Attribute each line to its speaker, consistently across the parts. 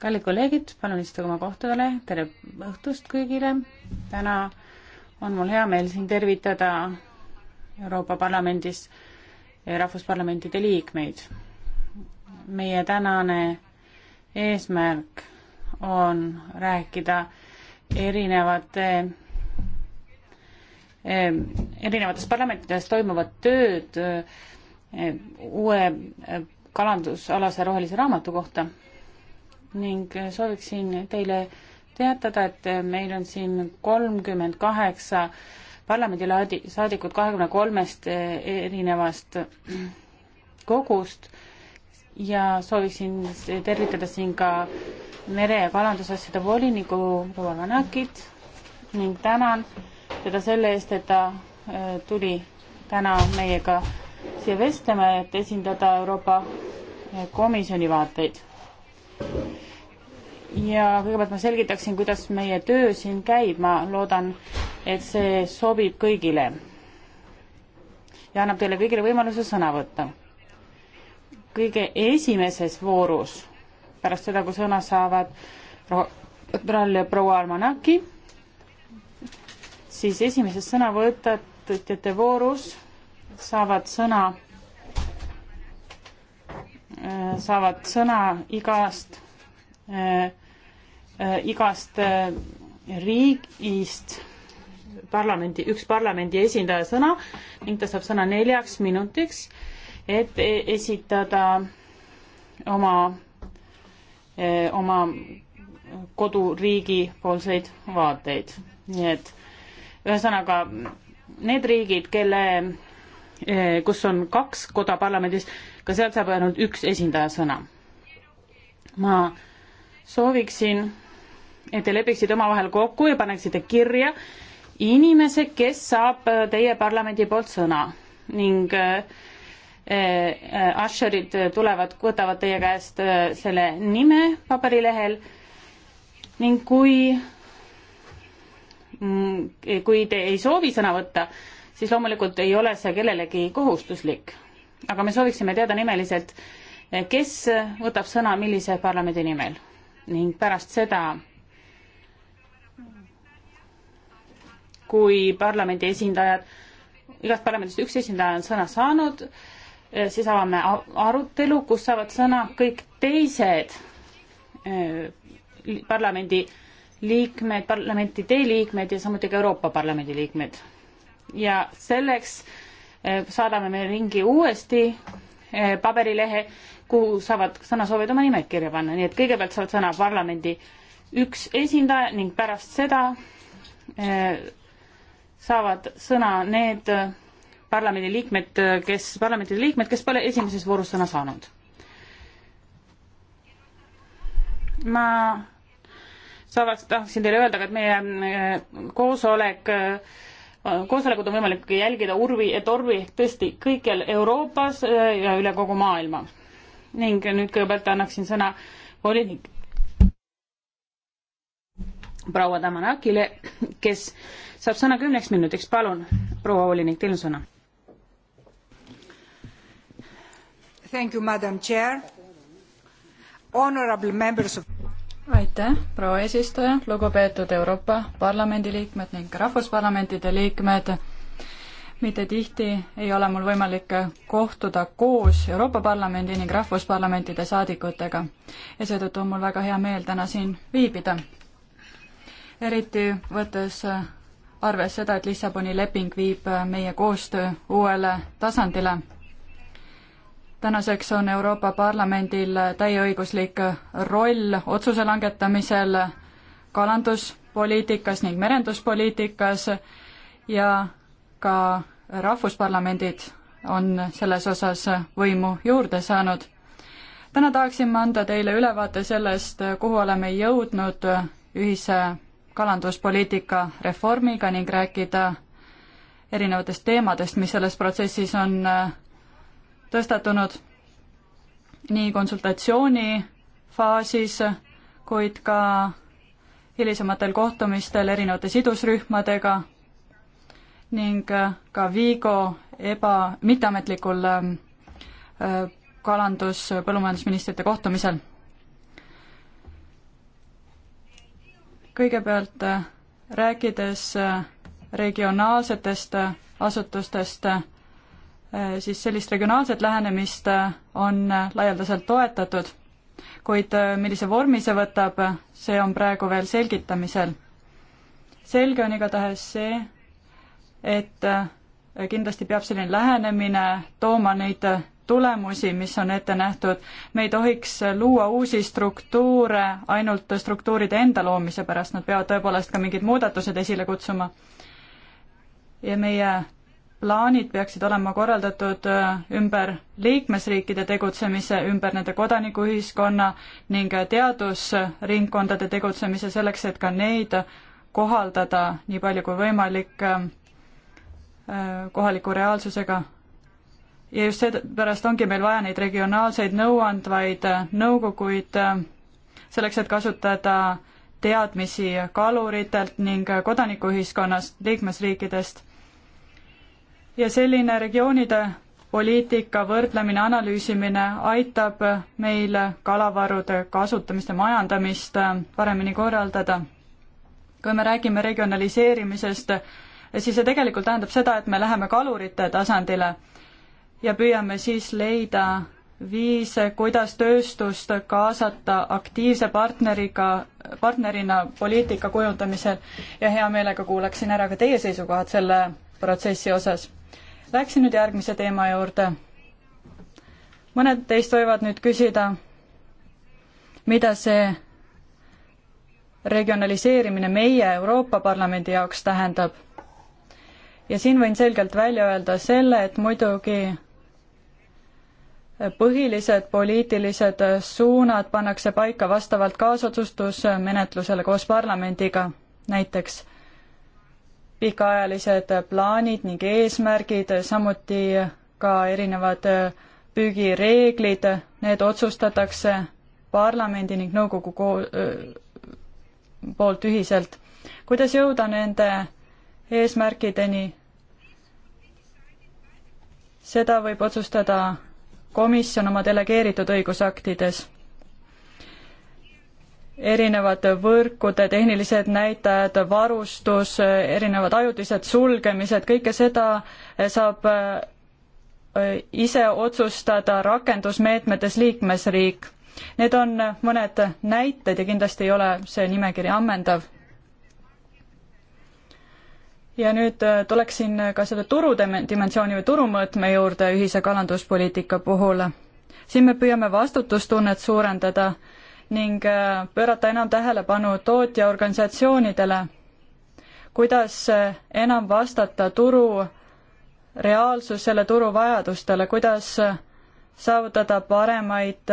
Speaker 1: kallid kolleegid, palun istuge oma kohtadele, tere õhtust kõigile. täna on mul hea meel siin tervitada Euroopa Parlamendis rahvusparlamentide liikmeid. meie tänane eesmärk on rääkida erinevate erinevates parlamentides toimuvat tööd uue kalandusalase rohelise raamatu kohta ning sooviksin teile teatada, et meil on siin kolmkümmend kaheksa parlamendilaadi, saadikut kahekümne kolmest erinevast kogust ja sooviksin tervitada siin ka mere- ja kalandusasjade voliniku proua Vanakit ning tänan teda selle eest, et ta äh, tuli täna meiega siia vestlema, et esindada Euroopa äh, Komisjoni vaateid ja kõigepealt ma selgitaksin, kuidas meie töö siin käib, ma loodan, et see sobib kõigile ja annab teile kõigile võimaluse sõna võtta. kõige esimeses voorus, pärast seda, kui sõna saavad Rall ja proua Almanaki, siis esimeses sõnavõtjate voorus saavad sõna Äh, saavad sõna igast, äh, äh, igast riigist parlamendi, üks parlamendi esindaja sõna ning ta saab sõna neljaks minutiks, et e-, esitada oma, oma koduriigi poolseid vaateid. nii et ühesõnaga need riigid, kelle, kus on kaks koda parlamendis, ka sealt saab ainult üks esindaja sõna. ma sooviksin, et te lepiksid omavahel kokku ja paneksite kirja inimese, kes saab teie parlamendi poolt sõna ning äh, äh, Asherid tulevad, võtavad teie käest äh, selle nime paberilehel ning kui mm, kui te ei soovi sõna võtta, siis loomulikult ei ole see kellelegi kohustuslik aga me sooviksime teada nimeliselt, kes võtab sõna millise parlamendi nimel ning pärast seda, kui parlamendi esindajad, igast parlamendist üks esindaja on sõna saanud, siis avame arutelu, kus saavad sõna kõik teised äh, parlamendi liikmed, parlamenti teeliikmed ja samuti ka Euroopa Parlamendi liikmed. ja selleks äh, Eh, saadame me ringi uuesti eh, paberilehe, kuhu saavad sõnasoovid oma nimed kirja panna, nii et kõigepealt saavad sõna parlamendi üks esindaja ning pärast seda eh, saavad sõna need parlamendi liikmed, kes, parlamendi liikmed, kes pole esimeses voorus sõna saanud. ma saavad, tahaksin teile öelda ka, et meie koosolek äh, koosolekut on võimalik jälgida Urvi et Orvi tõesti kõikjal Euroopas äh, ja üle kogu maailma. ning nüüd kõigepealt annaksin sõna volinik proua Damanakile, kes saab sõna kümneks minutiks, palun, proua volinik, teil on sõna.
Speaker 2: Thank you, madam chair.
Speaker 3: Honorable members of aitäh, proua eesistuja, lugupeetud Euroopa Parlamendi liikmed ning rahvusparlamentide liikmed. mitte tihti ei ole mul võimalik kohtuda koos Euroopa Parlamendi ning rahvusparlamentide saadikutega ja seetõttu on mul väga hea meel täna siin viibida. eriti võttes arves seda, et Lissaboni leping viib meie koostöö uuele tasandile tänaseks on Euroopa Parlamendil täieõiguslik roll otsuse langetamisel kalanduspoliitikas ning merenduspoliitikas ja ka rahvusparlamendid on selles osas võimu juurde saanud. täna tahaksin ma anda teile ülevaate sellest, kuhu oleme jõudnud ühise kalanduspoliitika reformiga ning rääkida erinevatest teemadest, mis selles protsessis on tõstatunud nii konsultatsiooni faasis, kuid ka hilisematel kohtumistel erinevate sidusrühmadega ning ka Viigo eba, mitteametlikul ähm, äh, kalandus- põllumajandusministrite kohtumisel. kõigepealt äh, rääkides äh, regionaalsetest asutustest Äh, siis sellist regionaalset lähenemist äh, on äh, laialdaselt toetatud, kuid millise vormi see võtab, see on praegu veel selgitamisel. selge on igatahes see, et kindlasti peab selline lähenemine tooma neid tulemusi, mis on ette nähtud. me ei tohiks luua uusi struktuure ainult struktuuride enda loomise pärast, nad peavad tõepoolest ka mingid muudatused esile kutsuma. ja meie plaanid peaksid olema korraldatud äh, ümber liikmesriikide tegutsemise, ümber nende kodanikuühiskonna ning äh, teadusringkondade tegutsemise, selleks et ka neid kohaldada nii palju kui võimalik äh, kohaliku reaalsusega. ja just seepärast ongi meil vaja neid regionaalseid nõuandvaid nõukoguid, selleks et kasutada teadmisi kaluritelt ning kodanikuühiskonnast, liikmesriikidest ja selline regioonide poliitika võrdlemine, analüüsimine aitab meil kalavarude kasutamist ja majandamist äh, paremini korraldada. kui me räägime regionaliseerimisest, siis see tegelikult tähendab seda, et me läheme kalurite tasandile ja püüame siis leida viise, kuidas tööstust kaasata aktiivse partneriga, partnerina poliitika kujundamisel ja hea meelega kuulaksin ära ka teie seisukohad selle protsessi osas Läheksin nüüd järgmise teema juurde. mõned teist võivad nüüd küsida, mida see regionaliseerimine meie Euroopa Parlamendi jaoks tähendab. ja siin võin selgelt välja öelda selle, et muidugi põhilised poliitilised suunad pannakse paika vastavalt kaasotsustusmenetlusele koos parlamendiga näiteks pikaajalised plaanid ning eesmärgid, samuti ka erinevad püügireeglid, need otsustatakse parlamendi ning nõukogu ko-, poolt ühiselt. kuidas jõuda nende eesmärkideni, seda võib otsustada komisjon oma delegeeritud õigusaktides erinevad võrkude tehnilised näitajad, varustus, erinevad ajutised sulgemised, kõike seda saab äh, ise otsustada rakendusmeetmetes liikmesriik. Need on mõned näited ja kindlasti ei ole see nimekiri ammendav. ja nüüd äh, tuleksin ka selle turu dimensiooni või turumõõtme juurde ühise kalanduspoliitika puhul. siin me püüame vastutustunnet suurendada ning äh, pöörata enam tähelepanu tootjaorganisatsioonidele, kuidas äh, enam vastata turu reaalsusele, turu vajadustele, kuidas äh, saavutada paremaid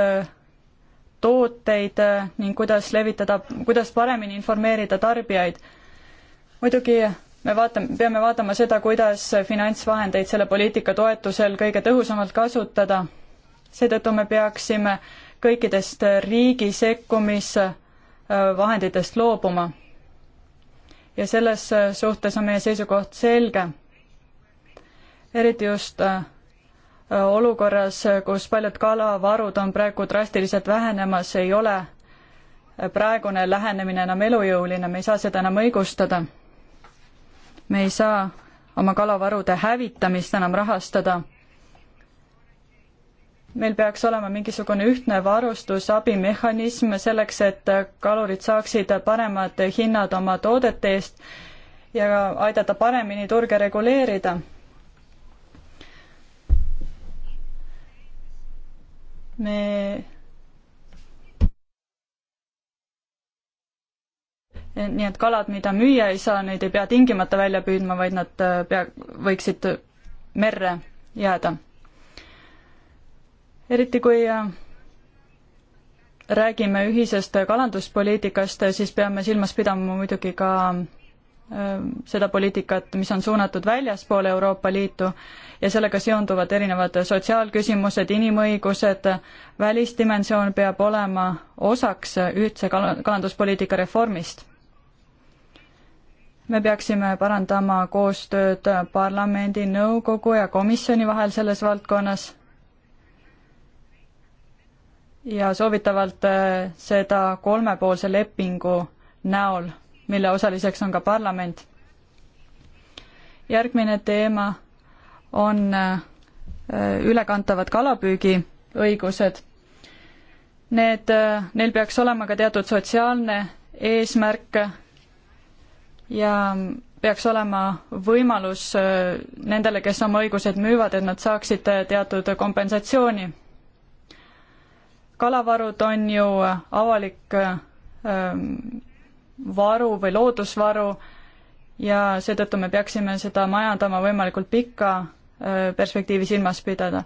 Speaker 3: tooteid ning kuidas levitada, kuidas paremini informeerida tarbijaid. muidugi me vaatame, peame vaatama seda, kuidas finantsvahendeid selle poliitika toetusel kõige tõhusamalt kasutada. seetõttu me peaksime äh, kõikidest riigi sekkumisvahenditest loobuma. ja selles suhtes on meie seisukoht selge. eriti just äh, olukorras, kus paljud kalavarud on praegu drastiliselt vähenemas, ei ole äh, praegune lähenemine enam elujõuline, me ei saa seda enam õigustada. me ei saa oma kalavarude hävitamist enam rahastada meil peaks olema mingisugune ühtne varustusabimehhanism selleks, et kalurid saaksid paremad hinnad oma toodete eest ja aidata paremini turge reguleerida.
Speaker 1: me nii
Speaker 3: et kalad, mida müüa ei saa, neid ei pea tingimata välja püüdma, vaid nad äh, pea, võiksid merre jääda eriti kui äh, räägime ühisest kalanduspoliitikast, siis peame silmas pidama muidugi ka äh, seda poliitikat, mis on suunatud väljaspoole Euroopa Liitu ja sellega seonduvad erinevad sotsiaalküsimused, inimõigused, välisdimensioon peab olema osaks ühtse kal-, kalanduspoliitika reformist. me peaksime parandama koostööd parlamendi, nõukogu ja komisjoni vahel selles valdkonnas ja soovitavalt äh, seda kolmepoolse lepingu näol, mille osaliseks on ka parlament. järgmine teema on äh, ülekantavad kalapüügiõigused. Need, äh, neil peaks olema ka teatud sotsiaalne eesmärk ja peaks olema võimalus nendele, kes oma õigused müüvad, et nad saaksid teatud kompensatsiooni kalavarud on ju avalik ähm, varu või loodusvaru ja seetõttu me peaksime seda majandama võimalikult pika äh, perspektiivi silmas pidada.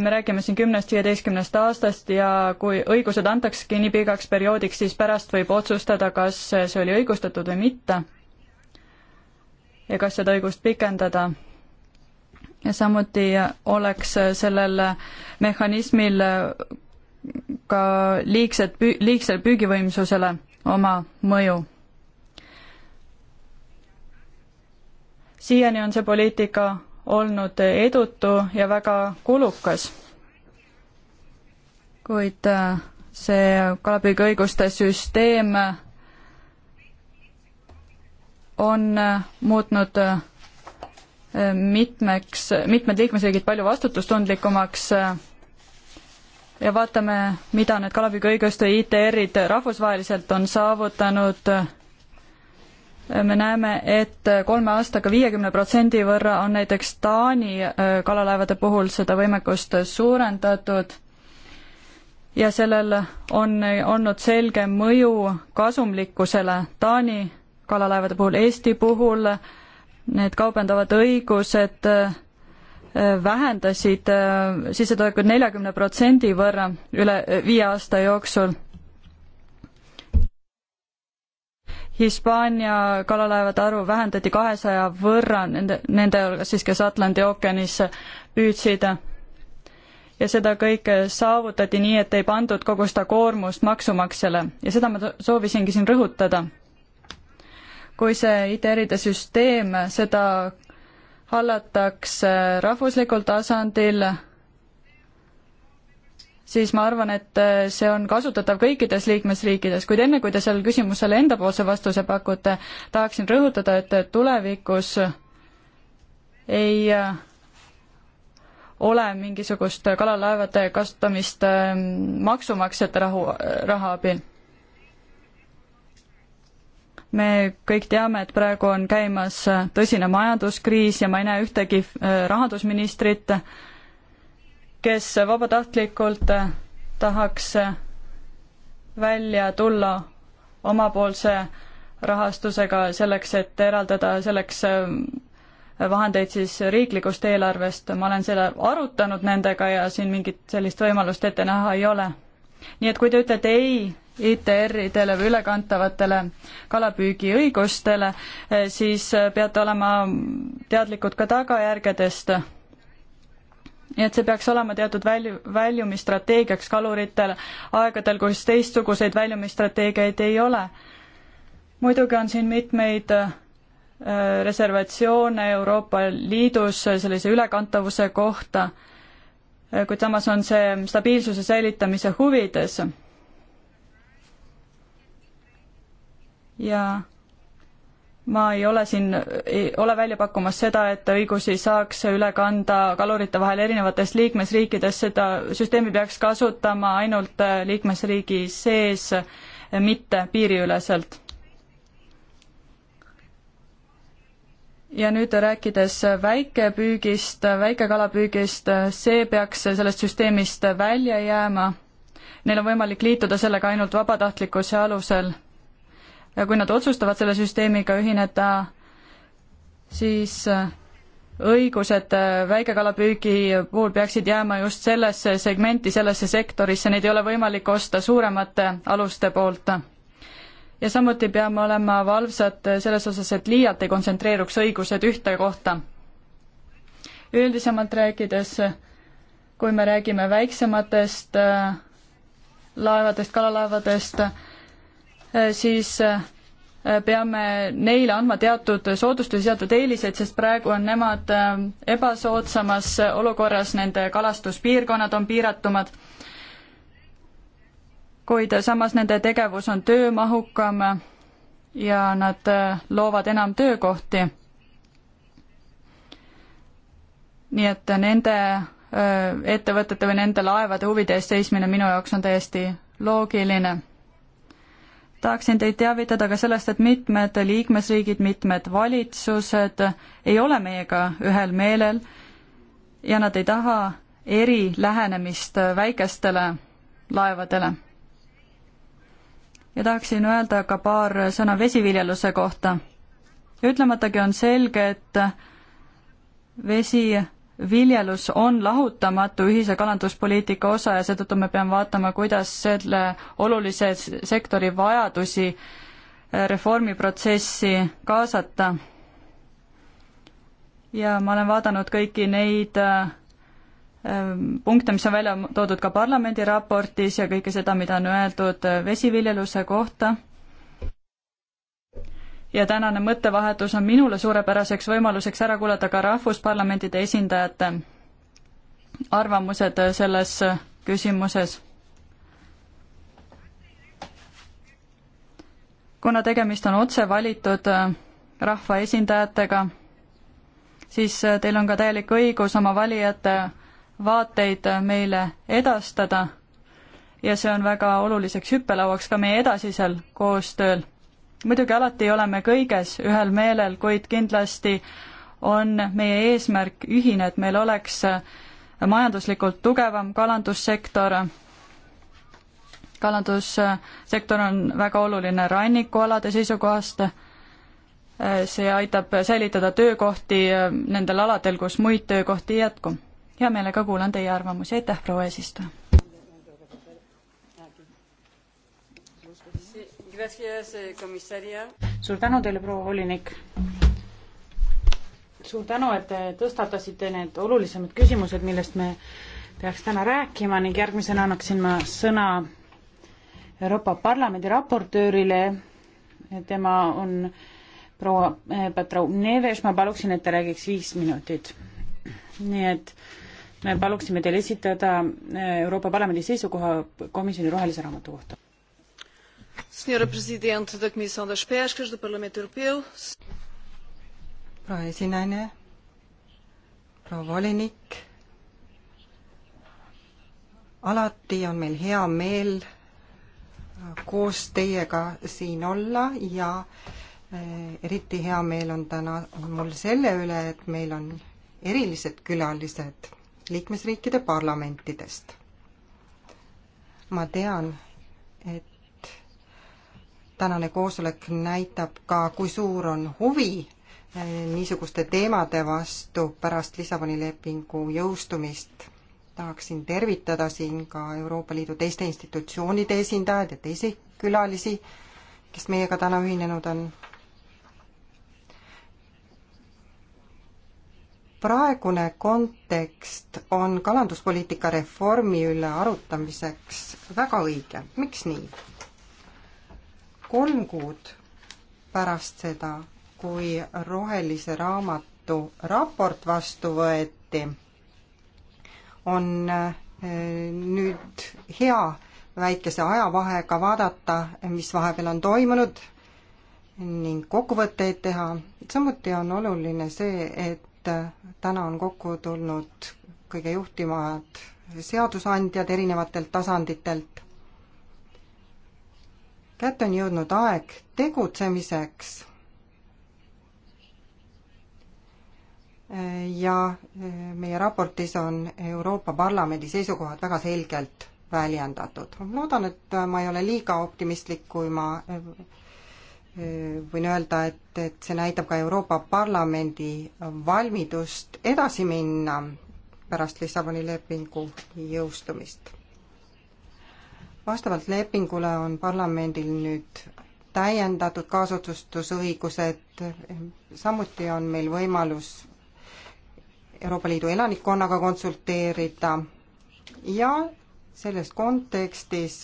Speaker 3: me räägime siin kümnest, viieteistkümnest aastast ja kui õigused antakski nii pikaks perioodiks, siis pärast võib otsustada, kas see oli õigustatud või mitte ja kas seda õigust pikendada. ja samuti oleks sellel mehhanismil ka liigset, liigsele püügivõimsusele oma mõju. siiani on see poliitika olnud edutu ja väga kulukas. kuid äh, see kalapüügiõiguste süsteem on äh, muutnud äh, mitmeks, mitmed liikmesriigid palju vastutustundlikumaks ja vaatame, mida need kalapüügiõiguste ITR-id rahvusvaheliselt on saavutanud, me näeme, et kolme aastaga viiekümne protsendi võrra on näiteks Taani äh, kalalaevade puhul seda võimekust suurendatud ja sellel on olnud selge mõju kasumlikkusele Taani kalalaevade puhul, Eesti puhul need kaubendavad õigused et äh, vähendasid äh, sissetulekuid neljakümne protsendi võrra üle äh, viie aasta jooksul. Hispaania kalalaevade arvu vähendati kahesaja võrra nende, nende hulgas siis, kes Atlandi ookeanisse püüdsid. ja seda kõike saavutati nii, et ei pandud kogu seda koormust maksumaksjale ja seda ma soovisingi siin rõhutada. kui see ITR-ide süsteem seda hallatakse rahvuslikul tasandil, siis ma arvan, et see on kasutatav kõikides liikmesriikides, kuid enne, kui te sellele küsimusele endapoolse vastuse pakute, tahaksin rõhutada, et tulevikus ei ole mingisugust kalalaevade kasutamist maksumaksjate rahu, raha abil me kõik teame, et praegu on käimas äh, tõsine majanduskriis ja ma ei näe ühtegi äh, rahandusministrit, kes vabatahtlikult äh, tahaks välja tulla omapoolse rahastusega selleks, et eraldada selleks vahendeid siis riiklikust eelarvest, ma olen selle arutanud nendega ja siin mingit sellist võimalust ette näha ei ole. nii et kui te ütlete ei ITR-idele või ülekantavatele kalapüügiõigustele, eh, siis eh, peate olema teadlikud ka tagajärgedest. nii et see peaks olema teatud välju, väljumisstrateegiaks kaluritel aegadel, kus teistsuguseid väljumisstrateegiaid ei ole. muidugi on siin mitmeid eh, reservatsioone Euroopa Liidus sellise ülekantavuse kohta, kuid samas on see stabiilsuse säilitamise huvides ja ma ei ole siin, ei ole välja pakkumas seda, et õigusi saaks üle kanda kalurite vahel erinevates liikmesriikides, seda süsteemi peaks kasutama ainult äh, liikmesriigi sees, äh, mitte piiriüleselt. ja nüüd rääkides väikepüügist, väikekalapüügist, äh, see peaks sellest süsteemist välja jääma. Neil on võimalik liituda sellega ainult vabatahtlikkuse alusel ja kui nad otsustavad selle süsteemiga ühineda, siis äh, õigused äh, väikekalapüügi puhul peaksid jääma just sellesse segmenti, sellesse sektorisse, neid ei ole võimalik osta suuremate aluste poolt. ja samuti peame olema valvsad äh, selles osas, et liialt ei kontsentreeruks õigused ühte kohta. üldisemalt rääkides, kui me räägime väiksematest laevadest, kalalaevadest, Äh, siis äh, peame neile andma teatud soodustusi, teatud eeliseid, sest praegu on nemad äh, ebasoodsamas olukorras, nende kalastuspiirkonnad on piiratumad. kuid samas nende tegevus on töömahukam ja nad loovad enam töökohti. nii et nende ettevõtete või nende laevade huvide eest seismine minu jaoks on täiesti loogiline tahaksin teid teavitada ka sellest, et mitmed liikmesriigid, mitmed valitsused ei ole meiega ühel meelel ja nad ei taha eri lähenemist väikestele laevadele. ja tahaksin öelda ka paar sõna vesiviljeluse kohta. ütlematagi on selge, et vesi viljelus on lahutamatu ühise kalanduspoliitika osa ja seetõttu me peame vaatama, kuidas selle olulise sektori vajadusi äh, reformiprotsessi kaasata. ja ma olen vaadanud kõiki neid äh, äh, punkte, mis on välja toodud ka parlamendi raportis ja kõike seda, mida on öeldud vesiviljeluse kohta ja tänane mõttevahetus on minule suurepäraseks võimaluseks ära kuulata ka rahvusparlamentide esindajate arvamused selles küsimuses. kuna tegemist on otse valitud äh, rahvaesindajatega, siis äh, teil on ka täielik õigus oma valijate vaateid äh, meile edastada ja see on väga oluliseks hüppelauaks ka meie edasisel koostööl muidugi alati ei ole me kõiges ühel meelel, kuid kindlasti on meie eesmärk ühine, et meil oleks majanduslikult tugevam kalandussektor. kalandussektor on väga oluline rannikualade seisukohast. see aitab säilitada töökohti nendel aladel, kus muid töökohti ei jätku. hea meelega kuulan teie arvamusi, aitäh, proua eesistuja!
Speaker 4: Eh,
Speaker 3: suur
Speaker 1: tänu teile, proua volinik. suur tänu, et te tõstatasite need olulisemad küsimused, millest me peaks täna rääkima ning järgmisena annaksin ma sõna Euroopa Parlamendi raportöörile. tema on proua eh, Patrou Neves, ma paluksin, et ta räägiks viis minutit. nii et me paluksime teil esitada eh, Euroopa Parlamendi seisukoha komisjoni
Speaker 2: rohelise raamatu kohta
Speaker 4: Senhora Presidente da Comissão das Pescas do Parlamento Europeu.
Speaker 2: proua esinaine, proua volinik. alati on meil hea meel äh, koos teiega siin olla ja äh, eriti hea meel on täna on mul selle üle, et meil on erilised külalised liikmesriikide parlamentidest. ma tean, et tänane koosolek näitab ka, kui suur on huvi eh, niisuguste teemade vastu pärast Lissaboni lepingu jõustumist. tahaksin tervitada siin ka Euroopa Liidu teiste institutsioonide esindajaid ja teisi külalisi, kes meiega täna ühinenud on. praegune kontekst on kalanduspoliitika reformi üle arutamiseks väga õige, miks nii? kolm kuud pärast seda, kui rohelise raamatu raport vastu võeti, on eh, nüüd hea väikese ajavahega vaadata, mis vahepeal on toimunud ning kokkuvõtteid teha. samuti on oluline see, et täna on kokku tulnud kõige juhtivamad seadusandjad erinevatelt tasanditelt kätte on jõudnud aeg tegutsemiseks ja e, meie raportis on Euroopa Parlamendi seisukohad väga selgelt väljendatud. loodan, et ma ei ole liiga optimistlik, kui ma e, e, võin öelda, et, et see näitab ka Euroopa Parlamendi valmidust edasi minna pärast Lissaboni lepingu jõustumist vastavalt lepingule on parlamendil nüüd täiendatud kaasotsustusõigused, samuti on meil võimalus Euroopa Liidu elanikkonnaga konsulteerida ja selles kontekstis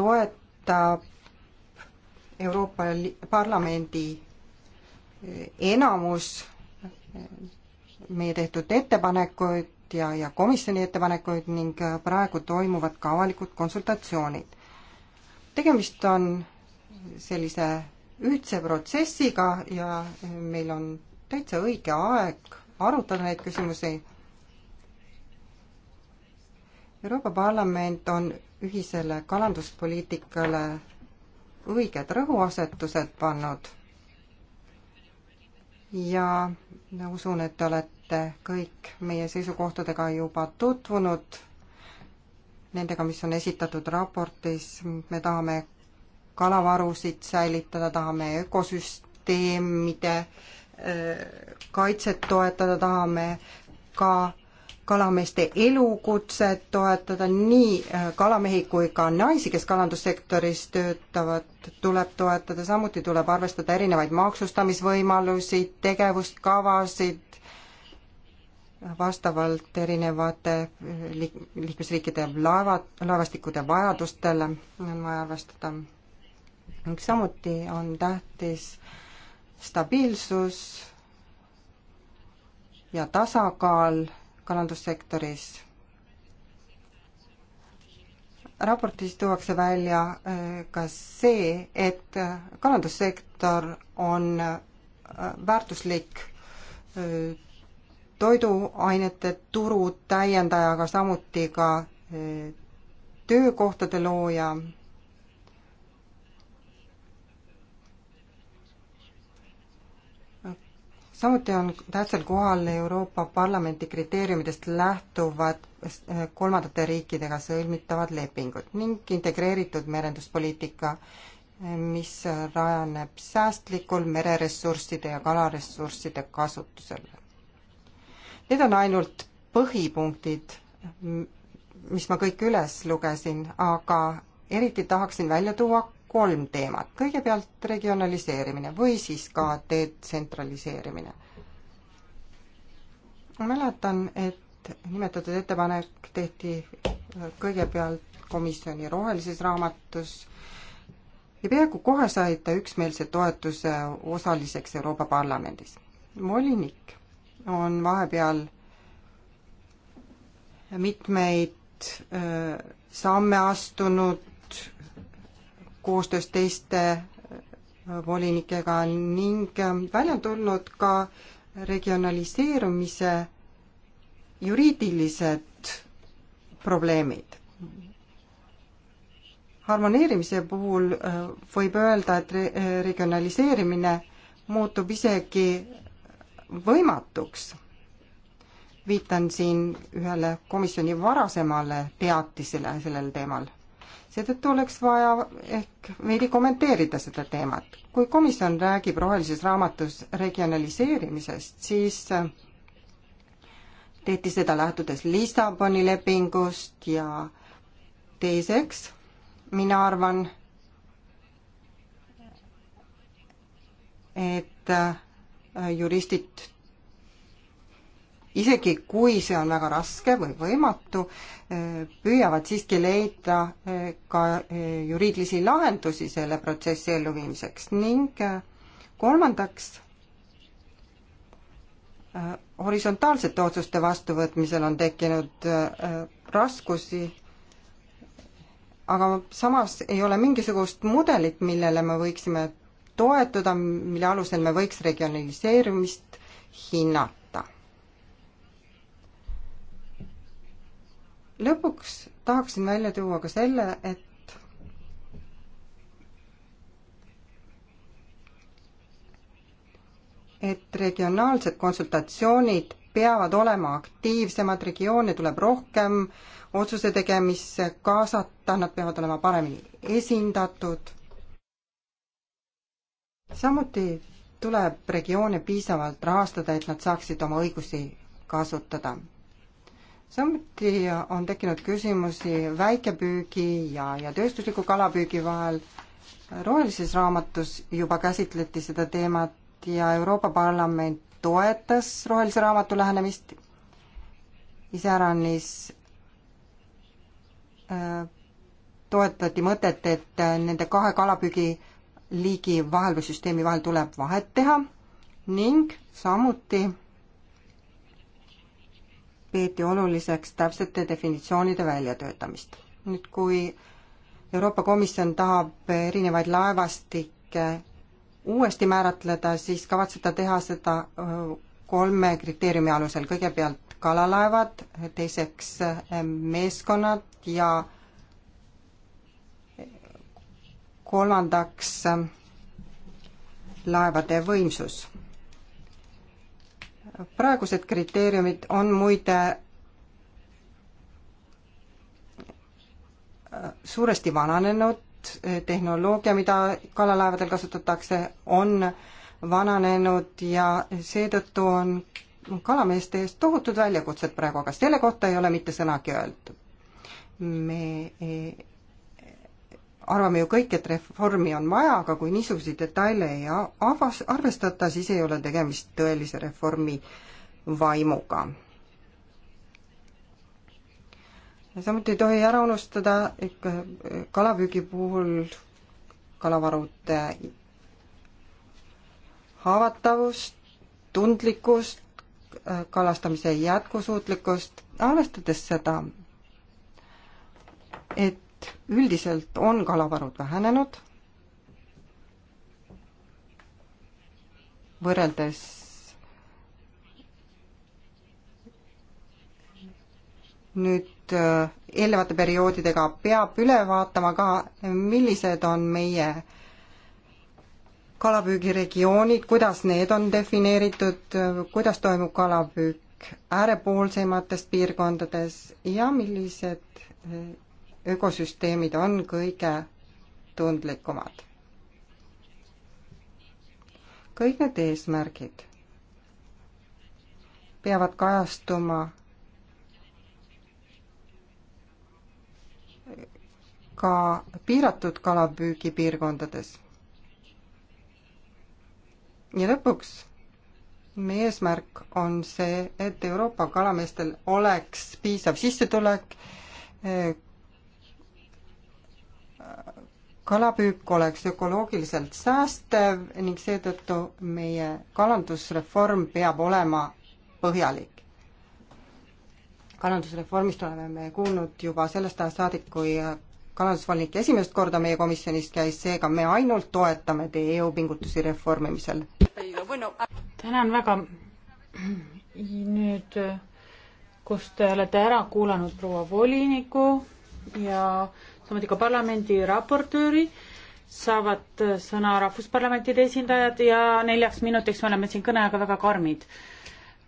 Speaker 2: toetab Euroopa Parlamendi enamus meie tehtud ettepanekuid ja, ja komisjoni ettepanekuid ning äh, praegu toimuvad ka avalikud konsultatsioonid. tegemist on sellise ühtse protsessiga ja äh, meil on täitsa õige aeg arutada neid küsimusi. Euroopa Parlament on ühisele kalanduspoliitikale õiged rõhuasetused pannud ja usun, et te olete kõik meie seisukohtadega juba tutvunud, nendega, mis on esitatud raportis, me tahame kalavarusid säilitada, tahame ökosüsteemide äh, kaitset toetada, tahame ka kalameeste elukutset toetada, nii äh, kalamehi kui ka naisi, kes kalandussektoris töötavad, tuleb toetada, samuti tuleb arvestada erinevaid maksustamisvõimalusi, tegevuskavasid, vastavalt erinevate äh, liik-, liikmesriikide laeva, laevastikude vajadustele on vaja arvestada. samuti on tähtis stabiilsus ja tasakaal kalandussektoris. raportis tuuakse välja eh, ka see, et kalandussektor on eh, väärtuslik eh, toiduainete turu täiendaja, aga samuti ka töökohtade looja samuti on tähtsal kohal Euroopa Parlamenti kriteeriumidest lähtuvad eh, kolmandate riikidega sõlmitavad lepingud ning integreeritud merenduspoliitika, eh, mis rajaneb säästlikul mereressursside ja kalaressursside kasutusel. Need on ainult põhipunktid, mis ma kõik üles lugesin, aga eriti tahaksin välja tuua kolm teemat. kõigepealt regionaliseerimine või siis ka detsentraliseerimine. ma mäletan, et nimetatud ettepanek tehti kõigepealt komisjoni rohelises raamatus ja peaaegu kohe sai ta üksmeelse toetuse osaliseks Euroopa Parlamendis. volinik on vahepeal mitmeid äh, samme astunud, koostöös teiste äh, volinikega ning äh, välja on tulnud ka regionaliseerumise juriidilised probleemid. harmoneerimise puhul äh, võib öelda, et re-, regionaliseerimine muutub isegi võimatuks. viitan siin ühele komisjoni varasemale teatisele sellel teemal seetõttu oleks vaja ehk veidi kommenteerida seda teemat. kui komisjon räägib rohelises raamatus regionaliseerimisest, siis tehti seda lähtudes Lissaboni lepingust ja teiseks, mina arvan, et äh, juristid isegi kui see on väga raske või võimatu, püüavad siiski leida eh, ka eh, juriidilisi lahendusi selle protsessi elluviimiseks ning eh, kolmandaks, horisontaalsete otsuste vastuvõtmisel on tekkinud raskusi, aga samas ei ole mingisugust mudelit, millele me võiksime toetuda, mille alusel me võiks regionaliseerumist hinnata lõpuks tahaksin välja tuua ka selle, et et regionaalsed konsultatsioonid peavad olema aktiivsemad, regioone tuleb rohkem otsuse tegemisse kaasata, nad peavad olema paremini esindatud. samuti tuleb regioone piisavalt rahastada, et nad saaksid oma õigusi kasutada samuti on tekkinud küsimusi väikepüügi ja, ja tööstusliku kalapüügi vahel. rohelises raamatus juba käsitleti seda teemat ja Euroopa Parlament toetas rohelise raamatu lähenemist iseäranis äh, toetati mõtet, et nende kahe kalapüügiliigi vahel või süsteemi vahel tuleb vahet teha ning samuti peeti oluliseks täpsete definitsioonide väljatöötamist. nüüd, kui Euroopa Komisjon tahab erinevaid laevastikke uuesti määratleda, siis kavatseb ta teha seda äh, kolme kriteeriumi alusel, kõigepealt kalalaevad, teiseks äh, meeskonnad ja kolmandaks äh, laevade võimsus praegused kriteeriumid on muide äh, suuresti vananenud, tehnoloogia, mida kalalaevadel kasutatakse, on vananenud ja seetõttu on kalameeste ees tohutud väljakutsed praegu, aga selle kohta ei ole mitte sõnagi öeldud. me ei, arvame ju kõik, et reformi on vaja, aga kui niisuguseid detaile ei avas, arvestata, siis ei ole tegemist tõelise reformi vaimuga. samuti ei tohi ära unustada kalapüügi puhul kalavarude haavatavust, tundlikkust, kalastamise jätkusuutlikkust, arvestades seda, et et üldiselt on kalavarud vähenenud võrreldes nüüd äh, eelnevate perioodidega peab üle vaatama ka, millised on meie kalapüügiregioonid, kuidas need on defineeritud, äh, kuidas toimub kalapüük äärepoolseimates piirkondades ja millised äh, ökosüsteemid on kõige tundlikumad. kõik need eesmärgid peavad kajastuma ka piiratud kalapüügipiirkondades. ja lõpuks meie eesmärk on see, et Euroopa kalameestel oleks piisav sissetulek, kalapüük oleks ökoloogiliselt säästev ning seetõttu meie kalandusreform peab olema põhjalik. kalandusreformist oleme me kuulnud juba sellest ajast saadik, kui kalandusvolinik esimest korda meie komisjonis käis, seega me ainult toetame teie jõupingutusi reformimisel.
Speaker 1: tänan väga. nüüd, kus te olete ära kuulanud proua voliniku ja samuti ka parlamendi raportööri, saavad sõna rahvusparlamentide esindajad ja neljaks minutiks me oleme siin kõneaega väga karmid.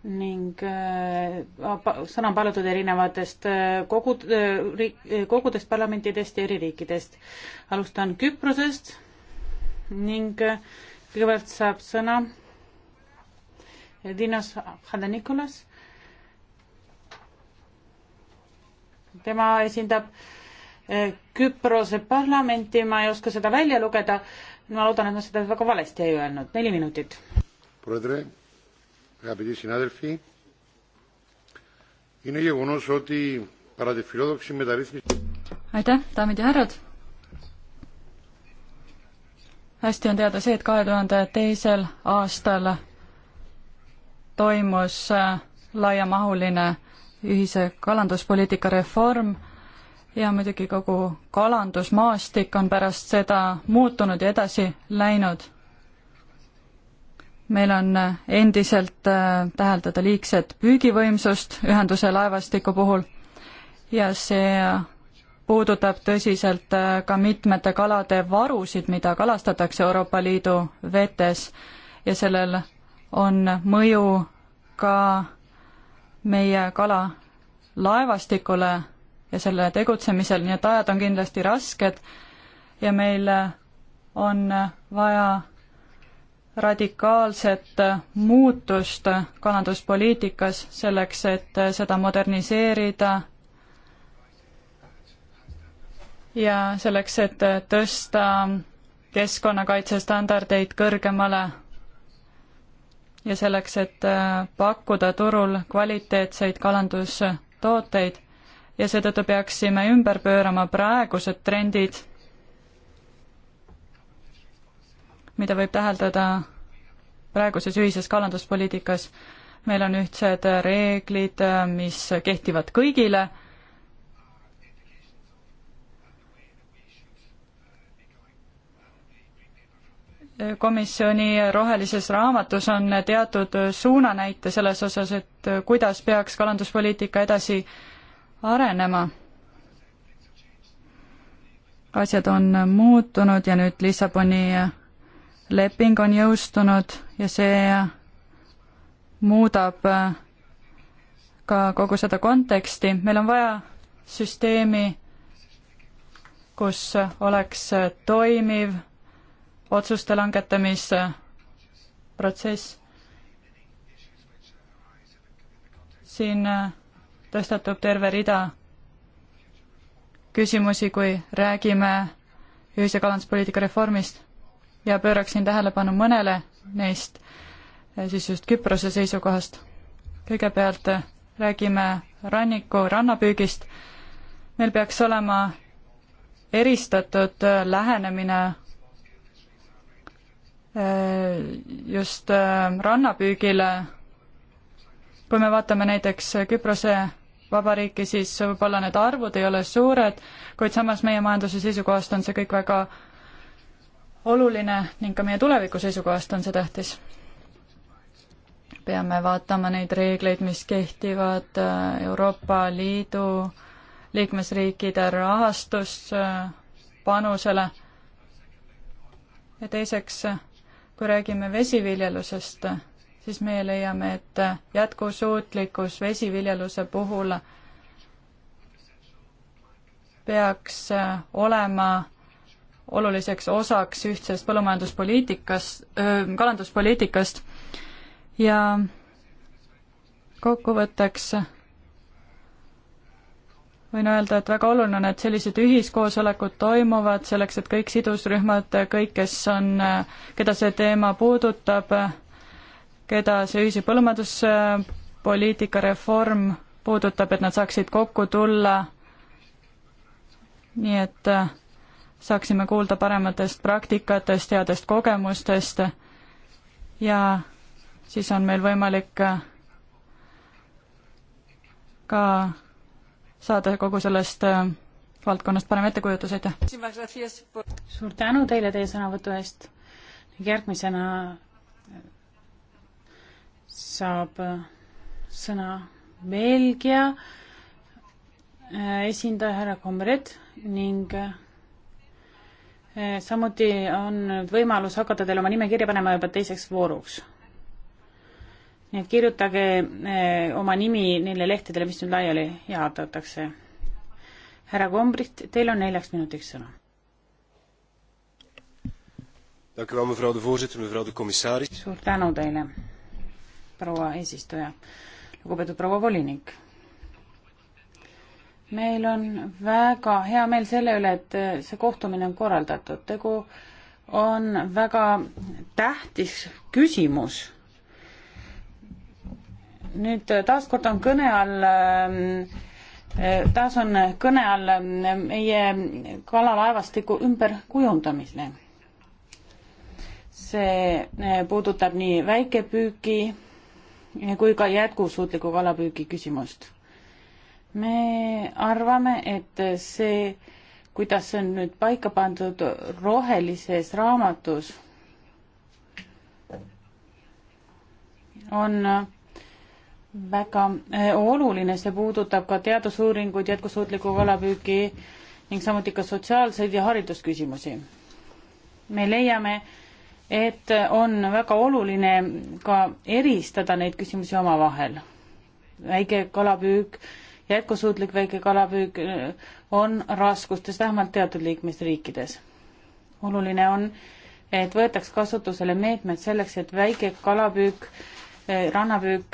Speaker 1: ning äh, sõna on palutud erinevatest äh, kogud- äh, äh,, kogudest parlamentidest ja eri riikidest. alustan Küprosest ning äh, kõigepealt saab sõna Dinos Hadanikolas. tema esindab äh, Küprose parlamenti, ma ei oska seda välja lugeda, ma loodan, et ma seda väga valesti ei öelnud, neli
Speaker 5: minutit.
Speaker 3: aitäh, daamid ja härrad! hästi on teada see, et kahe tuhande teisel aastal toimus äh, laiamahuline ühise kalanduspoliitika reform ja muidugi kogu kalandusmaastik on pärast seda muutunud ja edasi läinud. meil on endiselt äh, täheldada liigset püügivõimsust ühenduse laevastiku puhul ja see puudutab tõsiselt äh, ka mitmete kalade varusid, mida kalastatakse Euroopa Liidu vetes ja sellel on mõju ka meie kalalaevastikule ja selle tegutsemisel, nii et ajad on kindlasti rasked ja meil on vaja radikaalset muutust kalanduspoliitikas selleks, et seda moderniseerida ja selleks, et tõsta keskkonnakaitsestandardeid kõrgemale ja selleks, et pakkuda turul kvaliteetseid kalandustooteid ja seetõttu peaksime ümber pöörama praegused trendid, mida võib täheldada praeguses ühises kalanduspoliitikas. meil on ühtsed reeglid, mis kehtivad kõigile komisjoni rohelises raamatus on teatud suunanäite selles osas, et kuidas peaks kalanduspoliitika edasi arenema. asjad on muutunud ja nüüd Lissaboni leping on jõustunud ja see muudab ka kogu seda konteksti, meil on vaja süsteemi, kus oleks toimiv otsuste langetamise protsess. siin tõstatub terve rida küsimusi, kui räägime ühise kalanduspoliitika reformist ja pööraksin tähelepanu mõnele neist eh, siis just Küprose seisukohast. kõigepealt eh, räägime ranniku rannapüügist. meil peaks olema eristatud eh, lähenemine just rannapüügile. kui me vaatame näiteks Küprose vabariiki, siis võib-olla need arvud ei ole suured, kuid samas meie majanduse seisukohast on see kõik väga oluline ning ka meie tuleviku seisukohast on see tähtis. peame vaatama neid reegleid, mis kehtivad äh, Euroopa Liidu liikmesriikide rahastuspanusele äh, ja teiseks, äh, kui räägime vesiviljelusest, siis meie leiame, et jätkusuutlikkus vesiviljeluse puhul peaks olema oluliseks osaks ühtsest põllumajanduspoliitikast, kalanduspoliitikast ja kokkuvõtteks võin öelda, et väga oluline on, et sellised ühiskoosolekud toimuvad selleks, et kõik sidusrühmad, kõik, kes on, keda see teema puudutab, keda see ühise põllumajanduspoliitika reform puudutab, et nad saaksid kokku tulla. nii et äh, saaksime kuulda parematest praktikatest, headest kogemustest ja siis on meil võimalik äh,
Speaker 1: ka saada kogu sellest äh, valdkonnast parem ettekujutus, aitäh! suur tänu teile teie sõnavõtu eest ning järgmisena saab äh, sõna Belgia äh, esindaja härra Komret ning äh, samuti on nüüd võimalus hakata teil oma nime kirja panema juba teiseks vooruks. nii et kirjutage oma nimi neile lehtedele, mis nüüd laiali jaotatakse. härra Kombrit, teil on neljaks minutiks sõna. suur tänu teile proua eesistuja, lugupeetud proua volinik. meil on väga hea meel selle üle, et see kohtumine on korraldatud, tegu on väga tähtis küsimus. nüüd taaskord on kõne all äh, taas on kõne all meie kalalaevastiku ümberkujundamine. see eh, puudutab nii väikepüügi kui ka jätkusuutliku kalapüügi küsimust. me arvame, et see, kuidas see on nüüd paika pandud rohelises raamatus, on väga eh, oluline, see puudutab ka teadusuuringuid, jätkusuutlikku kalapüüki ning samuti ka sotsiaalseid ja haridusküsimusi. me leiame, et on väga oluline ka eristada neid küsimusi omavahel. väike kalapüük, jätkusuutlik väike kalapüük eh, on raskustes vähemalt teatud liikmesriikides. oluline on, et võetaks kasutusele meetmed selleks, et väike kalapüük, eh, rannapüük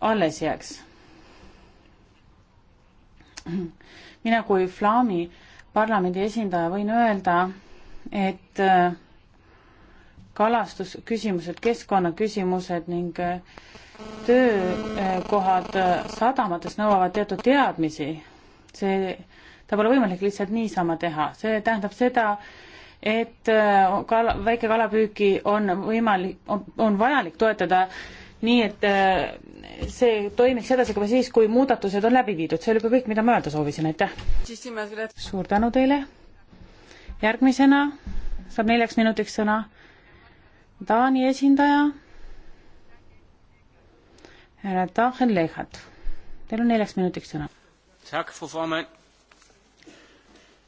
Speaker 1: alles jääks. mina kui Flaami parlamendi esindaja võin öelda, et äh, kalastusküsimused, keskkonnaküsimused ning äh, töökohad äh, sadamates nõuavad teatud teadmisi. see, ta pole võimalik lihtsalt niisama teha, see tähendab seda, et äh, kala, väikekalapüüki on võimalik, on, on vajalik toetada nii, et see toimiks edasi ka siis, kui muudatused on läbi viidud, see oli ka kõik, mida ma öelda soovisin, aitäh! suur tänu teile! järgmisena saab neljaks minutiks sõna Taani esindaja, härra Tahen Lehat. Teil on neljaks minutiks
Speaker 2: sõna.
Speaker 5: Tak, fru formand.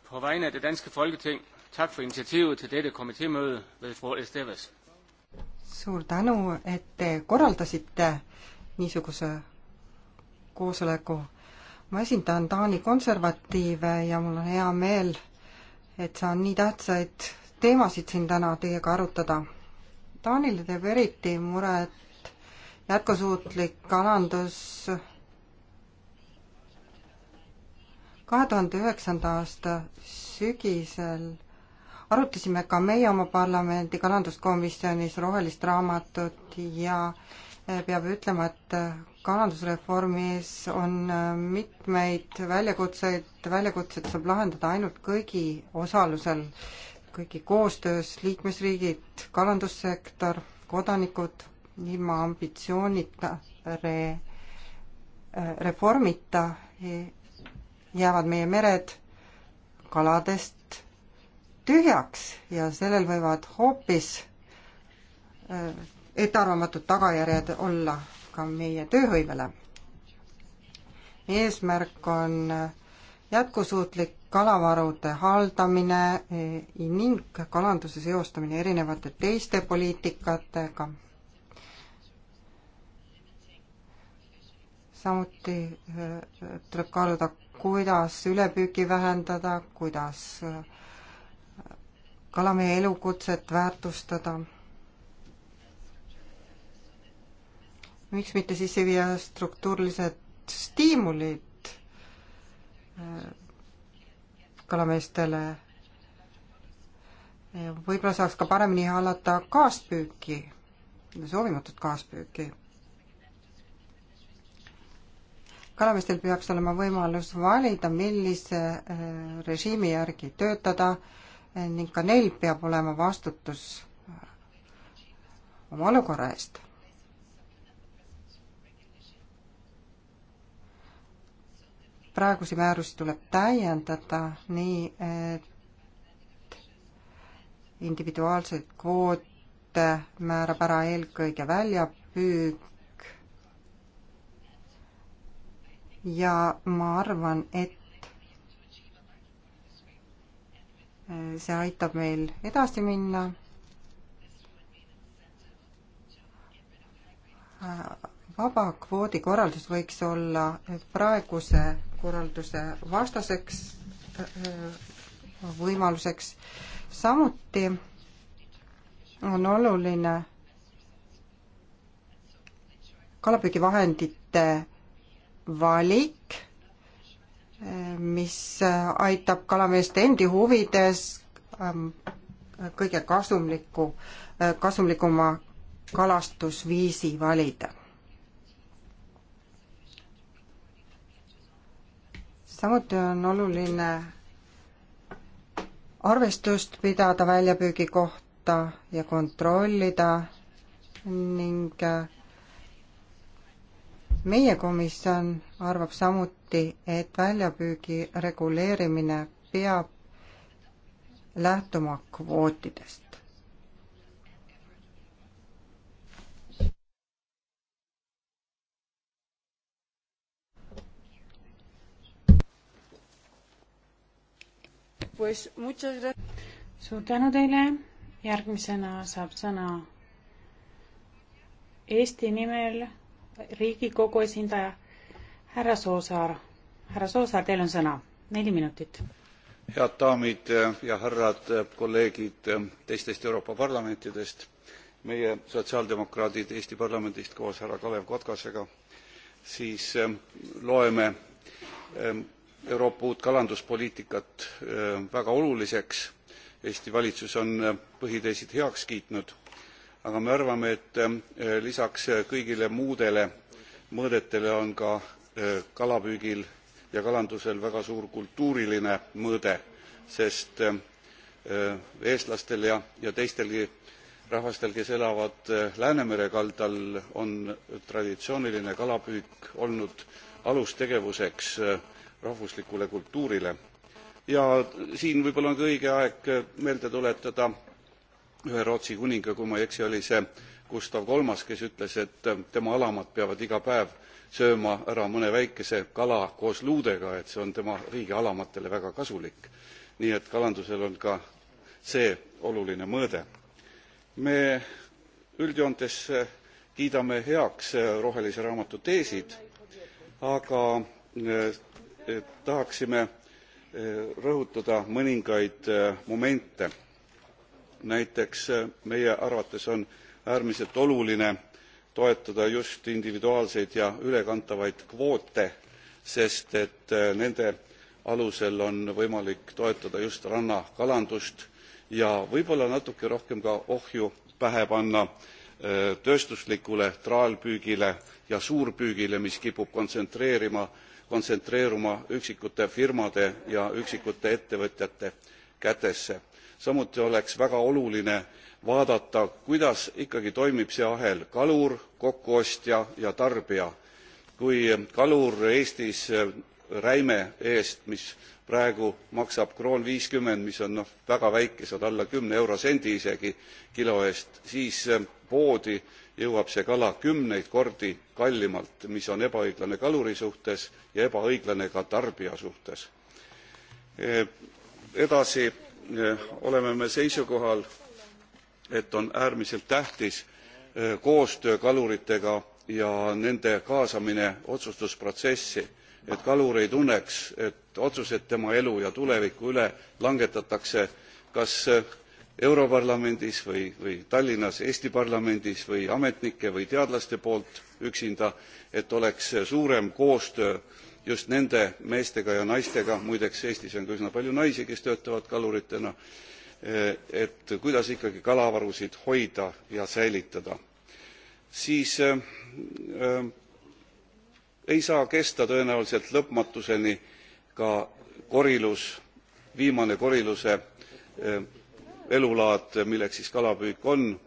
Speaker 5: På vegne af det danske folketing, tak for initiativet til dette komitémøde ved fru Esteves.
Speaker 2: suur tänu, et te korraldasite niisuguse koosoleku. ma esindan Taani konservatiive ja mul on hea meel, et saan nii tähtsaid teemasid siin täna teiega arutada Taanile teeb eriti muret jätkusuutlik kalandus kahe tuhande üheksanda aasta sügisel arutasime ka meie oma parlamendi kalanduskomisjonis rohelist raamatut ja eh, peab ütlema, et kalandusreformis on eh, mitmeid väljakutseid, väljakutsed saab lahendada ainult kõigi osalusel kõigi koostöös, liikmesriigid, kalandussektor, kodanikud, ilma ambitsioonita re,, äh, reformita jäävad meie mered kaladest tühjaks ja sellel võivad hoopis äh, ettearvamatud tagajärjed olla ka meie tööhõivele. eesmärk on jätkusuutlik kalavarude haldamine e, ning kalanduse seostamine erinevate teiste poliitikatega. samuti e, tuleb kaaluda, kuidas ülepüüki vähendada, kuidas e, kalamehe elukutset väärtustada. miks mitte sisse viia struktuurilised stiimulid kalameestele. võib-olla saaks ka paremini hallata kaaspüüki, soovimatut kaaspüüki. kalameestel peaks olema võimalus valida, millise eh, režiimi järgi töötada eh, ning ka neil peab olema vastutus eh, oma olukorra eest praegusi määrusi tuleb täiendada nii, et individuaalseid kvoote määrab ära eelkõige väljapüük ja ma arvan, et see aitab meil edasi minna. vaba kvoodi korraldus võiks olla praeguse ümberkorralduse vastaseks äh, võimaluseks. samuti on oluline kalapüügivahendite valik, äh, mis aitab kalameeste endi huvides ähm, kõige kasumliku, äh, kasumlikuma kalastusviisi valida samuti on oluline arvestust pidada väljapüügi kohta ja kontrollida ning äh, meie komisjon arvab samuti, et väljapüügi reguleerimine peab lähtuma kvootidest.
Speaker 1: Pues muchas gracias. suur tänu teile, järgmisena saab sõna Eesti nimel Riigikogu esindaja härra Soosaar. härra Soosaar, teil on sõna, neli minutit.
Speaker 5: head daamid ja härrad, kolleegid teistest Euroopa parlamentidest, meie sotsiaaldemokraadid Eesti parlamendist koos härra Kalev Kotkasega, siis loeme euroopa uut kalanduspoliitikat äh, väga oluliseks eesti valitsus on äh, põhiteesid heaks kiitnud aga me arvame et äh, lisaks kõigile muudele mõõdetele on ka kalapüügil ja kalandusel väga suur kultuuriline mõõde sest eestlastel ja, ja teistelgi rahvastel kes elavad läänemere kaldal on traditsiooniline kalapüük olnud alustegevuseks rahvuslikule kultuurile ja siin võib-olla on ka õige aeg meelde tuletada ühe rootsi kuninga kui ma ei eksi oli see gustav iii kes ütles et tema alamad peavad iga päev sööma ära mõne väikese kala koos luudega et see on tema riigi alamatele väga kasulik nii et kalandusel on ka see oluline mõõde. me üldjoontes kiidame heaks rohelise raamatu teesid aga Eh, tahaksime eh, rõhutada mõningaid eh, momente näiteks meie arvates on äärmiselt oluline toetada just individuaalseid ja ülekantavaid kvoote sest et nende alusel on võimalik toetada just rannakalandust ja võib-olla natuke rohkem ka ohju pähe panna tööstuslikule traalpüügile ja suurpüügile mis kipub kontsentreerima kontsentreeruma üksikute firmade ja üksikute ettevõtjate kätesse. samuti oleks väga oluline vaadata kuidas ikkagi toimib see ahel kalur kokkuostja ja tarbija. kui kalur eestis äh, räime eest mis praegu maksab kroon mis on noh väga väike see on alla euro sendi isegi kilo eest siis äh, poodi jõuab see kala kümneid kordi kallimalt mis on ebaõiglane kaluri suhtes ja ebaõiglane ka tarbija suhtes. Eh, edasi eh, oleme me seisukohal et on äärmiselt tähtis eh, koostöö kaluritega ja nende kaasamine otsustusprotsessi et kalur ei tunneks et otsused tema elu ja tuleviku üle langetatakse kas europarlamendis või, või tallinnas eesti parlamendis või ametnike või teadlaste poolt üksinda et oleks suurem koostöö just nende meestega ja naistega muideks eestis on ka üsna palju naisi kes töötavad kaluritena eh, et kuidas ikkagi kalavarusid hoida ja säilitada siis äh, äh, ei saa kesta tõenäoliselt lõpmatuseni ka korilus viimane koriluse äh, elulaad milleks siis kalapüük on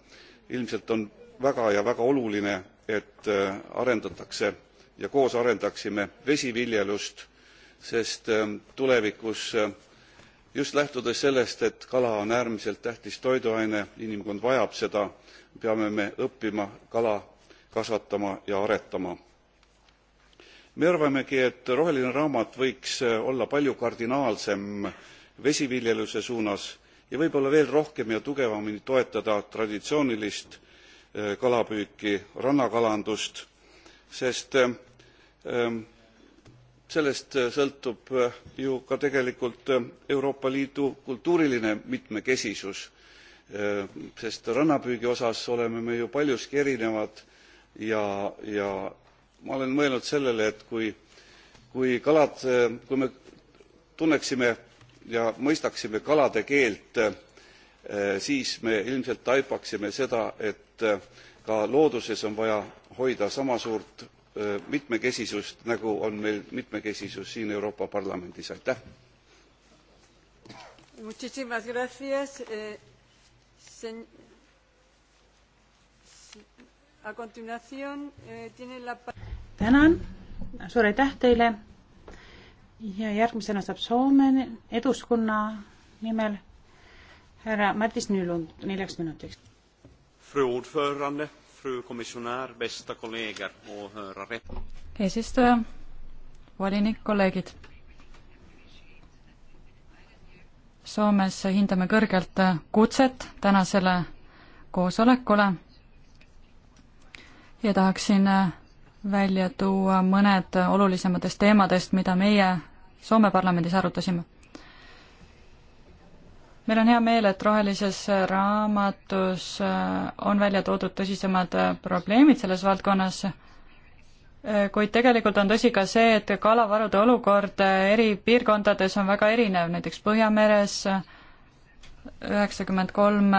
Speaker 5: ilmselt on väga ja väga oluline et äh, arendatakse ja koos arendaksime vesiviljelust sest ähm, tulevikus äh, just lähtudes sellest et kala on äärmiselt tähtis toiduaine inimkond vajab seda peame me õppima kala kasvatama ja aretama. me arvamegi et roheline raamat võiks äh, olla palju kardinaalsem vesiviljeluse suunas ja võib olla veel rohkem ja tugevamini toetada traditsioonilist äh, kalapüüki rannakalandust sest äh, ähm, sellest äh, sõltub ju ka tegelikult euroopa liidu kultuuriline mitmekesisus sest rannapüügi osas oleme me ju paljuski erinevad ja ja ma olen mõelnud sellele et kui kui kalad kui me tunneksime ja mõistaksime kalade keelt eh, siis me ilmselt taipaksime seda et eh, ka looduses on vaja hoida sama suurt eh, mitmekesisust nagu on meil mitmekesisus siin euroopa parlamendis. aitäh!
Speaker 1: tänan suur aitäh teile! ja järgmisena saab Soome eduskonna nimel härra Madis Nylund neljaks minutiks.
Speaker 5: fru ordförande, fru komisjonär, bästa kolleeger, åhörare.
Speaker 1: eesistuja, volinik,
Speaker 3: kolleegid. Soomes hindame kõrgelt kutset tänasele koosolekule ja tahaksin välja tuua mõned olulisematest teemadest, mida meie Soome parlamendis arutasime. meil on hea meel, et rohelises raamatus äh, on välja toodud tõsisemad äh, probleemid selles valdkonnas, äh, kuid tegelikult on tõsi ka see, et kalavarude olukord eri piirkondades on väga erinev, näiteks Põhjameres üheksakümmend kolm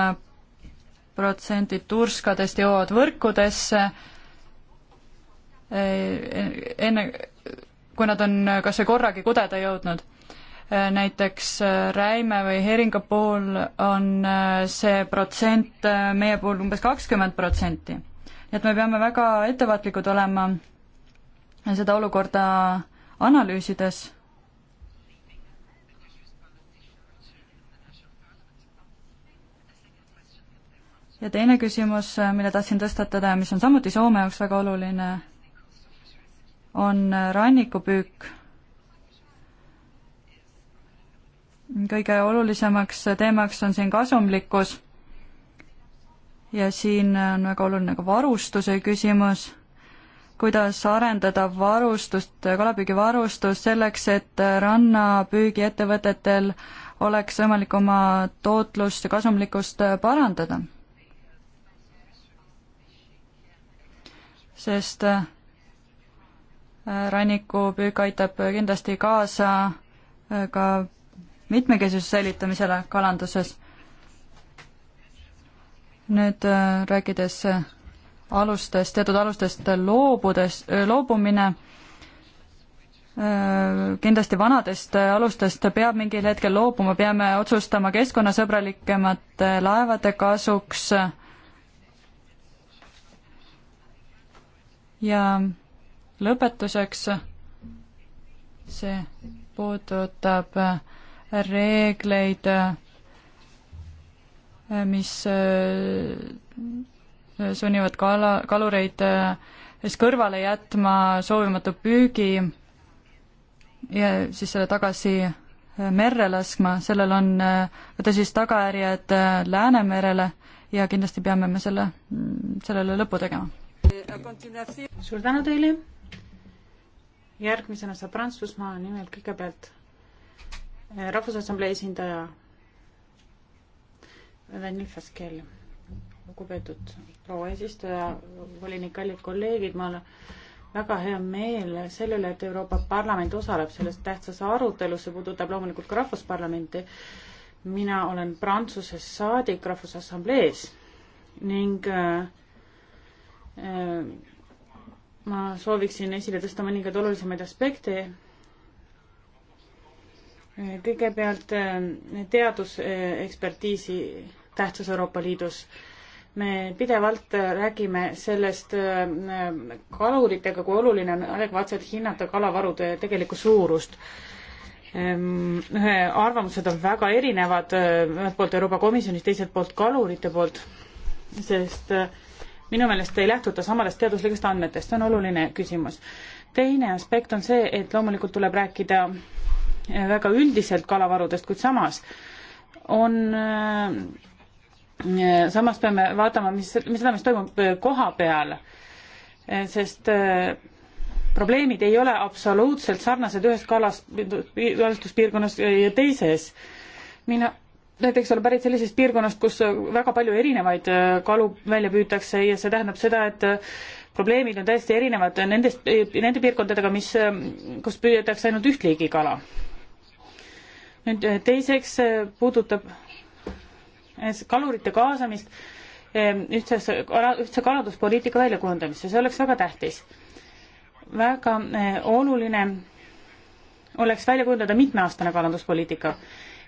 Speaker 3: protsenti turskadest jõuavad võrkudesse Eh, enne, kui nad on kas või korragi kudeda jõudnud. Eh, näiteks eh, räime või heringa puhul on see protsent meie puhul umbes kakskümmend protsenti. nii et me peame väga ettevaatlikud olema seda olukorda analüüsides ja teine küsimus, mille tahtsin tõstatada ja mis on samuti Soome jaoks väga oluline, on rannikupüük kõige olulisemaks teemaks on siin kasumlikkus ja siin on väga oluline ka varustuse küsimus, kuidas arendada varustust, kalapüügivarustust selleks, et rannapüügiettevõtetel oleks võimalik oma tootlust ja kasumlikkust parandada. sest rannikupüük aitab kindlasti kaasa äh, ka mitmekesisuse säilitamisele kalanduses. nüüd äh, rääkides äh, alustest, teatud alustest loobudes, loobumine kindlasti vanadest alustest peab mingil hetkel loobuma, peame otsustama keskkonnasõbralikemate laevade kasuks ja lõpetuseks see puudutab äh, reegleid, äh, mis äh, sunnivad kala, kalureid siis kõrvale jätma soovimatu püügi ja siis selle tagasi merre laskma, sellel on tõsised tagajärjed Läänemerele ja kindlasti peame me selle, mm, sellele lõpu tegema.
Speaker 1: suur tänu teile! järgmisena saab Prantsusmaa nimelt kõigepealt eh, Rahvusassamblee esindaja Daniel Faskel. lugupeetud proua eesistuja, volinik, kallid kolleegid, ma olen väga hea meel selle üle, et Euroopa Parlament osaleb selles tähtsas arutelus, see puudutab loomulikult ka Rahvusparlamenti. mina olen Prantsuse saadik Rahvusassamblees ning äh, äh, ma sooviksin esile tõsta mõningaid olulisemaid aspekte. kõigepealt eh, teadusekspertiisi tähtsus Euroopa Liidus. me pidevalt räägime sellest eh, kaluritega, kui oluline on adekvaatselt hinnata kalavarude tegelikku suurust ehm, arvamused on väga erinevad, eh, ühelt poolt Euroopa Komisjonis, teiselt poolt kalurite poolt, sest äh, minu meelest ei lähtuta samadest teaduslikest andmetest, see on oluline küsimus. teine aspekt on see, et loomulikult tuleb rääkida eh, väga üldiselt kalavarudest, kuid samas on eh, eh, samas peame vaatama, mis, mis seda, mis toimub koha peal, sest probleemid ei ole absoluutselt sarnased ühes kalas, kalastuspiirkonnas ja teises. mina näiteks olen pärit sellisest piirkonnast, kus väga palju erinevaid äh, kalu välja püütakse ja see tähendab seda, et äh, probleemid on täiesti erinevad nendest, nende piirkondadega, mis, äh, kus püüetakse ainult üht liigi kala. nüüd teiseks puudutab kalurite kaasamist ühtses, ühtse kalanduspoliitika väljakujundamisse, see oleks väga tähtis. väga oluline oleks välja kujundada mitmeaastane kalanduspoliitika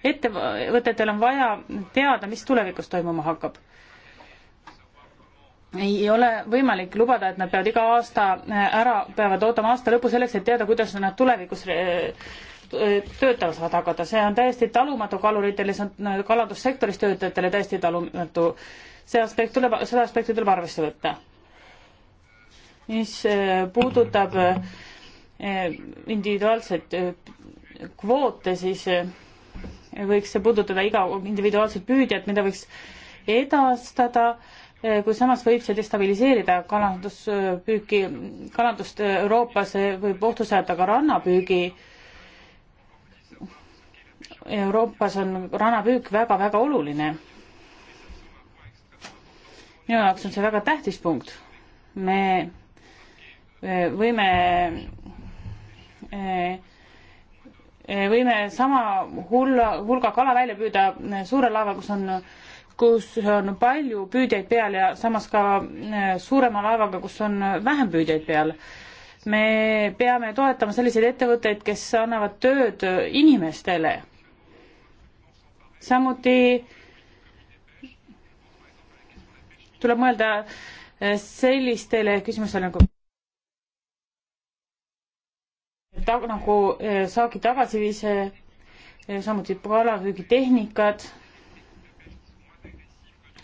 Speaker 1: ettevõtetel on vaja teada, mis tulevikus toimuma hakkab. ei ole võimalik lubada, et nad peavad iga aasta äh, ära, peavad ootama aasta lõpu selleks, et teada, kuidas nad tulevikus äh, äh, töötama saavad hakata, see on täiesti talumatu kaluritele, see on kalandussektoris töötajatele täiesti talumatu. see aspekt tuleb, seda aspekti tuleb arvesse võtta. mis puudutab individuaalseid kvoote, siis võiks see puudutada iga individuaalset püüdjat, mida võiks edastada, kui samas võib see destabiliseerida kalanduspüüki, kalandust Euroopas, võib ohtu seada ka rannapüügi. Euroopas on rannapüük väga-väga oluline. minu jaoks on see väga tähtis punkt. me võime eh, Eh, võime sama hulla, hulga kala välja püüda eh, suure laeva, kus on, kus on palju püüdjaid peal ja samas ka eh, suurema laevaga, kus on vähem püüdjaid peal. me peame toetama selliseid ettevõtteid, kes annavad tööd inimestele. samuti tuleb mõelda sellistele küsimustele nagu ta, nagu äh, saagi tagasiviise, äh, samuti kalapüügitehnikad.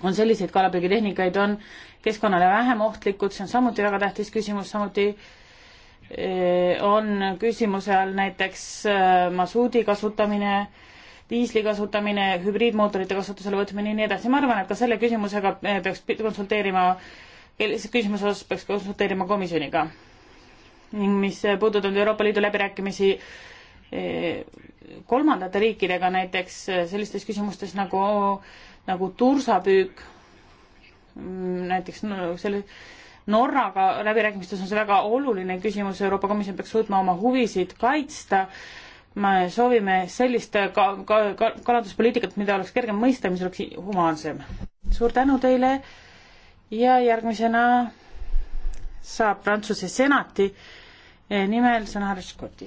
Speaker 1: on selliseid kalapüügitehnikaid, on keskkonnale vähem ohtlikud, see on samuti väga tähtis küsimus, samuti äh, on küsimuse all näiteks masuudi kasutamine, diisli kasutamine, hübriidmootorite kasutusele võtmine ja nii edasi. ma arvan, et ka selle küsimusega peaks konsulteerima, selles küsimuse osas peaks konsulteerima komisjoniga ning mis puudutavad Euroopa Liidu läbirääkimisi e, kolmandate riikidega, näiteks e, sellistes küsimustes nagu, nagu tursapüük, mm, näiteks no, selle Norraga läbirääkimistes on see väga oluline küsimus, Euroopa Komisjon peaks suutma oma huvisid kaitsta, me soovime sellist ka, ka, ka, kalanduspoliitikat, mida oleks kergem mõista, mis oleks humaansem. suur tänu teile ja järgmisena saab Prantsuse senati eh, nimel sõna härra Škoti.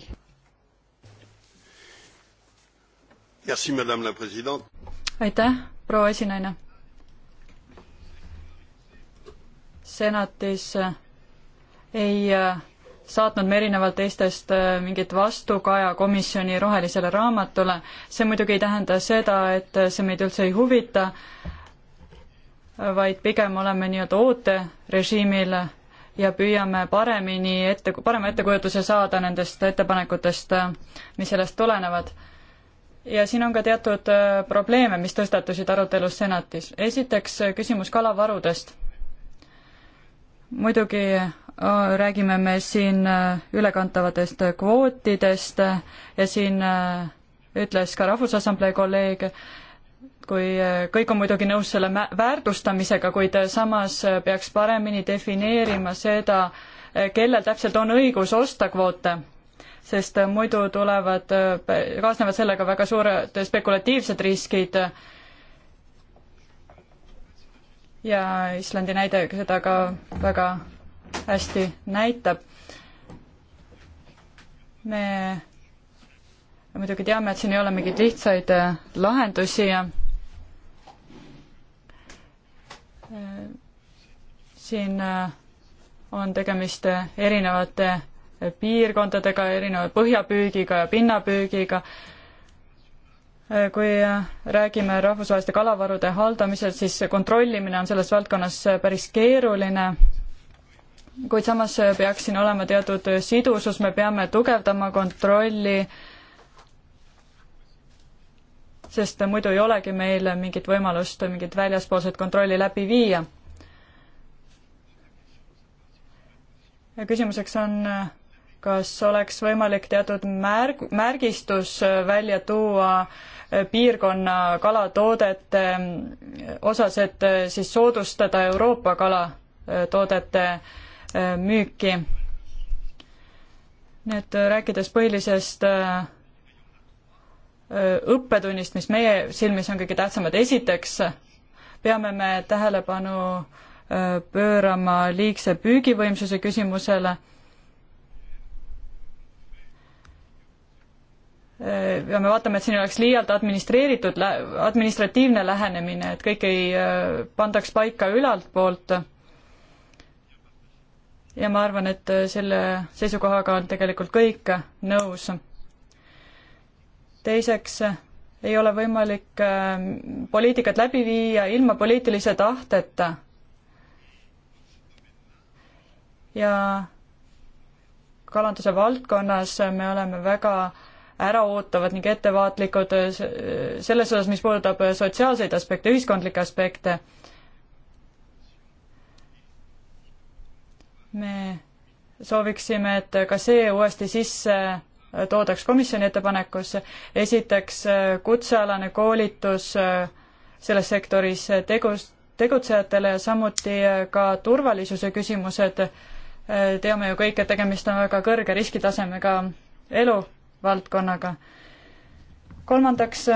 Speaker 1: aitäh,
Speaker 3: proua esinaine. senatis eh, ei eh, saatnud me erinevalt teistest mingit vastukaja komisjoni rohelisele raamatule. see muidugi ei tähenda seda, et see meid üldse ei huvita, vaid pigem oleme nii-öelda ooterežiimil ja püüame paremini ette, parema ettekujutuse saada nendest ettepanekutest, mis sellest tulenevad. ja siin on ka teatud äh, probleeme, mis tõstatusid arutelus senatis. esiteks äh, küsimus kalavarudest. muidugi äh, räägime me siin ülekantavatest kvootidest ja siin ütles ka Rahvusassamblee kolleeg, kui eh, kõik on muidugi nõus selle väärtustamisega, kuid eh, samas eh, peaks paremini defineerima seda, kellel täpselt on õigus osta kvoote, sest muidu tulevad, kaasnevad sellega väga suured spekulatiivsed riskid. ja Islandi näide seda ka väga hästi näitab. me muidugi teame, et siin ei ole mingeid lihtsaid lahendusi ja siin äh, on tegemist äh, erinevate äh, piirkondadega, erineva põhjapüügiga ja pinnapüügiga. kui räägime rahvusvaheliste kalavarude haldamisel, siis kontrollimine on selles valdkonnas päris keeruline, kuid samas peaks siin olema teatud sidusus, me peame tugevdama kontrolli äh, sest muidu ei olegi meil mingit võimalust mingit väljaspoolset kontrolli läbi viia. ja küsimuseks on, kas oleks võimalik teatud märg, märgistus välja tuua piirkonna kalatoodete osas, et siis soodustada Euroopa kalatoodete müüki. nii et rääkides põhilisest äh, õppetunnist, mis meie silmis on kõige tähtsamad. esiteks peame me tähelepanu äh, pöörama liigse püügivõimsuse küsimusele. Äh, peame vaatama, et siin oleks liialt administreeritud, administratiivne lähenemine, et kõik ei äh, pandaks paika ülaltpoolt. ja ma arvan, et selle seisukohaga on tegelikult kõik nõus teiseks ei ole võimalik äh, poliitikat läbi viia ilma poliitilise tahteta. ja kalanduse valdkonnas me oleme väga äraootavad ning ettevaatlikud äh, äh, selles osas, mis puudutab sotsiaalseid aspekte, ühiskondlikke aspekte. me sooviksime, et ka see uuesti sisse toodaks komisjoni ettepanekusse. esiteks äh, kutsealane koolitus äh, selles sektoris äh, tegus, tegutsejatele ja samuti ka turvalisuse küsimused. teame ju kõik, et tegemist on väga kõrge riskitasemega eluvaldkonnaga. kolmandaks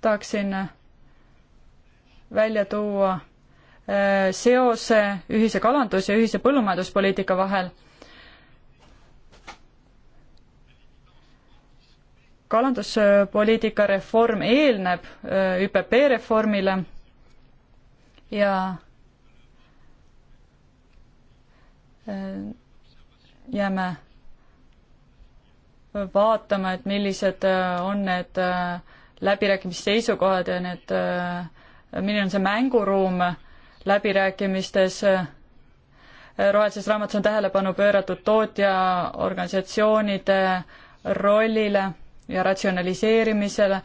Speaker 3: tahaksin välja tuua seose ühise kalandus- ja ühise põllumajanduspoliitika vahel kalanduspoliitika reform eelneb äh, ÜPP reformile ja äh, jääme vaatama, et millised äh, on need läbirääkimiste seisukohad ja need, milline on see mänguruum läbirääkimistes rohelises raamatus on tähelepanu pööratud tootjaorganisatsioonide rollile ja ratsionaliseerimisele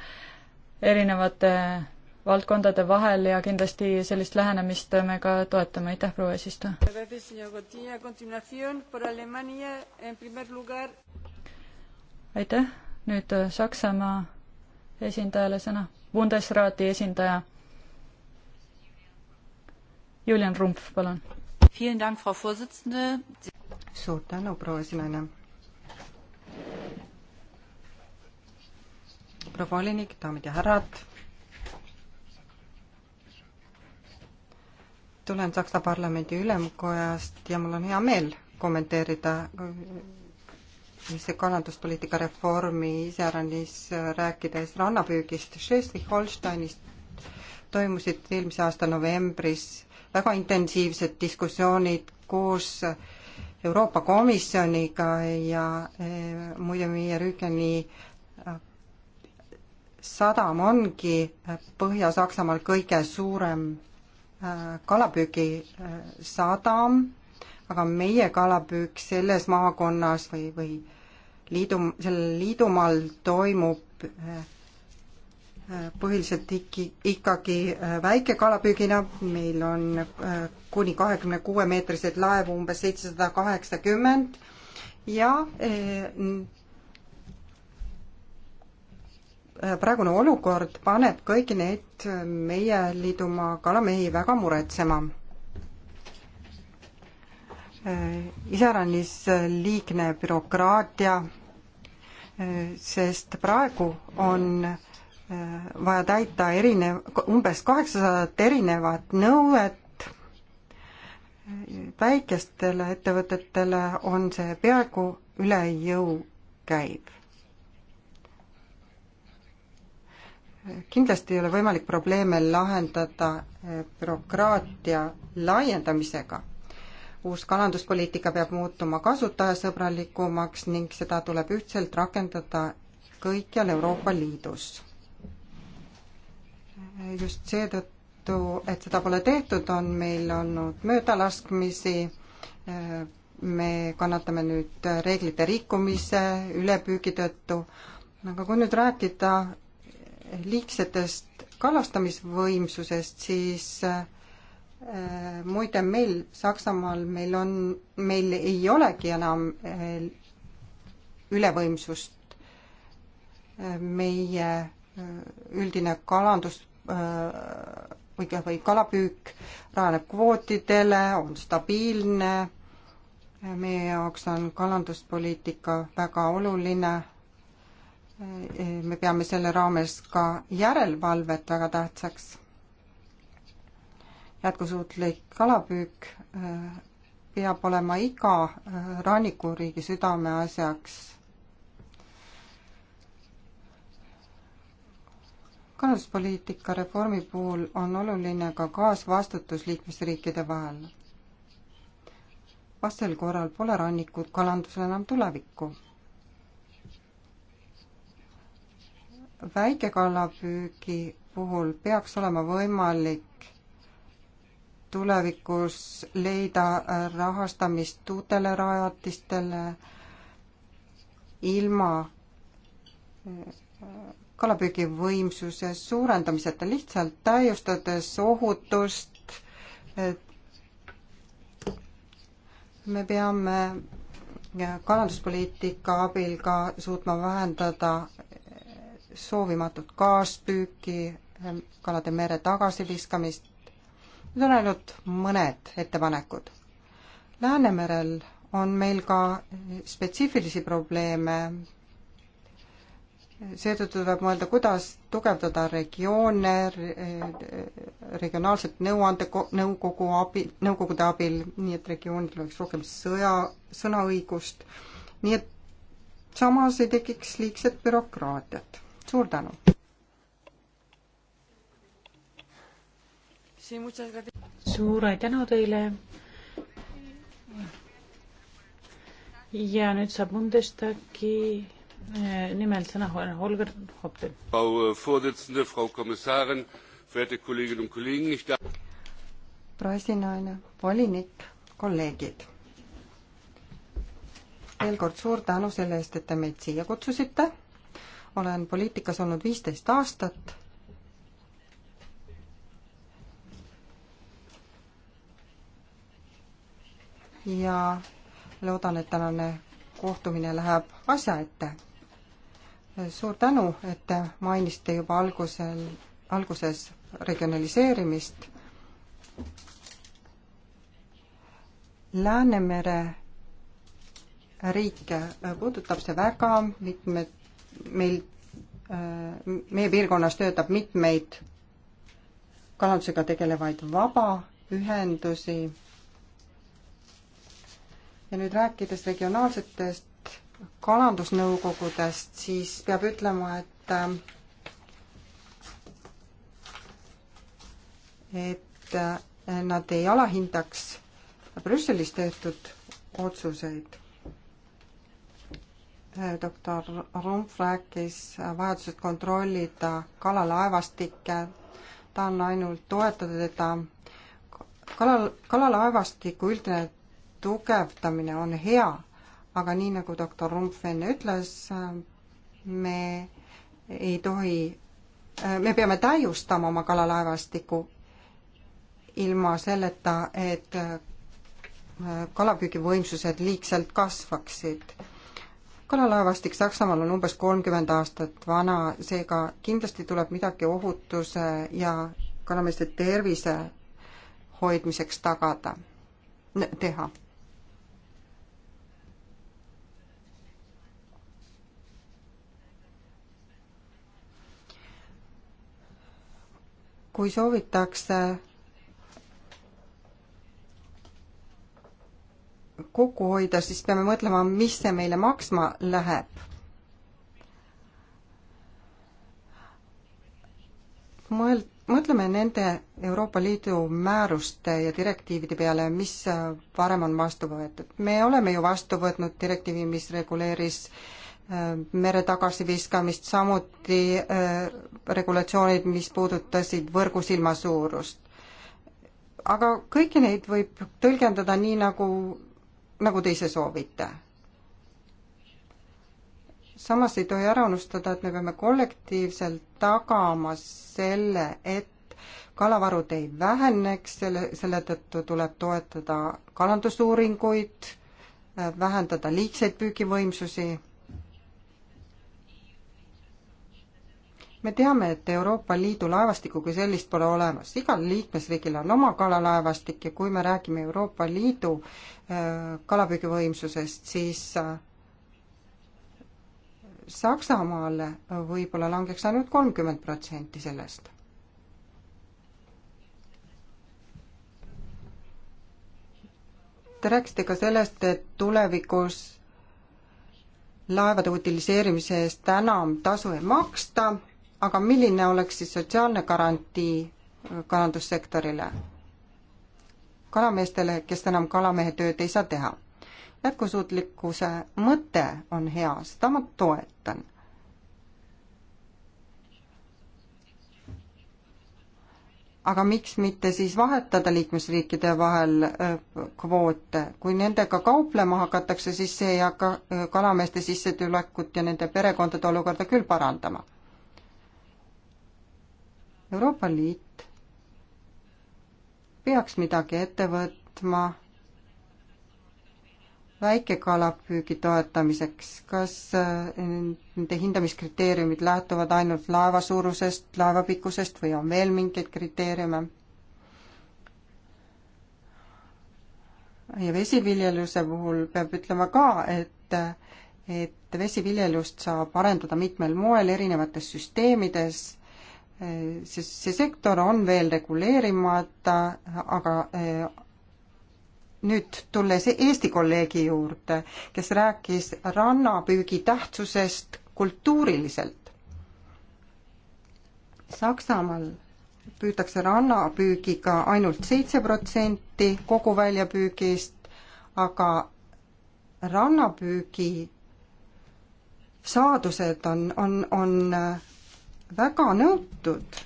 Speaker 3: erinevate valdkondade vahel ja kindlasti sellist lähenemist me ka toetame, aitäh, proua eesistuja. aitäh, nüüd äh, Saksamaa esindajale sõna, Bundesrati esindaja. Julian
Speaker 2: Rumpf, palun. suur tänu, proua esinaine proua volinik, daamid ja härrad. tulen Saksa parlamendi ülemkojast ja mul on hea meel kommenteerida kalanduspoliitika reformi iseäranis, rääkides rannapüügist Schleswig-Holsteinis toimusid eelmise aasta novembris väga intensiivsed diskussioonid koos Euroopa Komisjoniga ja eh, muide meie Rüügeni sadam ongi äh, Põhja-Saksamaal kõige suurem äh, kalapüügisadam, äh, aga meie kalapüük selles maakonnas või, või liidu, sellel liidumaal toimub põhiliselt ikki, ikkagi väikekalapüügina, meil on kuni kahekümne kuue meetriseid laevu umbes seitsesada kaheksakümmend ja praegune olukord paneb kõiki neid meie liidumaa kalamehi väga muretsema. iseäranis liigne bürokraatia, sest praegu on äh, vaja täita erinev, umbes kaheksasadat erinevat nõuet, väikestele ettevõtetele on see peaaegu üle jõu käiv kindlasti ei ole võimalik probleeme lahendada eh, bürokraatia laiendamisega. uus kalanduspoliitika peab muutuma kasutajasõbralikumaks ning seda tuleb ühtselt rakendada kõikjal Euroopa Liidus. Eh, just seetõttu, et seda pole tehtud, on meil olnud möödalaskmisi, eh, me kannatame nüüd reeglite rikkumise, ülepüügi tõttu, aga kui nüüd rääkida liigsetest kalastamisvõimsusest, siis äh, muide meil Saksamaal, meil on, meil ei olegi enam äh, ülevõimsust. Äh, meie üldine kalandus või, või kalapüük rajaneb kvootidele, on stabiilne meie jaoks on kalanduspoliitika väga oluline me peame selle raames ka järelevalvet väga tähtsaks. jätkusuutlik kalapüük äh, peab olema iga äh, rannikuriigi südameasjaks. kalanduspoliitika reformi puhul on oluline ka kaasvastutus liikmesriikide vahel. vastasel korral pole rannikud kalandusel enam tulevikku väikekalapüügi puhul peaks olema võimalik tulevikus leida äh, rahastamist uutele rajatistele ilma äh, kalapüügivõimsuse suurendamiseta, lihtsalt täiustades ohutust, et me peame äh, kalanduspoliitika abil ka suutma vähendada soovimatut kaaspüüki, ähm, kalade mere tagasiviskamist. Need on ainult mõned ettepanekud. Läänemerel on meil ka äh, spetsiifilisi probleeme, seetõttu tuleb mõelda, kuidas tugevdada regioone, äh, regionaalset nõuande, nõukogu abi, nõukogude abil, nii et regioonidel oleks rohkem sõja, sõnaõigust, nii et samas ei tekiks liigset bürokraatiat suur tänu! suur tänu
Speaker 1: teile! ja nüüd saab Bundestagi eh, nimel sõna Holger Hopte.
Speaker 5: Frau äh, Vorsitzende, Frau Kommissarin, verehrte Kolleginnen und Kollegen, ich darf
Speaker 2: proua esinaine, volinik, kolleegid. veel kord suur tänu selle eest, et te meid siia kutsusite olen poliitikas olnud viisteist aastat. ja loodan, et tänane kohtumine läheb asja ette. suur tänu, et te mainisite juba algusel, alguses regionaliseerimist. Läänemere riike puudutab see väga, mitmed meil, meie piirkonnas töötab mitmeid kalandusega tegelevaid vabaühendusi. ja nüüd rääkides regionaalsetest kalandusnõukogudest, siis peab ütlema, et et nad ei alahindaks Brüsselis tehtud otsuseid doktor Rumpf rääkis vajadusest kontrollida kalalaevastikke, tahan ainult toetada teda. kala, kalalaevastiku üldine tugevdamine on hea, aga nii, nagu doktor Rumpf enne ütles, me ei tohi, me peame täiustama oma kalalaevastikku ilma selleta, et kalapüügivõimsused liigselt kasvaksid kalalaevastik Saksamaal on umbes kolmkümmend aastat vana, seega kindlasti tuleb midagi ohutuse ja kalameeste tervise hoidmiseks tagada, teha. kui soovitakse kokku hoida, siis peame mõtlema, mis see meile maksma läheb. mõel-, mõtleme nende Euroopa Liidu määruste ja direktiivide peale, mis varem on vastu võetud. me oleme ju vastu võtnud direktiivi, mis reguleeris äh, mere tagasiviskamist, samuti äh, regulatsioonid, mis puudutasid võrgusilma suurust. aga kõiki neid võib tõlgendada nii, nagu nagu te ise soovite. samas ei tohi ära unustada, et me peame kollektiivselt tagama selle, et kalavarud ei väheneks, selle, selle tõttu tuleb toetada kalandusuuringuid, vähendada liigseid püügivõimsusi me teame, et Euroopa Liidu laevastikku kui sellist pole olemas, igal liikmesriigil on oma kalalaevastik ja kui me räägime Euroopa Liidu äh, kalapüügivõimsusest, siis äh, Saksamaale äh, võib-olla langeks ainult kolmkümmend protsenti sellest. Te rääkisite ka sellest, et tulevikus laevade utiliseerimise eest enam tasu ei maksta aga milline oleks siis sotsiaalne garantii äh, kalandussektorile? kalameestele, kes enam kalamehe tööd ei saa teha. jätkusuutlikkuse mõte on hea, seda ma toetan. aga miks mitte siis vahetada liikmesriikide vahel äh, kvoote, kui nendega kauplema hakatakse, siis see ei hakka äh, kalameeste sissetulekut ja nende perekondade olukorda küll parandama Euroopa Liit peaks midagi ette võtma väikekalapüügi toetamiseks, kas äh, nende hindamiskriteeriumid lähtuvad ainult laeva suurusest, laeva pikkusest või on veel mingeid kriteeriume? ja vesiviljeluse puhul peab ütlema ka, et, et vesiviljelust saab arendada mitmel moel erinevates süsteemides see, see sektor on veel reguleerimata, aga nüüd tulles Eesti kolleegi juurde, kes rääkis rannapüügi tähtsusest kultuuriliselt. Saksamaal püütakse rannapüügiga ainult seitse protsenti kogu väljapüügist, aga rannapüügi saadused on, on, on väga nõutud.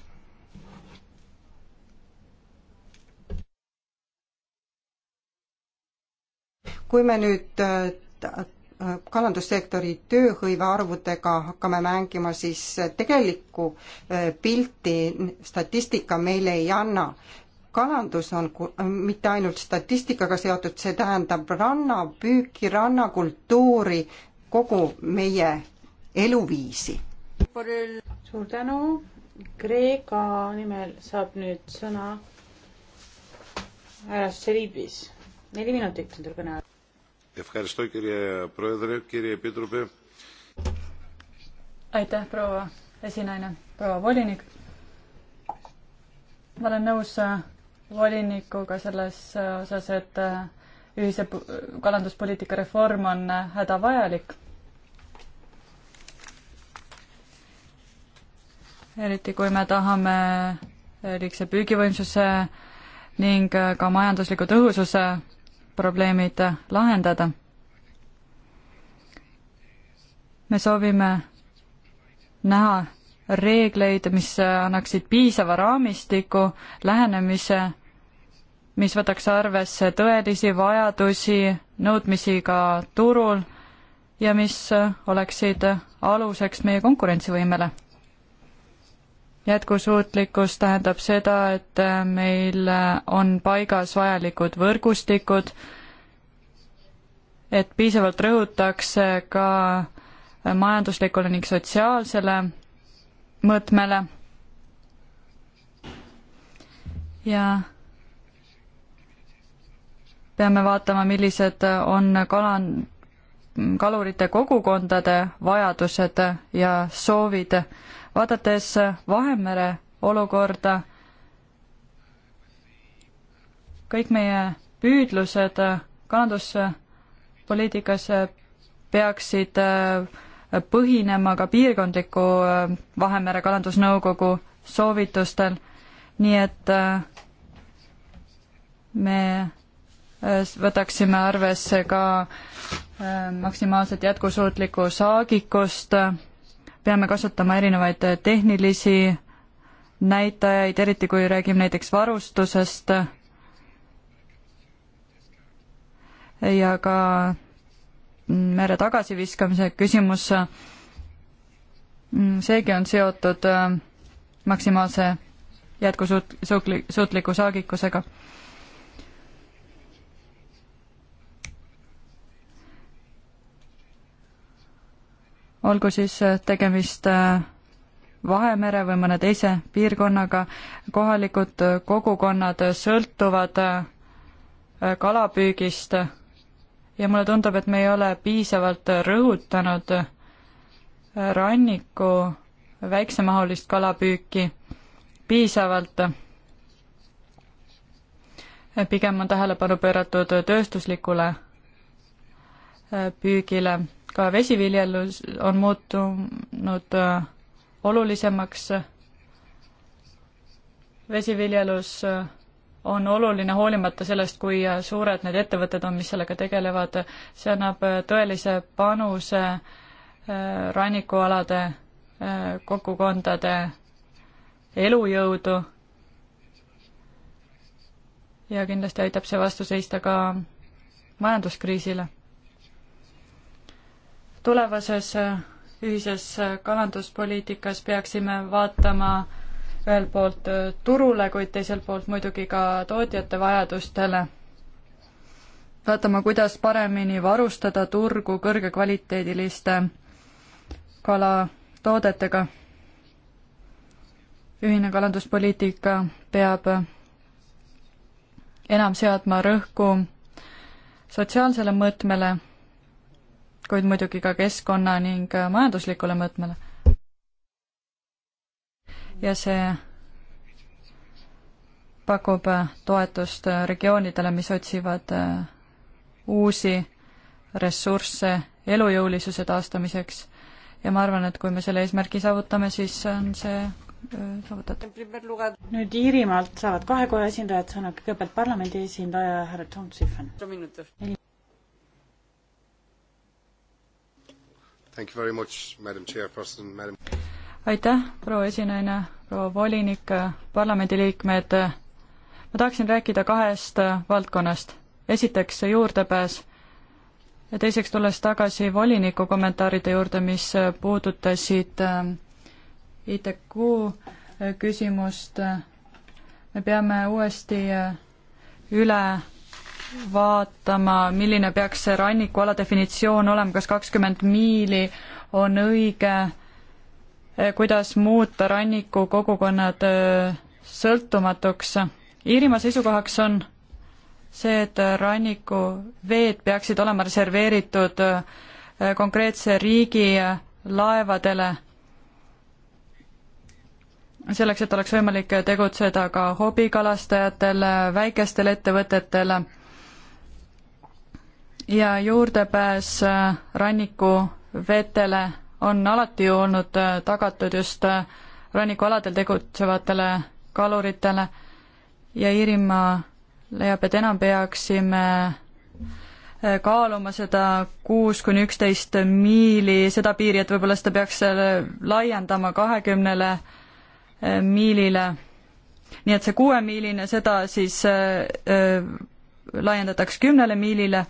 Speaker 2: kui me nüüd äh, kalandussektori tööhõive arvudega hakkame mängima, siis tegelikku äh, pilti statistika meile ei anna. kalandus on mitte ainult statistikaga seotud, see tähendab rannapüüki, rannakultuuri, kogu meie eluviisi
Speaker 1: suur tänu. Kreeka nimel saab nüüd sõna härra Seribis. neli minutit on teil kõne ajal.
Speaker 3: aitäh, proua esinaine, proua volinik. ma olen nõus äh, volinikuga selles äh, osas, et äh, ühise kalanduspoliitika reform on hädavajalik eriti kui me tahame eh, liigse püügivõimsuse ning eh, ka majandusliku tõhususe probleemid eh, lahendada. me soovime näha reegleid, mis annaksid piisava raamistiku, lähenemise, mis võtaks arvesse tõelisi vajadusi, nõudmisi ka turul ja mis oleksid aluseks meie konkurentsivõimele jätkusuutlikkus tähendab seda, et äh, meil äh, on paigas vajalikud võrgustikud, et piisavalt rõhutakse ka äh, majanduslikule ning sotsiaalsele mõõtmele ja peame vaatama, millised on kala, kalurite kogukondade vajadused ja soovid vaadates Vahemere olukorda, kõik meie püüdlused kalanduspoliitikas peaksid äh, põhinema ka piirkondliku äh, Vahemere Kalandusnõukogu soovitustel, nii et äh, me võtaksime arvesse ka maksimaalselt jätkusuutlikku saagikust peame kasutama erinevaid äh, tehnilisi näitajaid, eriti kui räägime näiteks varustusest ja ka mere tagasiviskamise küsimus, mm, seegi on seotud äh, maksimaalse jätkusuutliku saagikusega. olgu siis äh, tegemist äh, Vahemere või mõne teise piirkonnaga, kohalikud äh, kogukonnad sõltuvad kalapüügist ja mulle tundub, et me ei ole piisavalt rõhutanud ranniku väiksemahulist kalapüüki piisavalt. pigem on tähelepanu pööratud tööstuslikule püügile ka vesiviljelus on muutunud äh, olulisemaks. vesiviljelus äh, on oluline hoolimata sellest, kui äh, suured need ettevõtted on, mis sellega tegelevad. see annab tõelise panuse rannikualade kogukondade elujõudu ja kindlasti aitab see vastu seista ka majanduskriisile tulevases äh, ühises äh, kalanduspoliitikas peaksime vaatama ühelt poolt äh, turule, kuid teiselt poolt muidugi ka tootjate vajadustele. vaatama, kuidas paremini varustada turgu kõrgekvaliteediliste kalatoodetega. ühine kalanduspoliitika peab enam seadma rõhku sotsiaalsele mõõtmele kuid muidugi ka keskkonna ning äh, majanduslikule mõõtmele. ja see pakub äh, toetust äh, regioonidele, mis otsivad uusi ressursse elujõulisuse taastamiseks ja ma arvan, et kui me selle eesmärgi saavutame, siis on see
Speaker 1: saavutatud. nüüd Iirimaalt saavad kahe koja esindajad sõna, kõigepealt parlamendi esindaja härra Tom Sihven.
Speaker 5: Thank you very much, madam chairperson, madam
Speaker 3: aitäh, proua esinaine, proua volinik, parlamendiliikmed. ma tahaksin rääkida kahest valdkonnast. esiteks juurdepääs ja teiseks tulles tagasi voliniku kommentaaride juurde, mis puudutasid äh, ITQ küsimust, me peame uuesti äh, üle vaatama, milline peaks see rannikuala definitsioon olema, kas kakskümmend miili on õige, kuidas muuta rannikukogukonnad äh, sõltumatuks. Iirimaa seisukohaks on see, et rannikuveed peaksid olema reserveeritud äh, konkreetse riigi äh, laevadele, selleks, et oleks võimalik tegutseda ka hobikalastajatel, väikestel ettevõtetel ja juurdepääs äh, rannikuvetele on alati ju olnud äh, tagatud just äh, rannikualadel tegutsevatele kaluritele ja Iirimaa leiab, et enam peaksime kaaluma seda kuus kuni üksteist miili, seda piiri, et võib-olla seda peaks laiendama kahekümnele miilile. nii et see kuuemiiline, seda siis äh, laiendataks kümnele miilile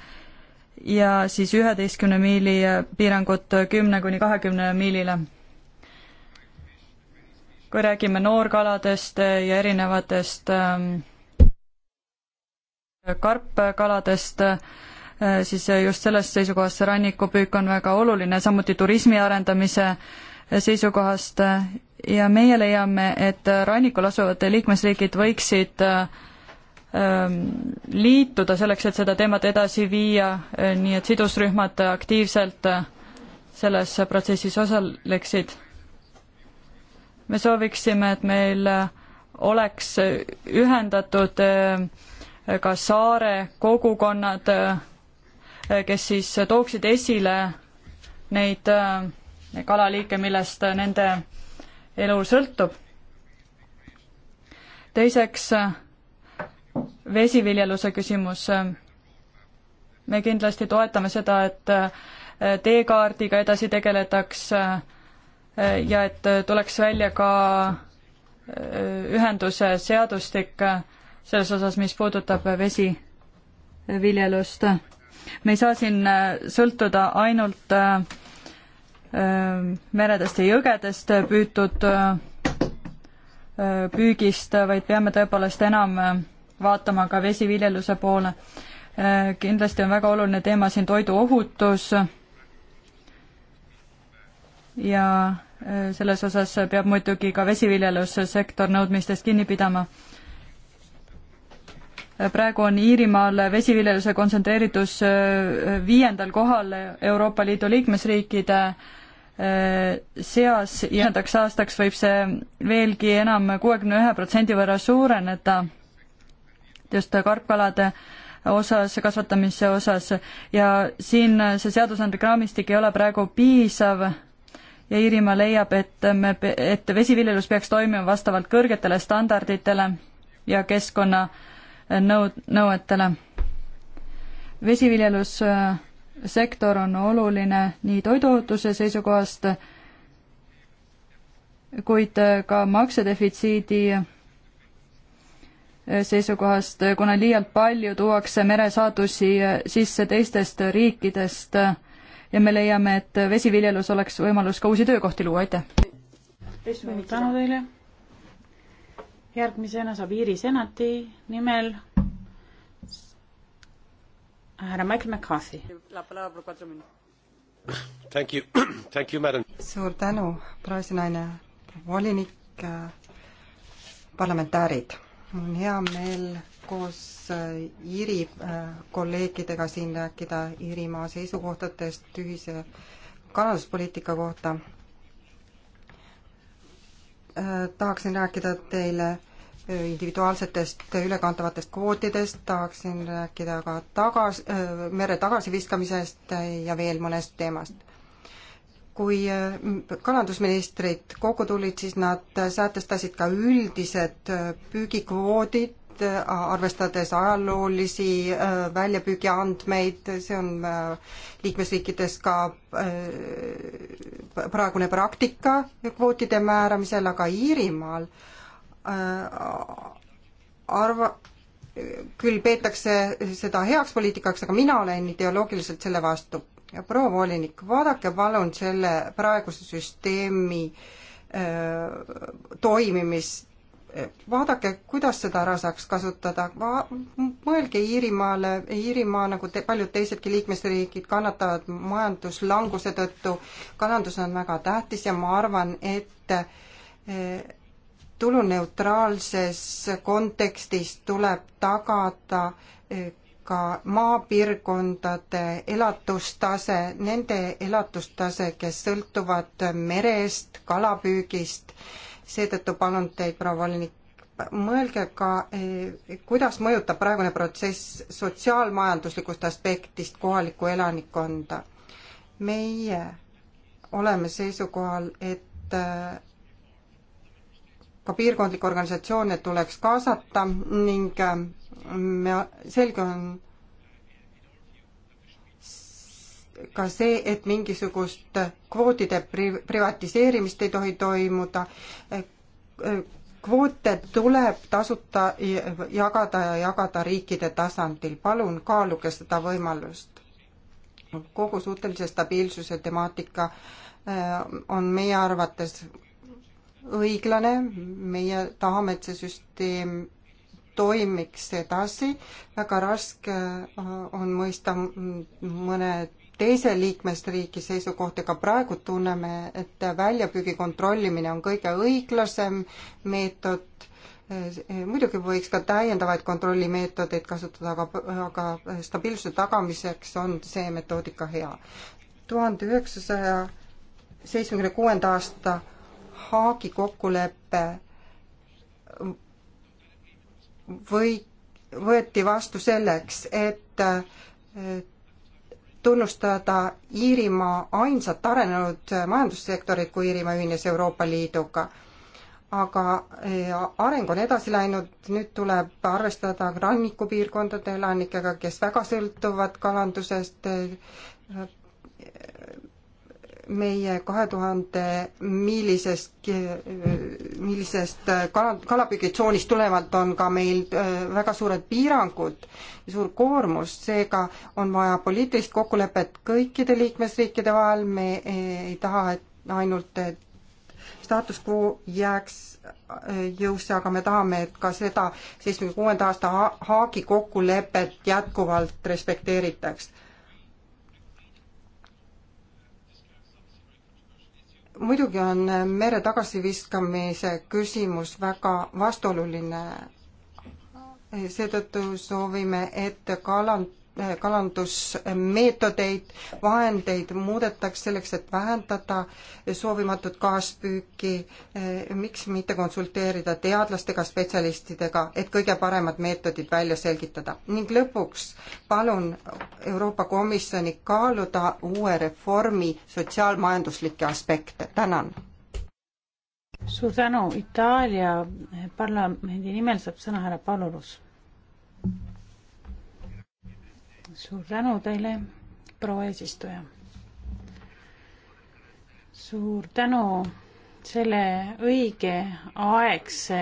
Speaker 3: ja siis üheteistkümne miili piirangut kümne kuni kahekümne miilile. kui räägime noorkaladest ja erinevatest ähm, karpkaladest, äh, siis just sellest seisukohast see rannikupüük on väga oluline, samuti turismi arendamise seisukohast ja meie leiame, et rannikul asuvad liikmesriigid võiksid äh, Ähm, liituda selleks, et seda teemat edasi viia, äh, nii et sidusrühmad aktiivselt äh, selles protsessis osaleksid. me sooviksime, et meil äh, oleks ühendatud ka saare kogukonnad, kes siis tooksid esile neid kalaliike, millest nende elu sõltub. teiseks vesiviljeluse küsimus. me kindlasti toetame seda, et äh, teekaardiga edasi tegeletaks äh, ja et tuleks välja ka äh, ühenduse seadustik selles osas, mis puudutab vesiviljelust. me ei saa siin sõltuda ainult meredest ja jõgedest püütud püügist, vaid peame tõepoolest enam vaatama ka vesiviljeluse poole. Äh, kindlasti on väga oluline teema siin toiduohutus ja äh, selles osas peab muidugi ka vesiviljelussektor nõudmistest kinni pidama. Äh, praegu on Iirimaal vesiviljeluse kontsentreeritus viiendal kohal Euroopa Liidu liikmesriikide seas ja aastaks võib see veelgi enam kuuekümne ühe protsendi võrra suureneda just karpkalade osas, kasvatamise osas ja siin see seadusandlik raamistik ei ole praegu piisav ja Iirimaa leiab, et me, et vesiviljelus peaks toimima vastavalt kõrgetele standarditele ja keskkonnanõu-, nõuetele. vesiviljelussektor äh, on oluline nii toiduohutuse seisukohast, kuid äh, ka maksedefitsiidi seisukohast, kuna liialt palju tuuakse meresaatusi sisse teistest riikidest ja me leiame, et vesiviljelus oleks võimalus ka uusi töökohti luua, aitäh!
Speaker 1: suur tänu teile! järgmisena saab Iiri senati nimel
Speaker 2: härra Michael McCarthy.
Speaker 5: Thank you, thank you, madam.
Speaker 2: suur tänu, praegusi naine, volinik, parlamentäärid mul on hea meel koos äh, Iiri äh, kolleegidega siin rääkida Iirimaa seisukohtadest ühise kalanduspoliitika kohta. Äh, tahaksin rääkida teile individuaalsetest ülekantavatest kvootidest, tahaksin rääkida ka tagas-, mere tagasiviskamisest ja veel mõnest teemast kui äh, kalandusministrid kokku tulid, siis nad äh, sätestasid ka üldised äh, püügikvoodid, arvestades ajaloolisi väljapüügi andmeid, see on liikmesriikides ka praegune praktika kvootide määramisel, aga Iirimaal arva, küll peetakse seda heaks poliitikaks, aga mina olen ideoloogiliselt selle vastu proua volinik, vaadake palun selle praeguse süsteemi äh, toimimist, vaadake, kuidas seda ära saaks kasutada, mõelge Iirimaale, Iirimaa nagu te, paljud teisedki liikmesriigid kannatavad majanduslanguse tõttu, kalandus on väga tähtis ja ma arvan, et äh, tuluneutraalses kontekstis tuleb tagada äh, ka maapiirkondade elatustase, nende elatustase, kes sõltuvad merest, kalapüügist, seetõttu palun teid, proua volinik, mõelge ka, eh, kuidas mõjutab praegune protsess sotsiaalmajanduslikust aspektist kohalikku elanikkonda. meie oleme seisukohal, et eh, ka piirkondlikke organisatsioone tuleks kaasata ning eh, me, selge on ka see, et mingisugust kvootide pri-, privatiseerimist ei tohi toimuda, kvoote tuleb tasuta jagada ja jagada riikide tasandil, palun kaaluge seda võimalust. kogu suhtelise stabiilsuse temaatika äh, on meie arvates õiglane, meie tahame, et see süsteem toimiks edasi, väga raske äh, on mõista mõne teise liikmesriigi seisukoht, ega praegu tunneme, et väljapüügi kontrollimine on kõige õiglasem meetod, äh, muidugi võiks ka täiendavaid kontrollimeetodeid kasutada, aga, aga stabiilsuse tagamiseks on see metoodika hea. tuhande üheksasaja seitsmekümne kuuenda aasta Haagi kokkulepe või võeti vastu selleks, et tunnustada Iirimaa ainsat arenenud majandussektorit, kui Iirimaa ühines Euroopa Liiduga. aga areng on edasi läinud, nüüd tuleb arvestada rannikupiirkondade elanikega, kes väga sõltuvad kalandusest, meie kahe tuhande millisest, millisest kala, kalapüügitsoonist tulenevalt on ka meil äh, väga suured piirangud ja suur koormus, seega on vaja poliitilist kokkulepet kõikide liikmesriikide vahel, me ei taha, et ainult, et staatus quo jääks äh, jõusse, aga me tahame, et ka seda seitsmekümne kuuenda aasta Haagi kokkulepet jätkuvalt respekteeritaks muidugi on mere tagasiviskamise küsimus väga vastuoluline. seetõttu soovime, et kaland kalandusmeetodeid, vahendeid muudetakse selleks, et vähendada soovimatut kaaspüüki, eh, miks mitte konsulteerida teadlastega, spetsialistidega, et kõige paremad meetodid välja selgitada. ning lõpuks palun Euroopa Komisjoni kaaluda uue reformi sotsiaalmajanduslikke aspekte, tänan. suur tänu, Itaalia
Speaker 1: parlamendi nimel saab sõna härra Palulus suur tänu teile, proua eesistuja. suur tänu selle õigeaegse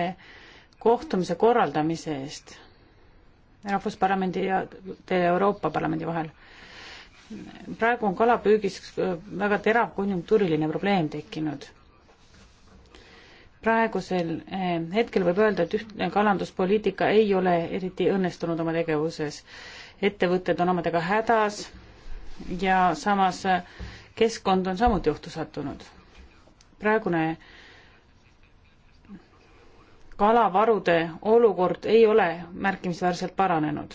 Speaker 1: kohtumise korraldamise eest Rahvusparlamendi ja Euroopa Parlamendi vahel. praegu on kalapüügis väga terav konjunktuuriline probleem tekkinud. praegusel eh, hetkel võib öelda, et ühtne kalanduspoliitika ei ole eriti õnnestunud oma tegevuses ettevõtted on omadega hädas ja samas keskkond on samuti ohtu sattunud. praegune kalavarude olukord ei ole märkimisväärselt paranenud.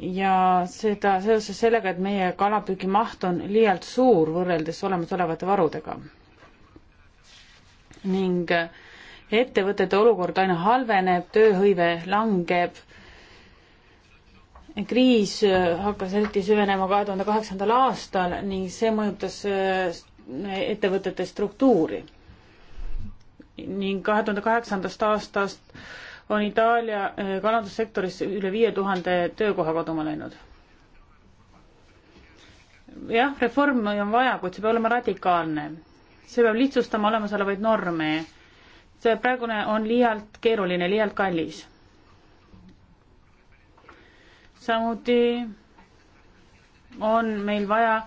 Speaker 1: ja seda seoses sellega, et meie kalapüügimaht on liialt suur võrreldes olemasolevate varudega. ning ettevõtete olukord aina halveneb, tööhõive langeb kriis äh, hakkas eriti süvenema kahe tuhande kaheksandal aastal ning see mõjutas äh, ettevõtete struktuuri. ning kahe tuhande kaheksandast aastast on Itaalia äh, kalandussektoris üle viie tuhande töökoha kaduma läinud. jah, reformi on vaja, kuid see peab olema radikaalne. see peab lihtsustama olemasolevaid norme. see praegune on liialt keeruline, liialt kallis samuti on meil vaja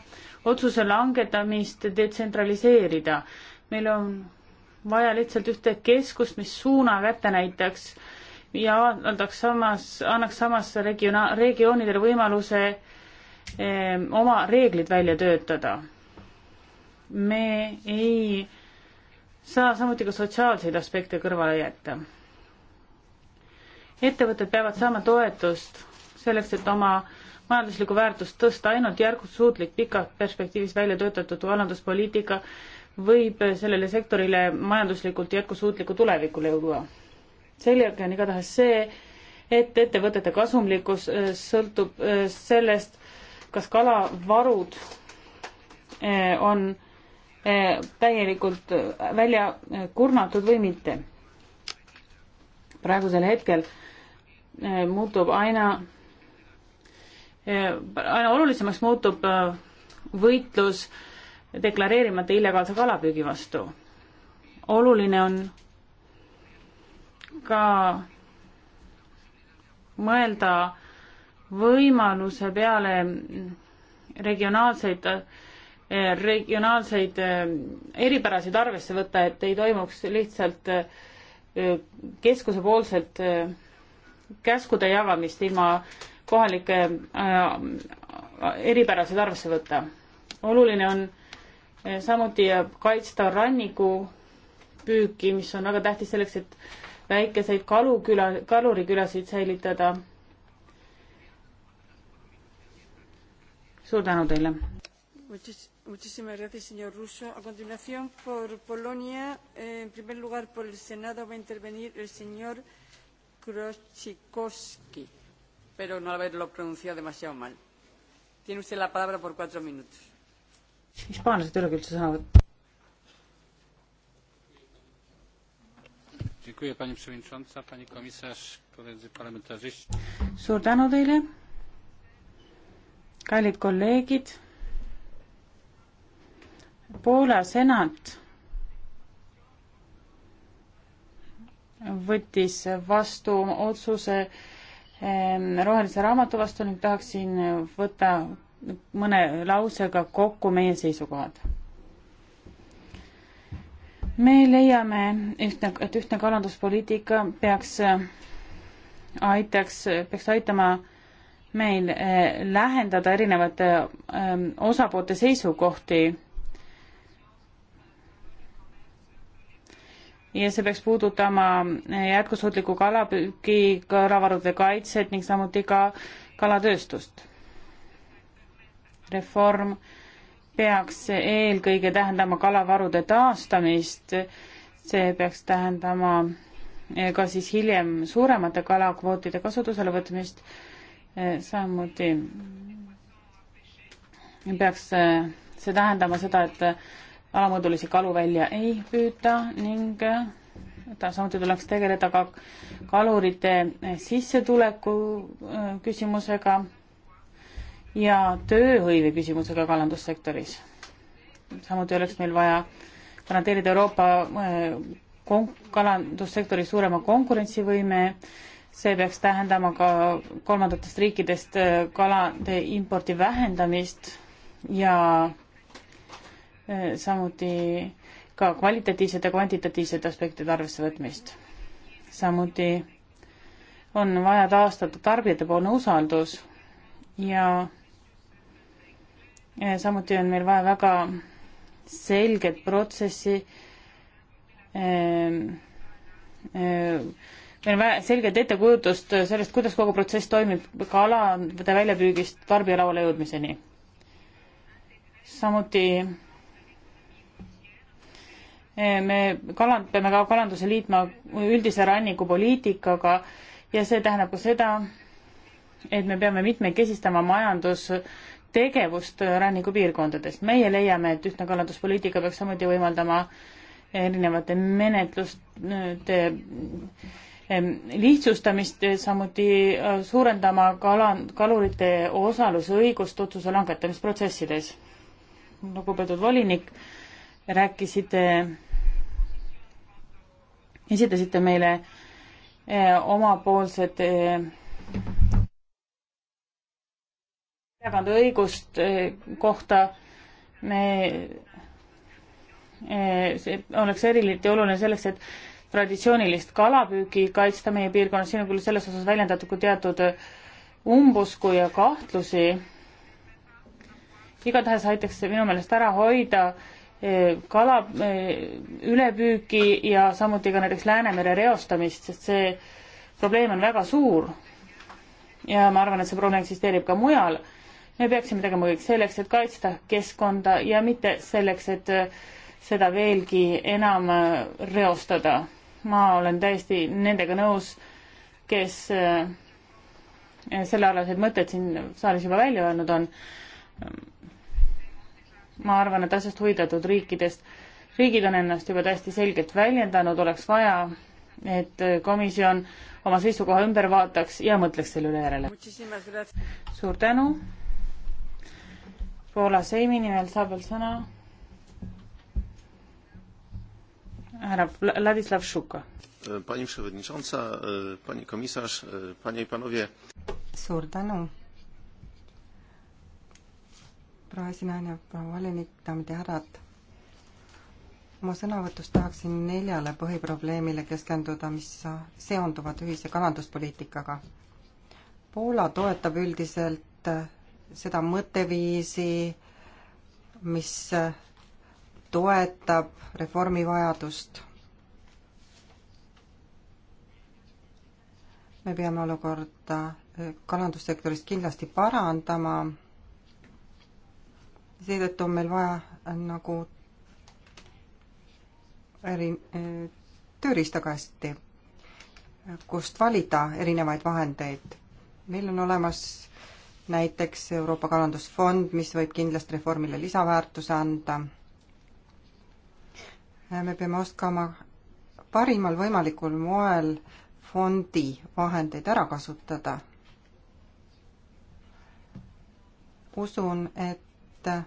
Speaker 1: otsuse langetamist detsentraliseerida. meil on vaja lihtsalt ühte keskust, mis suuna kätte näitaks ja avaldaks samas, annaks samas regiona-, regioonidele võimaluse eh, oma reeglid välja töötada. me ei saa samuti ka sotsiaalseid aspekte kõrvale jätta. ettevõtted peavad saama toetust selleks, et oma majanduslikku väärtust tõsta, ainult järgusuutlik pikas perspektiivis välja töötatud vallanduspoliitika võib sellele sektorile majanduslikult jätkusuutliku tulevikule jõua. selge on igatahes see, et ettevõtete kasumlikkus äh, sõltub äh, sellest, kas kalavarud äh, on täielikult välja kurnatud või mitte. praegusel hetkel muutub aina aina olulisemaks muutub äh, võitlus deklareerimata illegaalse kalapüügi vastu. oluline on ka mõelda võimaluse peale regionaalseid, äh, regionaalseid äh, eripärasid arvesse võtta, et ei toimuks lihtsalt keskusepoolselt käskude jagamist ilma kohalikke äh, eripärasid arvesse võtta. oluline on äh, samuti äh, kaitsta rannikupüüki, mis on väga tähtis selleks, et väikeseid kaluküla, kalurikülasid säilitada. suur tänu teile. Muchísimas
Speaker 4: gracias, señor Russo. A continuación, por Polonia, en primer lugar, por el Senado va a intervenir el señor Krochikowski espero no haberlo pronunciado demasiado mal. Tiene usted la palabra por cuatro minutos.
Speaker 1: hispaanlased ei olegi üldse sõna võtnud. suur tänu teile, kallid kolleegid. Poola senat võttis vastu otsuse Ehm, rohelise raamatu vastu ning tahaksin võtta mõne lausega kokku meie seisukohad. me leiame, ühtne, et ühtne kalanduspoliitika peaks, aitaks, peaks aitama meil eh, lähendada erinevate ehm, osapoolte seisukohti ja see peaks puudutama jätkusuutliku kalapüügi, kalavarude kaitset ning samuti ka kalatööstust. reform peaks eelkõige tähendama kalavarude taastamist, see peaks tähendama ka siis hiljem suuremate kalakvootide kasutusele võtmist, samuti peaks see tähendama seda, et alamõõdulisi kalu välja ei püüta ning äh, ta samuti tuleks tegeleda ka kalurite äh, sissetuleku äh, küsimusega ja tööhõive küsimusega kalandussektoris. samuti oleks meil vaja garanteerida Euroopa konk-, kalandussektori suurema konkurentsivõime, see peaks tähendama ka kolmandatest riikidest kalade impordi vähendamist ja Äh, samuti ka kvalitatiivsed ja kvantitatiivsed aspektid arvesse võtmist. samuti on vaja taastada tarbijatepoolne usaldus ja äh, samuti on meil vaja väga selget protsessi, äh, meil on vaja selget ettekujutust sellest, kuidas kogu protsess toimib kalade väljapüügist tarbijalauale jõudmiseni. samuti me kaland-, peame ka kalanduse liitma üldise rannikupoliitikaga ja see tähendab ka seda, et me peame mitmekesistama majandustegevust rannikupiirkondades. meie leiame, et ühtne kalanduspoliitika peaks samuti võimaldama erinevate menetluste lihtsustamist, samuti äh, suurendama kala, kalurite osalusõigust otsuse langetamisprotsessides. lugupeetud volinik, rääkisite esitasite meile eh, omapoolsed eh, erakond õigust eh, kohta me see oleks eriti oluline selleks, et traditsioonilist kalapüüki kaitsta meie piirkonnas, siin on küll selles osas väljendatud ka teatud umbusku ja kahtlusi. igatahes aitaks see minu meelest ära hoida äh, kala eh, ülepüüki ja samuti ka näiteks Läänemere reostamist, sest see probleem on väga suur. ja ma arvan, et see probleem eksisteerib ka mujal. me peaksime tegema kõik selleks, et kaitsta keskkonda ja mitte selleks, et eh, seda veelgi enam eh, reostada. ma olen täiesti nendega nõus, kes sellealased mõtted siin saalis juba välja öelnud on ma arvan, et asjast huvitatud riikidest, riigid on ennast juba täiesti selgelt väljendanud, oleks vaja, et komisjon oma seisukoha ümber vaataks ja mõtleks selle üle järele. suur tänu. Poola Seimi nimel saab veel sõna härra Ladislav Šuka.
Speaker 4: pani przewodnicząca, e, pani komisarz, e, panie i panowie.
Speaker 2: suur tänu proua esinaine, proua volinik, daamid ja härrad. oma sõnavõtus tahaksin neljale põhiprobleemile keskenduda, mis seonduvad ühise kalanduspoliitikaga. Poola toetab üldiselt eh, seda mõtteviisi, mis eh, toetab reformi vajadust. me peame olukorda eh, kalandussektoris kindlasti parandama seetõttu on meil vaja äh, nagu eri-, äh, tööriistakasti, äh, kust valida erinevaid vahendeid. meil on olemas näiteks Euroopa Kalandusfond, mis võib kindlasti reformile lisaväärtuse anda. me peame oskama parimal võimalikul moel fondi vahendeid ära kasutada. usun, et et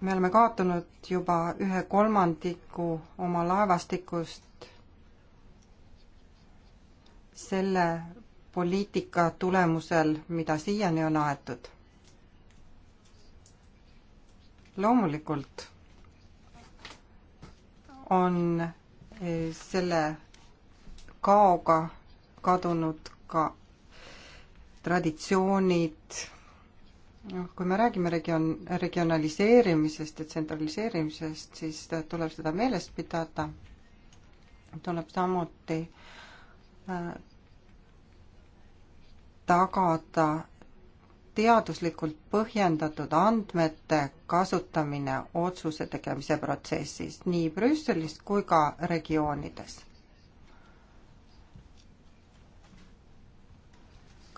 Speaker 2: me oleme kaotanud juba ühe kolmandiku oma laevastikust selle poliitika tulemusel, mida siiani on aetud. loomulikult on eh, selle kaoga kadunud ka traditsioonid, noh, kui me räägime region, regionaliseerimisest ja tsentraliseerimisest, siis tuleb seda meeles pidada, tuleb samuti äh, tagada teaduslikult põhjendatud andmete kasutamine otsuse tegemise protsessis nii Brüsselis kui ka regioonides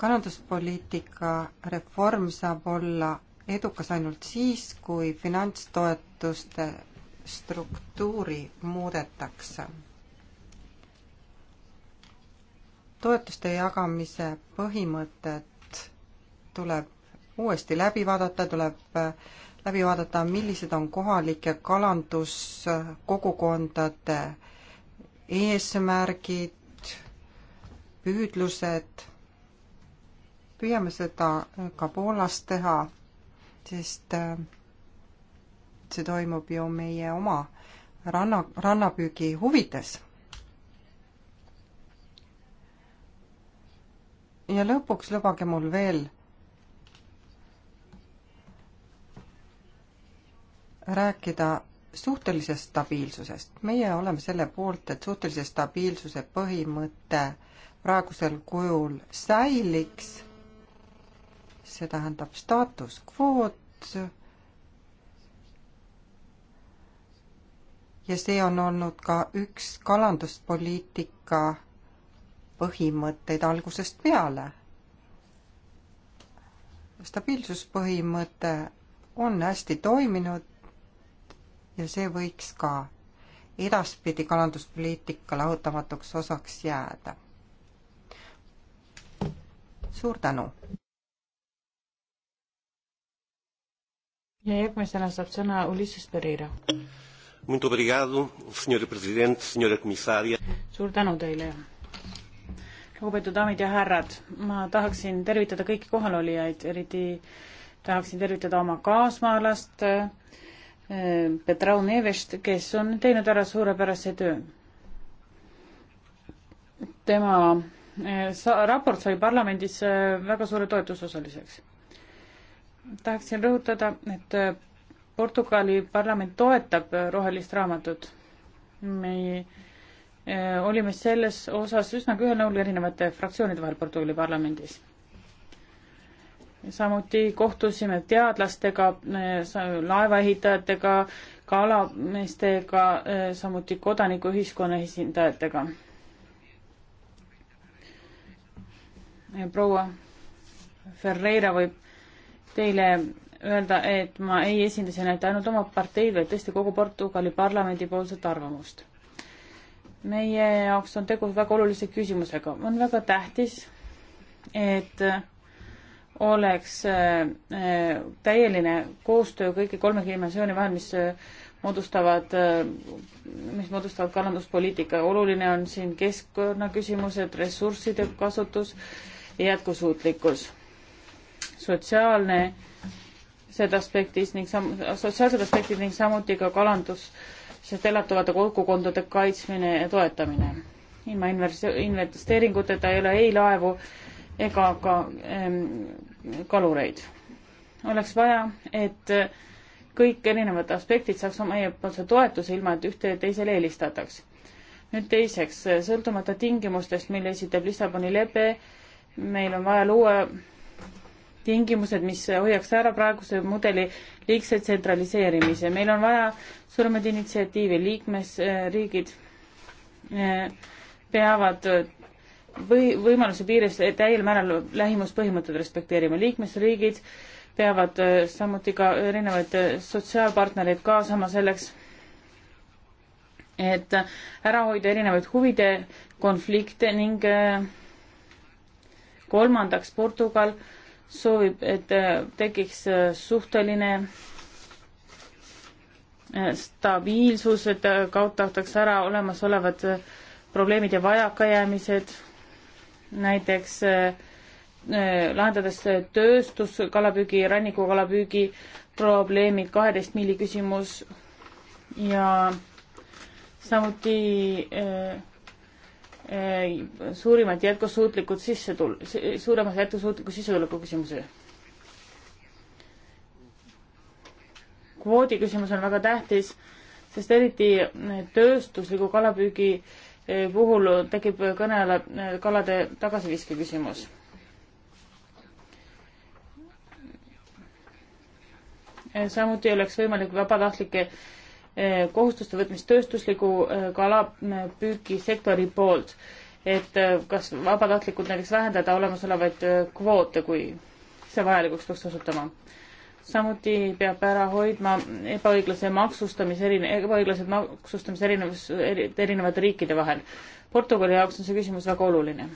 Speaker 2: kalanduspoliitika reform saab olla edukas ainult siis, kui finantstoetuste struktuuri muudetakse. toetuste jagamise põhimõtted tuleb uuesti läbi vaadata, tuleb äh, läbi vaadata, millised on kohalike kalanduskogukondade eesmärgid, püüdlused püüame seda äh, ka Poolas teha, sest äh, see toimub ju meie oma ranna, rannapüügi huvides. ja lõpuks lubage mul veel rääkida suhtelisest stabiilsusest. meie oleme selle poolt, et suhtelise stabiilsuse põhimõte praegusel kujul säiliks see tähendab staatus quo'd ja see on olnud ka üks kalanduspoliitika põhimõtteid algusest peale. stabiilsuspõhimõte on hästi toiminud ja see võiks ka edaspidi kalanduspoliitika lahutamatuks osaks jääda. suur tänu!
Speaker 1: ja järgmisena saab sõna Ulisses Pereira.
Speaker 5: Muito obrigado, senhor president, senhora comissaria.
Speaker 1: suur tänu teile. lugupeetud daamid ja härrad, ma tahaksin tervitada kõiki kohalolijaid, eriti tahaksin tervitada oma kaasmaalast eh, Petrov Nevest, kes on teinud ära suurepärase töö. tema eh, sa-, raport sai parlamendis eh, väga suure toetusosaliseks tahaksin rõhutada, et äh, Portugali parlament toetab äh, rohelist raamatut. me äh, olime selles osas üsnagi ühel nõul erinevate fraktsioonide vahel Portugali parlamendis. samuti kohtusime teadlastega, laevaehitajatega, kalameestega, samuti kodanikuühiskonna esindajatega. proua Ferreira võib teile öelda, et ma ei esinda siin ainult, ainult oma parteid, vaid tõesti kogu Portugali parlamendi poolset arvamust. meie jaoks on tegu väga olulise küsimusega, on väga tähtis, et oleks äh, äh, täieline koostöö kõigi kolme dimensiooni vahel, mis äh, moodustavad, mis moodustavad kalanduspoliitika. oluline on siin keskkonnaküsimused, ressursside kasutus ja jätkusuutlikkus sotsiaalne, seda aspektis ning sam-, sotsiaalsed aspektid ning samuti ka kalandus, sest elatuvate kogukondade kaitsmine ja toetamine. ilma invers-, investeeringuteta ei ole ei laevu ega ka ähm, kalureid. oleks vaja, et kõik erinevad aspektid saaks omapoolse toetuse, ilma et ühte teisele eelistataks. nüüd teiseks, sõltumata tingimustest, mille esitab Lissaboni lepe, meil on vaja luua tingimused, mis hoiaks ära praeguse mudeli liigse tsentraliseerimise. meil on vaja suuremaid initsiatiive, liikmesriigid eh, peavad eh, või võimaluse piires täiel määral lähimuspõhimõtted respekteerima. liikmesriigid peavad eh, samuti ka erinevaid sotsiaalpartnereid kaasama selleks, et ära hoida erinevaid huvide konflikte ning kolmandaks Portugal äh, soovib, et äh, tekiks äh, suhteline äh, stabiilsus, et kaotatakse ära olemasolevad probleemid ja vajakajäämised, näiteks lahendades tööstuskalapüügi, rannikukalapüügi probleemid, kaheteist miili küsimus ja samuti äh, Äh, suurimat jätkusuutlikud sissetul-, suuremat jätkusuutliku sissetuleku küsimuse. kvoodi küsimus on väga tähtis, sest eriti tööstusliku kalapüügi äh, puhul tekib kõne alla äh, kalade tagasiviske küsimus. samuti oleks võimalik vabatahtlike kohustuste võtmist tööstusliku äh, kalapüügisektori poolt, et äh, kas vabatahtlikult näiteks vähendada olemasolevaid äh, kvoote, kui see vajalikuks peaks osutama. samuti peab ära hoidma ebaõiglase maksustamise erine-, ebaõiglased maksustamise erinevus eri,, erinevate riikide vahel. Portugali jaoks on see küsimus väga oluline.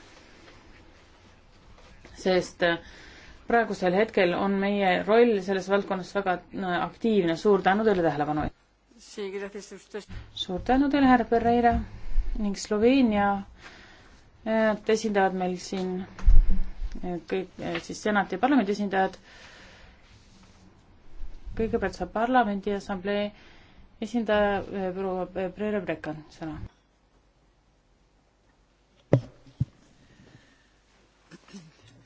Speaker 1: sest praegusel hetkel on meie roll selles valdkonnas väga aktiivne, suur tänu teile tähelepanu eest! suur tänu teile, härra Pereira ning Sloveenia. Nad eh, esindavad meil siin eh, kõik eh, siis senati ja parlamendi esindajad. kõigepealt saab parlamendi assamblee esindaja proua Pereira Brekan sõna.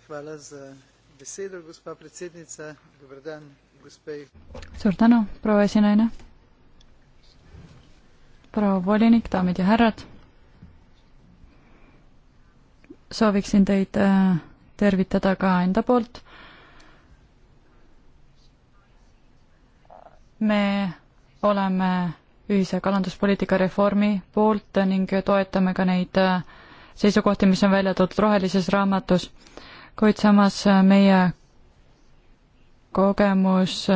Speaker 5: Hvala za besedo, gospa predsednica. Dobar dan, gospe.
Speaker 3: Suur tänu, proua esinaine proua volinik, daamid ja härrad. sooviksin teid äh, tervitada ka enda poolt. me oleme ühise kalanduspoliitika reformi poolt ning toetame ka neid äh, seisukohti, mis on välja toodud rohelises raamatus. kuid samas äh, meie kogemus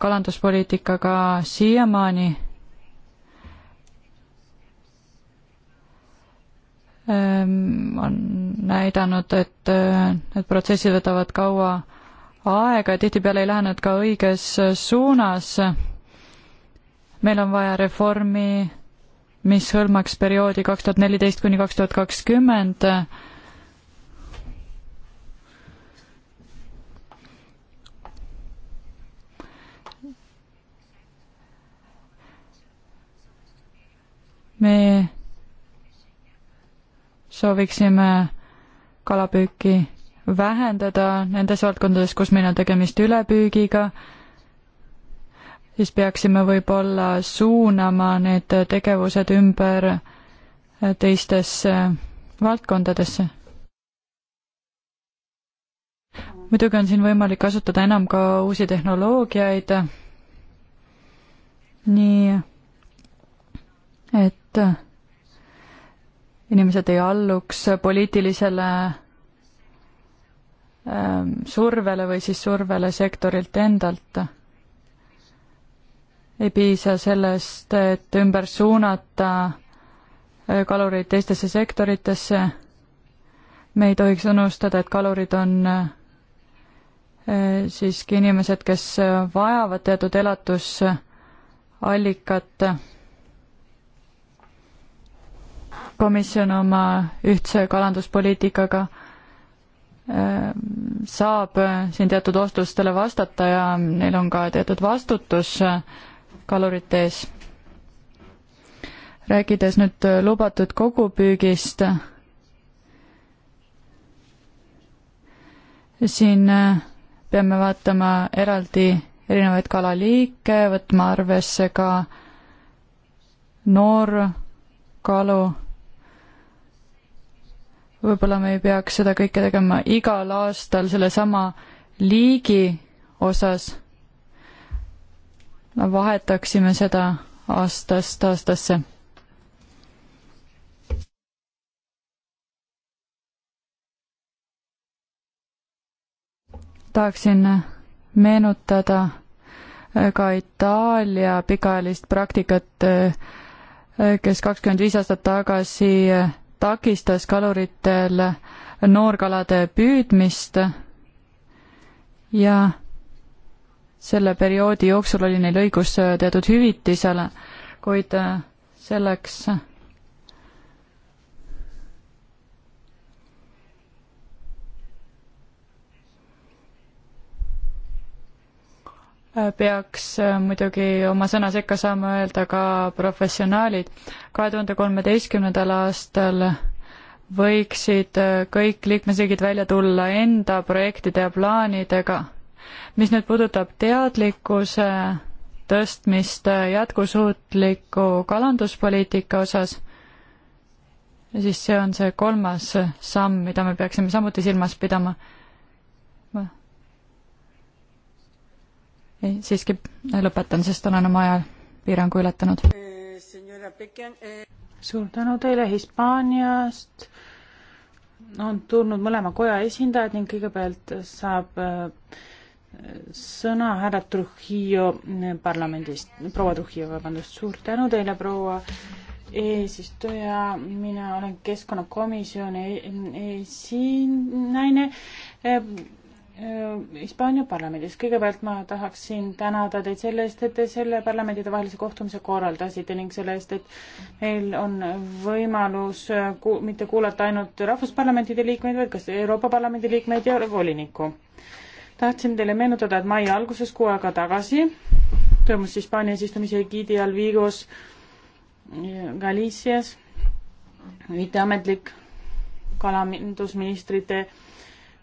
Speaker 3: kalanduspoliitikaga siiamaani Ehm, on näidanud, et äh, need protsessid võtavad kaua aega ja tihtipeale ei lähe nad ka õiges äh, suunas. meil on vaja reformi, mis hõlmaks perioodi kaks tuhat neliteist kuni kaks tuhat kakskümmend. me sooviksime kalapüüki vähendada nendes valdkondades, kus meil on tegemist ülepüügiga, siis peaksime võib-olla suunama need tegevused ümber teistesse valdkondadesse. muidugi on siin võimalik kasutada enam ka uusi tehnoloogiaid, nii et inimesed ei alluks poliitilisele ähm, survele või siis survele sektorilt endalt. ei piisa sellest, et ümber suunata äh, kalureid teistesse sektoritesse. me ei tohiks unustada, et kalurid on äh, siiski inimesed, kes vajavad teatud elatusallikat äh, komisjon oma ühtse kalanduspoliitikaga äh, saab siin teatud ootustele vastata ja neil on ka teatud vastutus äh, kalurite ees. rääkides nüüd äh, lubatud kogupüügist, siin peame vaatama eraldi erinevaid kalaliike, võtma arvesse ka noorkalu võib-olla me ei peaks seda kõike tegema igal aastal sellesama liigi osas. vahetaksime seda aastast aastasse. tahaksin meenutada ka Itaalia pikaajalist praktikat, kes kakskümmend viis aastat tagasi takistas kaluritel noorkalade püüdmist ja selle perioodi jooksul oli neil õigus teatud hüvitisele, kuid äh, selleks peaks äh, muidugi oma sõna sekka saama öelda ka professionaalid. kahe tuhande kolmeteistkümnendal aastal võiksid äh, kõik liikmesriigid välja tulla enda projektide ja plaanidega. mis nüüd puudutab teadlikkuse tõstmist äh, jätkusuutliku kalanduspoliitika osas, siis see on see kolmas samm, mida me peaksime samuti silmas pidama ei, siiski lõpetan, sest olen oma ajapiirangu ületanud.
Speaker 1: suur tänu teile Hispaaniast. on tulnud mõlema koja esindajad ning kõigepealt saab äh, sõna härra Trujillo äh, parlamendist, proua Trujillo, vabandust, suur tänu teile, proua eesistuja, mina olen keskkonnakomisjoni esinaine e, e- Äh, Hispaania parlamendis. kõigepealt ma tahaksin tänada teid selle eest, et te selle parlamendidevahelise kohtumise korraldasite ning selle eest, et meil on võimalus äh, ku-, mitte kuulata ainult rahvusparlamentide liikmeid, vaid ka Euroopa Parlamendi liikmeid ja volinikku. tahtsin teile meenutada, et mai alguses, kuu aega tagasi, toimus Hispaania eesistumise egiidi all Vigos äh, Galicias mitteametlik kalamindusministrite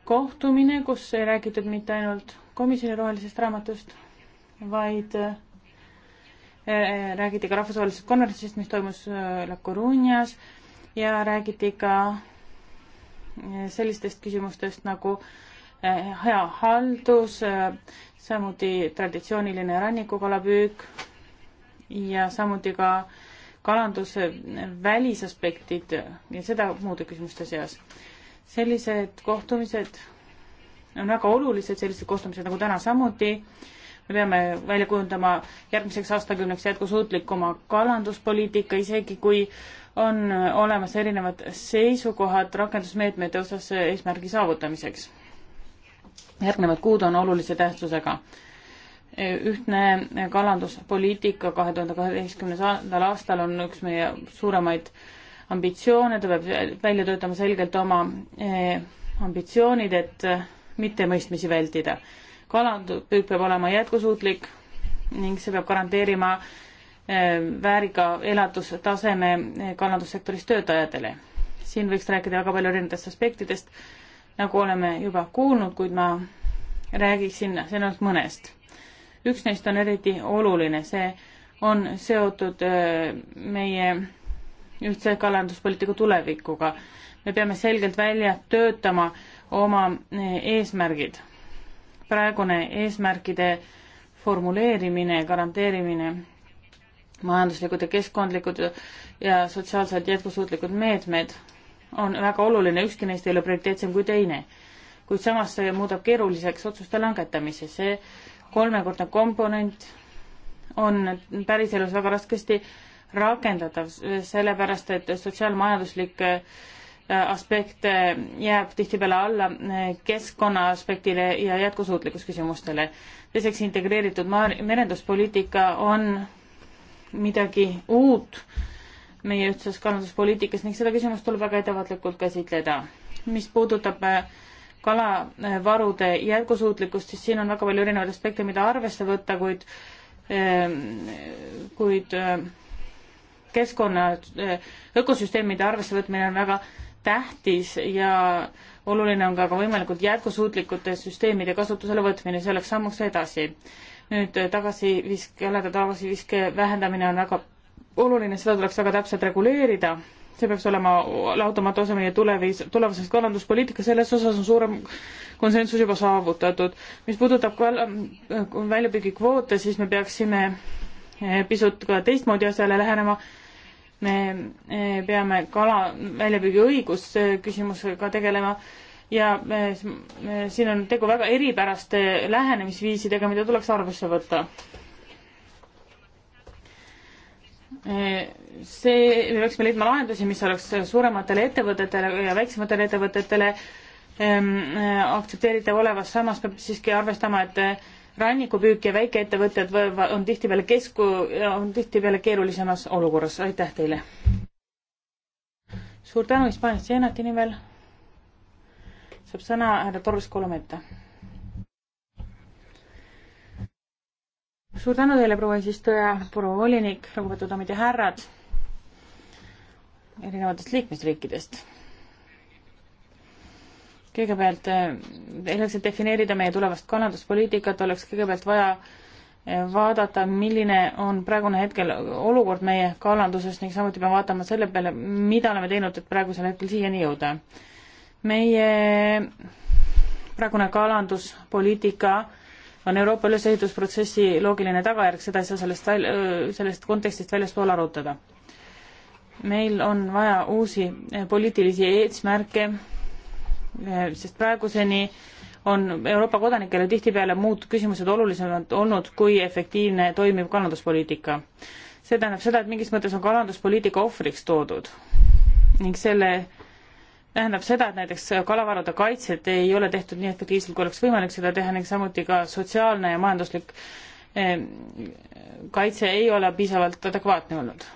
Speaker 1: kohtumine, kus ei räägitud mitte ainult komisjoni rohelisest raamatust, vaid äh, äh, räägiti ka rahvusvahelisest konverentsist, mis toimus äh, La Coruñas ja räägiti ka sellistest küsimustest nagu hea haldus, samuti traditsiooniline rannikukalapüük ja samuti ka kalanduse välisaspektid ja seda muude küsimuste seas sellised kohtumised on väga olulised, sellised kohtumised nagu täna samuti. me peame välja kujundama järgmiseks aastakümneks jätkusuutlikuma kalanduspoliitika, isegi kui on olemas erinevad seisukohad rakendusmeetmete osas eesmärgi saavutamiseks. järgnevad kuud on olulise tähtsusega. ühtne kalanduspoliitika kahe tuhande kaheteistkümnendal aastal on üks meie suuremaid ambitsioone, ta peab välja töötama selgelt oma eh, ambitsioonid, et eh, mittemõistmisi vältida. kalandpüük peab olema jätkusuutlik ning see peab garanteerima eh, väärika elatustaseme kalandussektoris töötajatele. siin võiks rääkida väga palju erinevatest aspektidest, nagu oleme juba kuulnud, kuid ma räägiksin ainult mõnest. üks neist on eriti oluline, see on seotud meie ühtse kalanduspoliitika tulevikuga. me peame selgelt välja töötama oma eh, eesmärgid. praegune eesmärkide formuleerimine, garanteerimine, majanduslikud ja keskkondlikud ja sotsiaalsed jätkusuutlikud meetmed on väga oluline, ükski neist ei ole prioriteetsem kui teine. kuid samas see muudab keeruliseks otsuste langetamise, see kolmekordne komponent on päriselus väga raskesti rakendatav, sellepärast et sotsiaalmajanduslik äh, aspekt jääb tihtipeale alla äh, keskkonna aspektile ja jätkusuutlikkusküsimustele. teiseks, integreeritud maa-, merenduspoliitika on midagi uut meie ühtses kalanduspoliitikas ning seda küsimust tuleb väga ettevaatlikult käsitleda. mis puudutab äh, kalavarude jätkusuutlikkust, siis siin on väga palju erinevaid aspekte, mida arvesse võtta, kuid kuid keskkonna eh, ökosüsteemide arvessevõtmine on väga tähtis ja oluline on ka, ka võimalikult jätkusuutlikute süsteemide kasutusele võtmine selleks sammuks edasi. nüüd eh, tagasivisk, jalade tagasiviske vähendamine on väga oluline, seda tuleks väga täpselt reguleerida, see peaks olema lahutamatu osa meie tulevis, tulevases kalanduspoliitika, selles osas on suurem konsensus juba saavutatud. mis puudutab kal-, eh, väljapüügikvoote, siis me peaksime pisut ka teistmoodi asjale lähenema me peame kala väljapüügiõiguse äh, küsimusega tegelema ja me, äh, me, äh, siin on tegu väga eripäraste lähenemisviisidega, mida tuleks arvesse võtta. see, me peaksime leidma lahendusi, mis oleks suurematele ettevõtetele ja väiksematele ettevõtetele ähm, aktsepteeritav olemas, samas peab siiski arvestama, et rannikupüük ja väikeettevõtted on tihtipeale kesku, on tihtipeale keerulisemas olukorras, aitäh teile! suur tänu Hispaania seenati nimel, saab sõna härra Torres Kolometa. suur tänu teile, proua eesistuja, proua volinik, lugupeetud daamid ja härrad erinevatest liikmesriikidest kõigepealt selleks, eh, et defineerida meie tulevast kalanduspoliitikat, oleks kõigepealt vaja eh, vaadata, milline on praegune hetkel olukord meie kalanduses ning samuti peame vaatama selle peale, mida oleme teinud, et praegusel hetkel siiani jõuda. meie praegune kalanduspoliitika on Euroopa ülesehitusprotsessi loogiline tagajärg, seda ei saa sellest välja, sellest kontekstist väljaspool arutada. meil on vaja uusi eh, poliitilisi eesmärke Äh, sest praeguseni on Euroopa kodanikele tihtipeale muud küsimused olulisemad olnud kui efektiivne toimiv kalanduspoliitika. see tähendab seda, et mingis mõttes on kalanduspoliitika ohvriks toodud ning selle tähendab seda, et näiteks kalavarude kaitset ei ole tehtud nii efektiivselt, kui oleks võimalik seda teha ning samuti ka sotsiaalne ja majanduslik eh, kaitse ei ole piisavalt adekvaatne olnud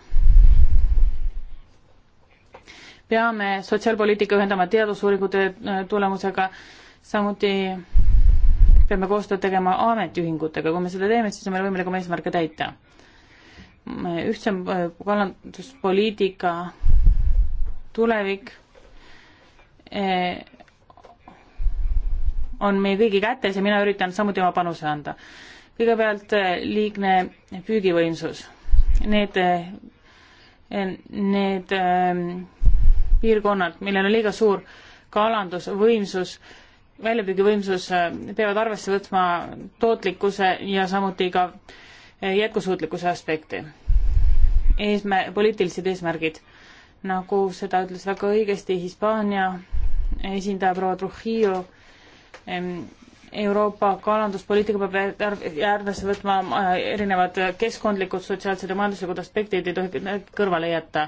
Speaker 1: peame sotsiaalpoliitika ühendama teadusuuringute äh, tulemusega, samuti peame koostööd tegema ametiühingutega, kui me seda teeme, siis on meil võimalik oma eesmärke täita. ühtsem äh, kalanduspoliitika tulevik äh, on meie kõigi kätes ja mina üritan samuti oma panuse anda. kõigepealt liigne püügivõimsus. Need, need ähm, piirkonnalt, millel on liiga suur kalandusvõimsus, väljapüügivõimsus, äh, peavad arvesse võtma tootlikkuse ja samuti ka äh, jätkusuutlikkuse aspekti. eesmä-, poliitilised eesmärgid, nagu seda ütles väga õigesti Hispaania esindaja proua Trujillo, Euroopa kalanduspoliitika peab arvesse võtma äh, erinevad keskkondlikud, sotsiaalsed ja majanduslikud aspektid ei tohi kõrvale jätta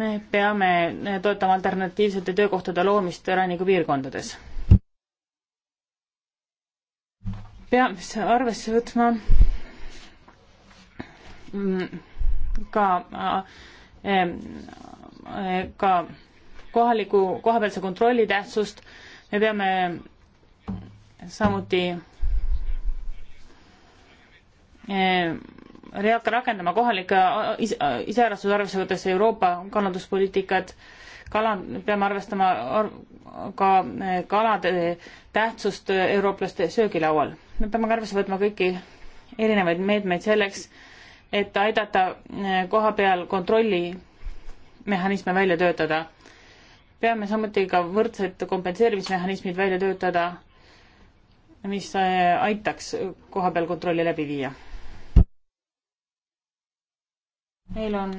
Speaker 1: me peame toetama alternatiivsete töökohtade loomist elanikupiirkondades. peame arvesse võtma mm, ka e, e, ka kohaliku, kohapealse kontrolli tähtsust, me peame samuti e, rakendama kohalike äh, äh, iseärastuse arvesse võttes Euroopa kalanduspoliitikat, kala, peame arvestama ka äh, kalade tähtsust eurooplaste söögilaual. me peame ka arvesse võtma kõiki erinevaid meetmeid selleks, et aidata koha peal kontrollimehhanisme välja töötada. peame samuti ka võrdsed kompenseerimismehhanismid välja töötada, mis aitaks koha peal kontrolli läbi viia meil on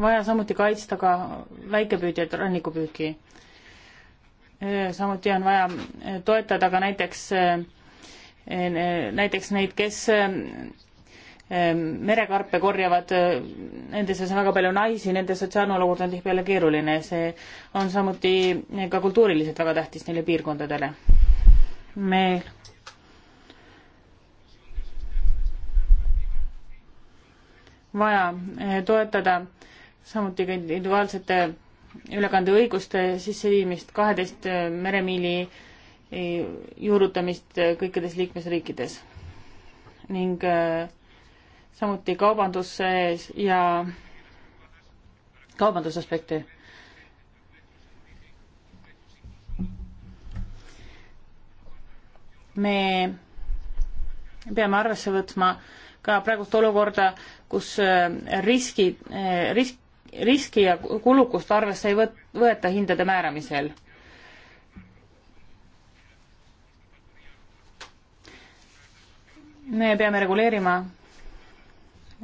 Speaker 1: vaja samuti kaitsta ka väikepüüdjaid rannikupüüki. samuti on vaja toetada ka näiteks, e, e, näiteks neid, kes e, merekarpe korjavad, nende seas on väga palju naisi, nende sotsiaalne olukord on tihtipeale keeruline, see on samuti ka kultuuriliselt väga tähtis neile piirkondadele. meil vaja eh, toetada, samuti ka individuaalsete ülekandeõiguste sisseviimist, kaheteist eh, meremiili eh, juurutamist kõikides liikmesriikides ning samuti kaubandusse ja kaubandusaspekti. me peame arvesse võtma ka praegust olukorda, kus äh, riski, äh, risk, riski ja kulukust arvesse ei võeta hindade määramisel. me peame reguleerima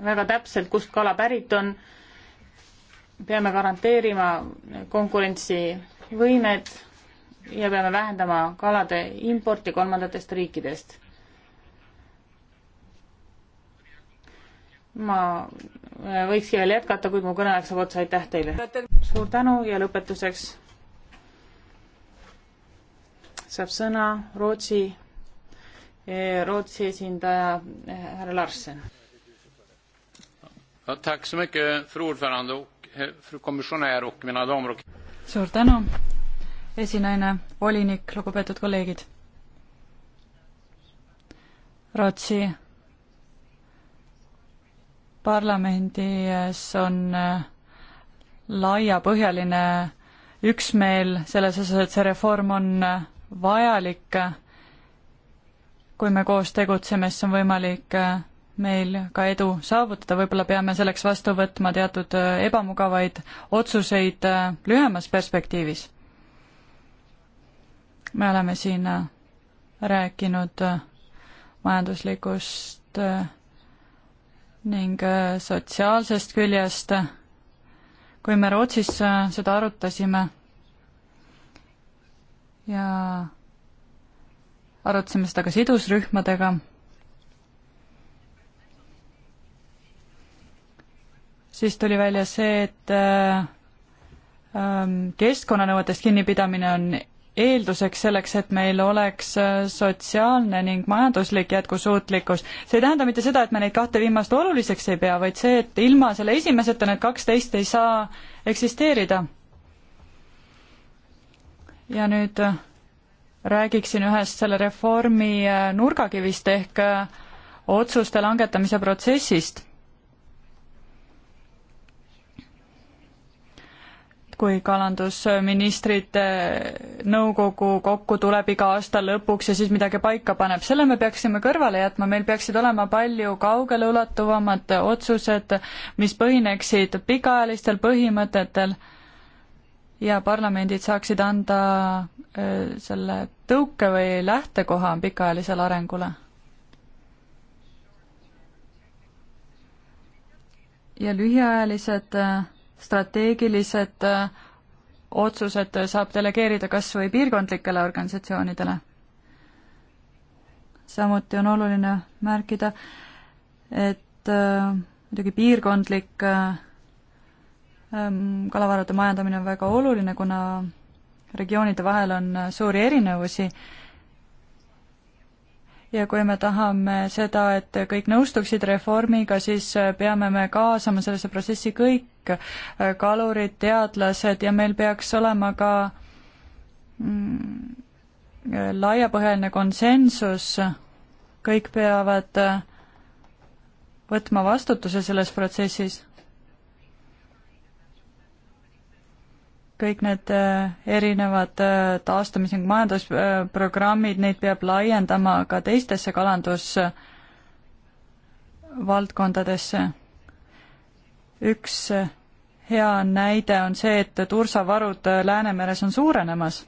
Speaker 1: väga täpselt, kust kala pärit on, peame garanteerima konkurentsivõimed ja peame vähendama kalade importi kolmandatest riikidest ma äh, võikski veel jätkata, kuid mu kõneaeg saab otsa, aitäh teile. suur tänu ja lõpetuseks saab sõna Rootsi, äh, Rootsi esindaja äh, härra Larsen.
Speaker 5: Eh,
Speaker 1: suur tänu,
Speaker 3: esinaine, volinik, lugupeetud kolleegid. Rootsi parlamendis on äh, laiapõhjaline üksmeel selles osas, et see reform on äh, vajalik. kui me koos tegutseme, siis on võimalik äh, meil ka edu saavutada, võib-olla peame selleks vastu võtma teatud ebamugavaid otsuseid lühemas perspektiivis. me oleme siin rääkinud majanduslikust ning äh, sotsiaalsest küljest, kui me Rootsis äh, seda arutasime ja arutasime seda ka sidusrühmadega, siis tuli välja see, et äh, ähm, keskkonnanõuetest kinnipidamine on eelduseks selleks, et meil oleks äh, sotsiaalne ning majanduslik jätkusuutlikkus. see ei tähenda mitte seda, et me neid kahte viimast oluliseks ei pea, vaid see, et ilma selle esimeseta need kaksteist ei saa eksisteerida. ja nüüd äh, räägiksin ühest selle reformi äh, nurgakivist ehk otsuste langetamise protsessist kui kalandusministrite eh, nõukogu kokku tuleb iga aasta lõpuks ja siis midagi paika paneb, selle me peaksime kõrvale jätma, meil peaksid olema palju kaugeleulatuvamad otsused, mis põhineksid pikaajalistel põhimõtetel ja parlamendid saaksid anda eh, selle tõuke või lähtekoha pikaajalisele arengule. ja lühiajalised eh, strateegilised äh, otsused saab delegeerida kas või piirkondlikele organisatsioonidele. samuti on oluline märkida, et äh, muidugi piirkondlik äh, ähm, kalavarade majandamine on väga oluline, kuna regioonide vahel on suuri erinevusi ja kui me tahame seda, et kõik nõustuksid reformiga, siis äh, peame me kaasama sellesse protsessi kõik äh, kalurid, teadlased ja meil peaks olema ka mm, äh, laiapõhjaline konsensus, kõik peavad võtma vastutuse selles protsessis kõik need äh, erinevad äh, taastamis- ning majandusprogrammid, neid peab laiendama ka teistesse kalandusvaldkondadesse. üks äh, hea näide on see, et tursavarud Läänemeres on suurenemas.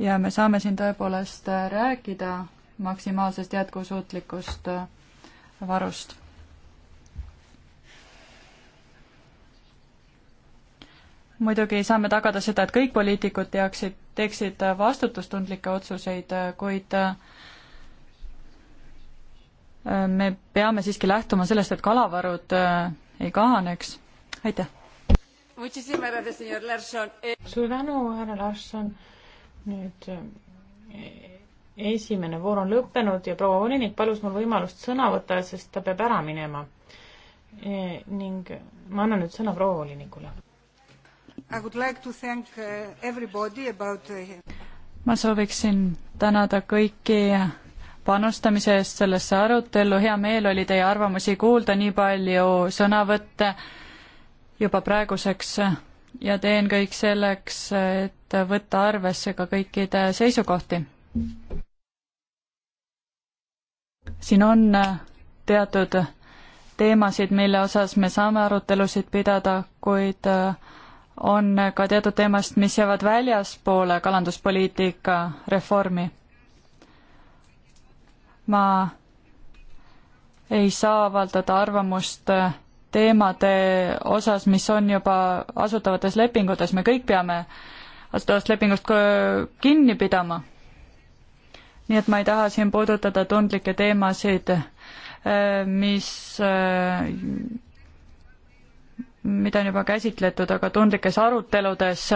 Speaker 3: ja me saame siin tõepoolest rääkida maksimaalsest jätkusuutlikust varust muidugi ei saa me tagada seda, et kõik poliitikud teaksid, teeksid vastutustundlikke otsuseid, kuid äh, me peame siiski lähtuma sellest, et kalavarud äh, ei kahaneks. aitäh!
Speaker 1: Eh, suur tänu, härra Larson! nüüd äh, esimene voor on lõppenud ja proua volinik palus mul võimalust sõna võtta, sest ta peab ära minema e. ning ma annan nüüd sõna proua volinikule
Speaker 2: Like uh, uh,
Speaker 3: ma sooviksin tänada kõiki panustamise eest sellesse arutellu, hea meel oli teie arvamusi kuulda, nii palju sõnavõtte juba praeguseks ja teen kõik selleks, et võtta arvesse ka kõikide seisukohti. siin on teatud teemasid, mille osas me saame arutelusid pidada, kuid äh, on ka teatud teemast, mis jäävad väljaspoole kalanduspoliitika reformi. ma ei saa avaldada arvamust teemade osas, mis on juba asutavates lepingutes, me kõik peame asutavast lepingust kinni pidama. nii et ma ei taha siin puudutada tundlikke teemasid, mis mida on juba käsitletud, aga tundlikes aruteludes,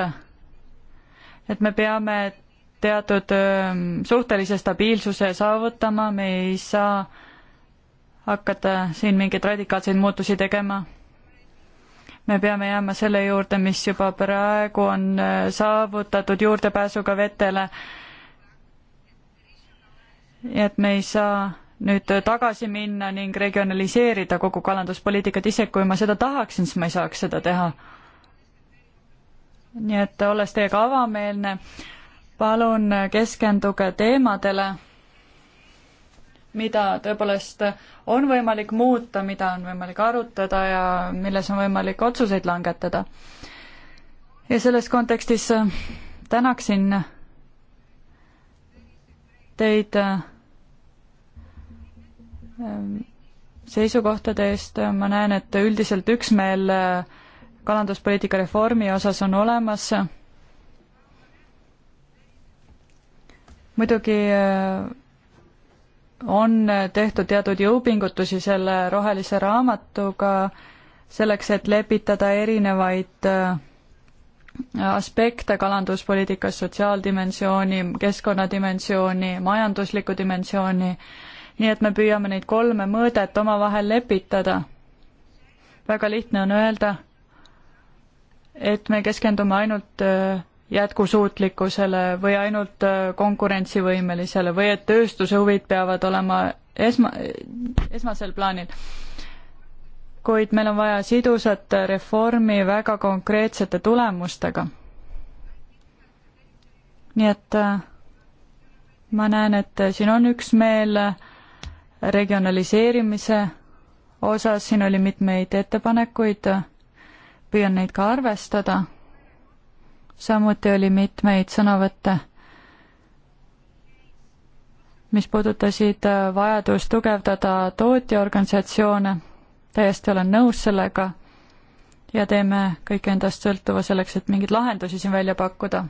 Speaker 3: et me peame teatud ähm, suhtelise stabiilsuse saavutama, me ei saa hakata siin mingeid radikaalseid muutusi tegema. me peame jääma selle juurde, mis juba praegu on äh, saavutatud juurdepääsuga vetele. et me ei saa nüüd tagasi minna ning regionaliseerida kogu kalanduspoliitikat, isegi kui ma seda tahaksin, siis ma ei saaks seda teha. nii et olles teiega avameelne, palun keskenduge teemadele, mida tõepoolest on võimalik muuta, mida on võimalik arutada ja milles on võimalik otsuseid langetada. ja selles kontekstis tänaksin teid Ähm, seisukohtade eest, äh, ma näen, et üldiselt üksmeel äh, kalanduspoliitika reformi osas on olemas. muidugi äh, on tehtud teatud jõupingutusi selle rohelise raamatuga selleks, et lepitada erinevaid aspekte kalanduspoliitikas, sotsiaaldimensiooni, keskkonnadimensiooni, majanduslikku dimensiooni, dimensiooni nii et me püüame neid kolme mõõdet omavahel lepitada. väga lihtne on öelda, et me keskendume ainult äh, jätkusuutlikkusele või ainult äh, konkurentsivõimelisele või et tööstuse huvid peavad olema esma, esmasel plaanil. kuid meil on vaja sidusat reformi väga konkreetsete tulemustega. nii et äh, ma näen, et siin on üksmeel regionaliseerimise osas, siin oli mitmeid ettepanekuid, püüan neid ka arvestada. samuti oli mitmeid sõnavõtte, mis puudutasid äh, vajadust tugevdada tootjaorganisatsioone, täiesti olen nõus sellega ja teeme kõik endast sõltuva selleks, et mingeid lahendusi siin välja pakkuda.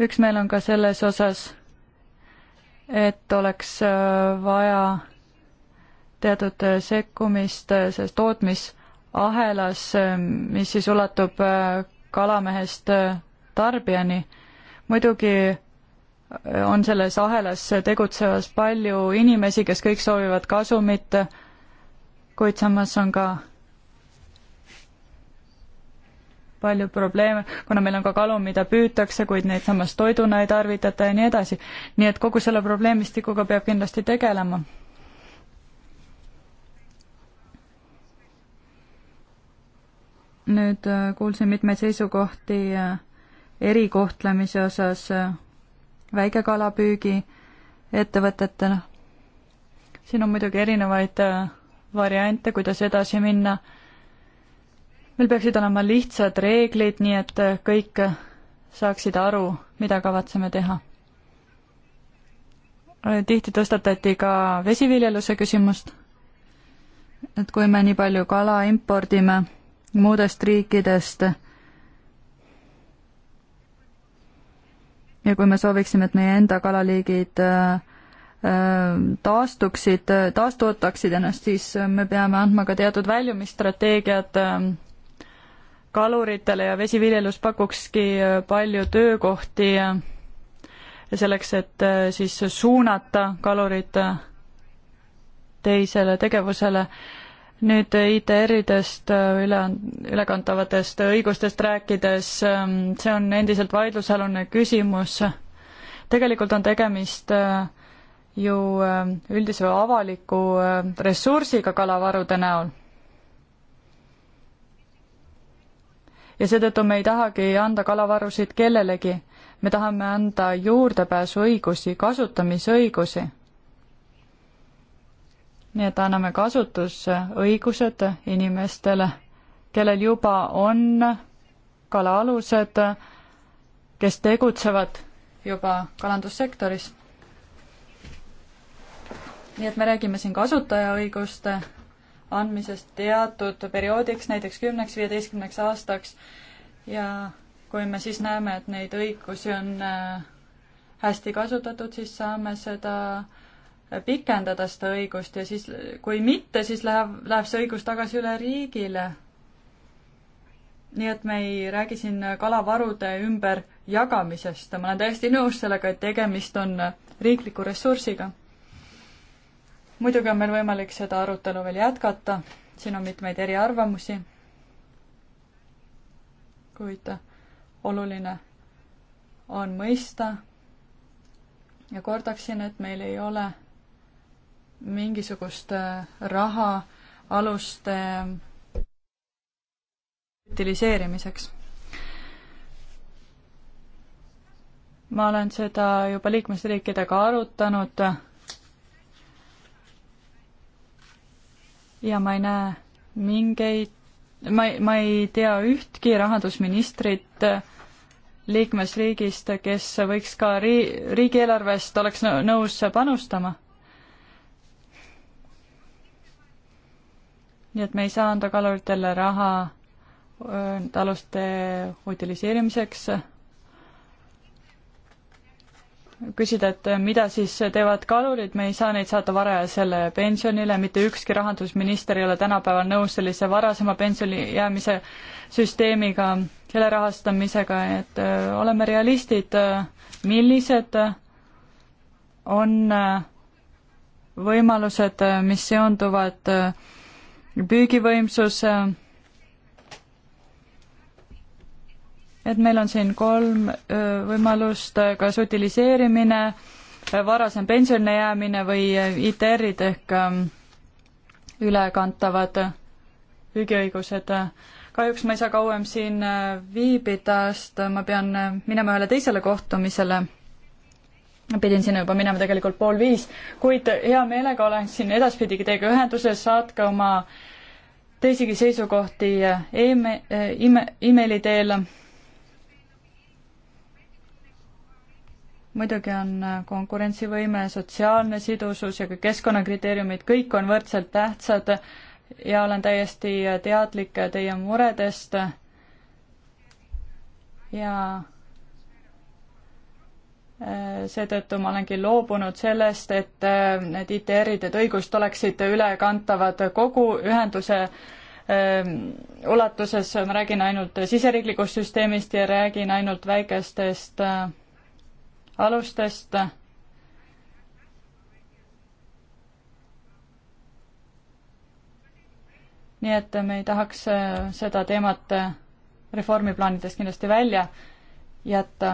Speaker 3: üksmeel on ka selles osas et oleks äh, vaja teatud äh, sekkumist äh, selles tootmisahelas, mis siis ulatub kalamehest tarbijani. muidugi on selles ahelas tegutsevas palju inimesi, kes kõik soovivad kasumit, kuid samas on ka palju probleeme, kuna meil on ka kalu, mida püütakse, kuid neid samas toiduna ei tarvitata ja nii edasi. nii et kogu selle probleemistikuga peab kindlasti tegelema. nüüd äh, kuulsin mitmeid seisukohti äh, erikohtlemise osas äh, väikekalapüügi ettevõtetena. siin on muidugi erinevaid variante, kuidas edasi minna meil peaksid olema lihtsad reeglid, nii et kõik saaksid aru, mida kavatseme teha. tihti tõstatati ka vesiviljeluse küsimust, et kui me nii palju kala impordime muudest riikidest ja kui me sooviksime, et meie enda kalaliigid äh, taastuksid, taastoodaksid ennast, siis me peame andma ka teatud väljumisstrateegiad äh, kaluritele ja vesiviljelus pakukski äh, palju töökohti äh, selleks, et äh, siis suunata kalurid teisele tegevusele. nüüd ITR-idest üle, ülekantavatest õigustest rääkides, ähm, see on endiselt vaidlusalune küsimus. tegelikult on tegemist ju üldise avaliku ressursiga kalavarude näol ja seetõttu me ei tahagi anda kalavarusid kellelegi. me tahame anda juurdepääsuõigusi, kasutamisõigusi. nii et anname kasutusõigused inimestele, kellel juba on kalaalused, kes tegutsevad juba kalandussektoris. nii et me räägime siin kasutajaõiguste andmisest teatud perioodiks, näiteks kümneks, viieteistkümneks aastaks. ja kui me siis näeme, et neid õigusi on äh, hästi kasutatud, siis saame seda pikendada seda õigust ja siis, kui mitte, siis läheb, läheb see õigus tagasi üle riigile. nii et me ei räägi siin kalavarude ümberjagamisest, ma olen täiesti nõus sellega, et tegemist on äh, riikliku ressursiga muidugi on meil võimalik seda arutelu veel jätkata, siin on mitmeid eriarvamusi, kuid oluline on mõista ja kordaksin, et meil ei ole mingisugust äh, raha aluste utiliseerimiseks. ma olen seda juba liikmesriikidega arutanud ja ma ei näe mingeid, ma ei, ma ei tea ühtki rahandusministrit liikmesriigist, kes võiks ka ri-, riigieelarvest oleks nõus panustama. nii et me ei saa anda kaluritele raha taluste utiliseerimiseks küsida, et mida siis teevad kalurid, me ei saa neid saata varajasele pensionile, mitte ükski rahandusminister ei ole tänapäeval nõus sellise varasema pensioni jäämise süsteemiga, selle rahastamisega, et äh, oleme realistid, äh, millised äh, on võimalused, mis seonduvad püügivõimsuse et meil on siin kolm võimalust, kas utiliseerimine, varasem pensionile jäämine või ITR-id ehk ülekantavad müügiõigused. kahjuks ma ei saa kauem siin viibida, sest ma pean minema ühele teisele kohtumisele. pidin sinna juba minema tegelikult pool viis, kuid hea meelega olen siin edaspidigi teiega ühenduses, saatke oma teisigi seisukohti e-me-, e-me-, emaili teel muidugi on äh, konkurentsivõime, sotsiaalne sidusus ja ka keskkonnakriteeriumid, kõik on võrdselt tähtsad ja olen täiesti äh, teadlik äh, teie muredest. ja seetõttu ma olengi loobunud sellest, et need ITR-id, et õigust oleksid ülekantavad kogu ühenduse ähm, ulatuses, ma räägin ainult siseriiklikust süsteemist ja räägin ainult väikestest öö, alustest. nii et me ei tahaks äh, seda teemat äh, reformiplaanidest kindlasti välja jätta.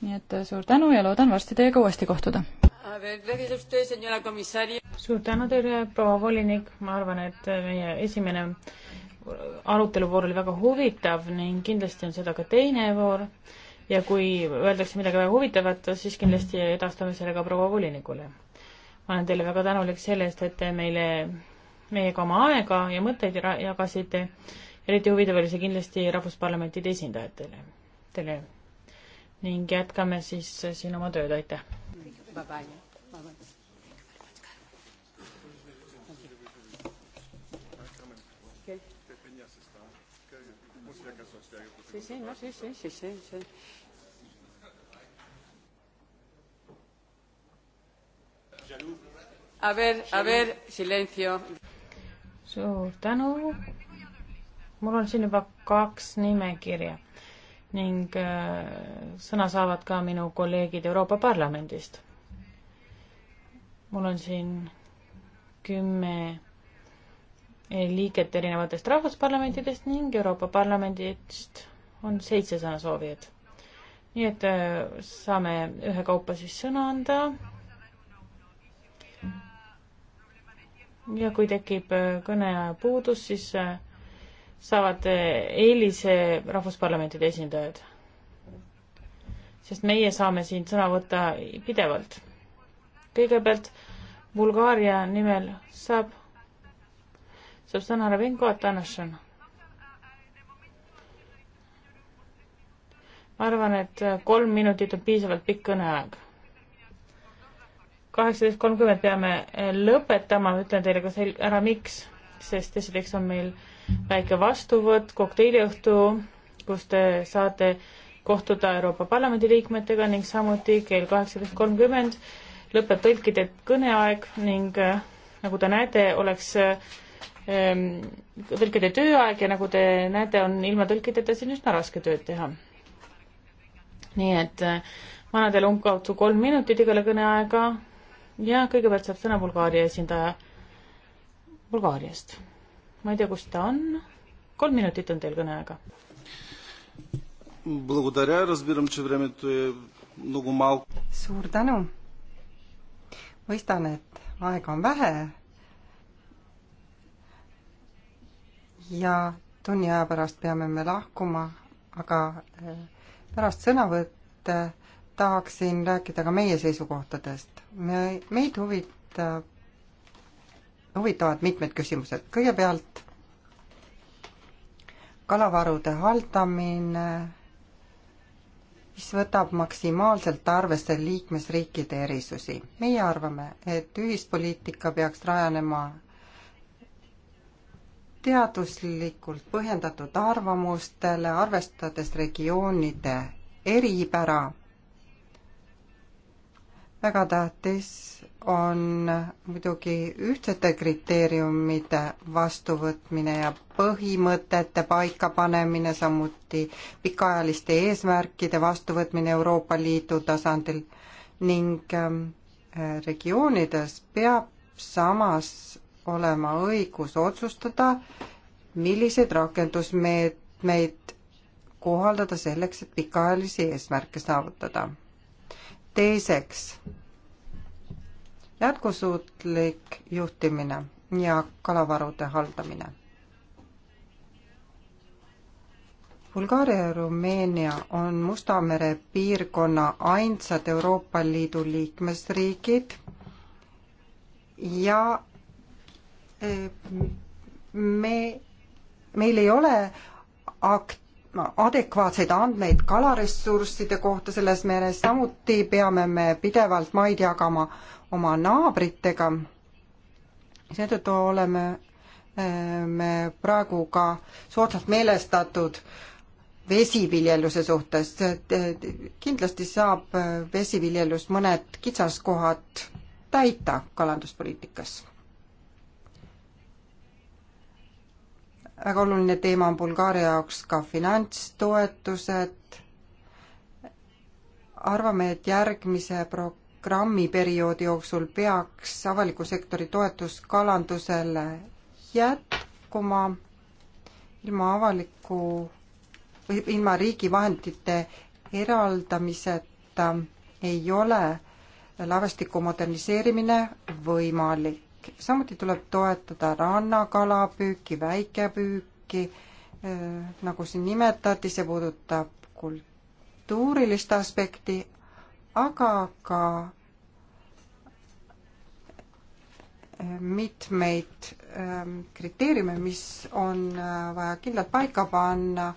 Speaker 3: nii et äh, suur tänu ja loodan varsti teiega uuesti kohtuda.
Speaker 1: suur tänu teile, proua volinik, ma arvan, et meie esimene aruteluvoor oli väga huvitav ning kindlasti on seda ka teine voor ja kui öeldakse midagi väga huvitavat, siis kindlasti edastame selle ka proua volinikule. ma olen teile väga tänulik selle eest, et te meile, meiega oma aega ja mõtteid jagasite. eriti huvitav oli see kindlasti rahvusparlamentide esindajatele, teile. ning jätkame siis äh, siin oma tööd, aitäh!
Speaker 4: Bye-bye.
Speaker 5: Sí, sí, no, sí, sí, sí, sí. sí. A ver, a ver,
Speaker 4: silencio.
Speaker 1: suur tänu. mul on siin juba kaks nimekirja ning äh, sõna saavad ka minu kolleegid Euroopa Parlamendist. mul on siin kümme liiget erinevatest rahvusparlamentidest ning Euroopa Parlamendist on seitse sõnasoovijat. nii et äh, saame ühekaupa siis sõna anda. ja kui tekib äh, kõneaja puudus, siis äh, saavad eelise rahvusparlamentide esindajad. sest meie saame siin sõna võtta pidevalt. kõigepealt Bulgaaria nimel saab, saab sõna Ravenko Atanasjan arvan, et kolm minutit on piisavalt pikk kõneaeg. kaheksateist kolmkümmend peame lõpetama, ütlen teile ka sel-, ära miks, sest esiteks on meil väike vastuvõtt, kokteiliõhtu, kus te saate kohtuda Euroopa Parlamendi liikmetega ning samuti kell kaheksateist kolmkümmend lõpeb tõlkide kõneaeg ning äh, nagu te näete, oleks ähm, tõlkide tööaeg ja nagu te näete, on ilma tõlkideta siin üsna raske tööd teha nii et äh, ma annan teile umbkaudu kolm minutit igale kõneaega ja kõigepealt saab sõna Bulgaaria esindaja Bulgaariast. ma ei tea, kus ta on. kolm minutit on teil kõneaega.
Speaker 2: suur tänu. mõistan, et aega on vähe. ja tunni aja pärast peame me lahkuma, aga äh, pärast sõnavõtte tahaksin rääkida ka meie seisukohtadest. me, meid huvitab, huvitavad mitmed küsimused. kõigepealt kalavarude haldamine, mis võtab maksimaalselt arvesse liikmesriikide erisusi. meie arvame, et ühispoliitika peaks rajanema teaduslikult põhjendatud arvamustele, arvestades regioonide eripära. väga tähtis on muidugi ühtsete kriteeriumide vastuvõtmine ja põhimõtete paikapanemine, samuti pikaajaliste eesmärkide vastuvõtmine Euroopa Liidu tasandil ning ähm, regioonides peab samas olema õigus otsustada, milliseid rakendusmeetmeid kohaldada selleks, et pikaajalisi eesmärke saavutada. teiseks, jätkusuutlik juhtimine ja kalavarude haldamine. Bulgaaria ja Rumeenia on Musta mere piirkonna ainsad Euroopa Liidu liikmesriigid ja Ehm, me, meil ei ole akt-, adekvaatseid andmeid kalaressursside kohta selles meres, samuti peame me pidevalt maid jagama oma naabritega. seetõttu oleme me ehm, praegu ka soodsalt meelestatud vesiviljeluse suhtes. kindlasti saab vesiviljelus mõned kitsaskohad täita kalanduspoliitikas väga oluline teema on Bulgaaria jaoks ka finantstoetused. arvame, et järgmise programmiperioodi jooksul peaks avaliku sektori toetus kalandusele jätkuma ilma avaliku või ilma riigi vahendite eraldamiseta ei ole laevastiku moderniseerimine võimalik samuti tuleb toetada rannakalapüüki, väikepüüki, eh, nagu siin nimetati, see puudutab kultuurilist aspekti, aga ka eh, mitmeid eh, kriteeriume, mis on vaja kindlalt paika panna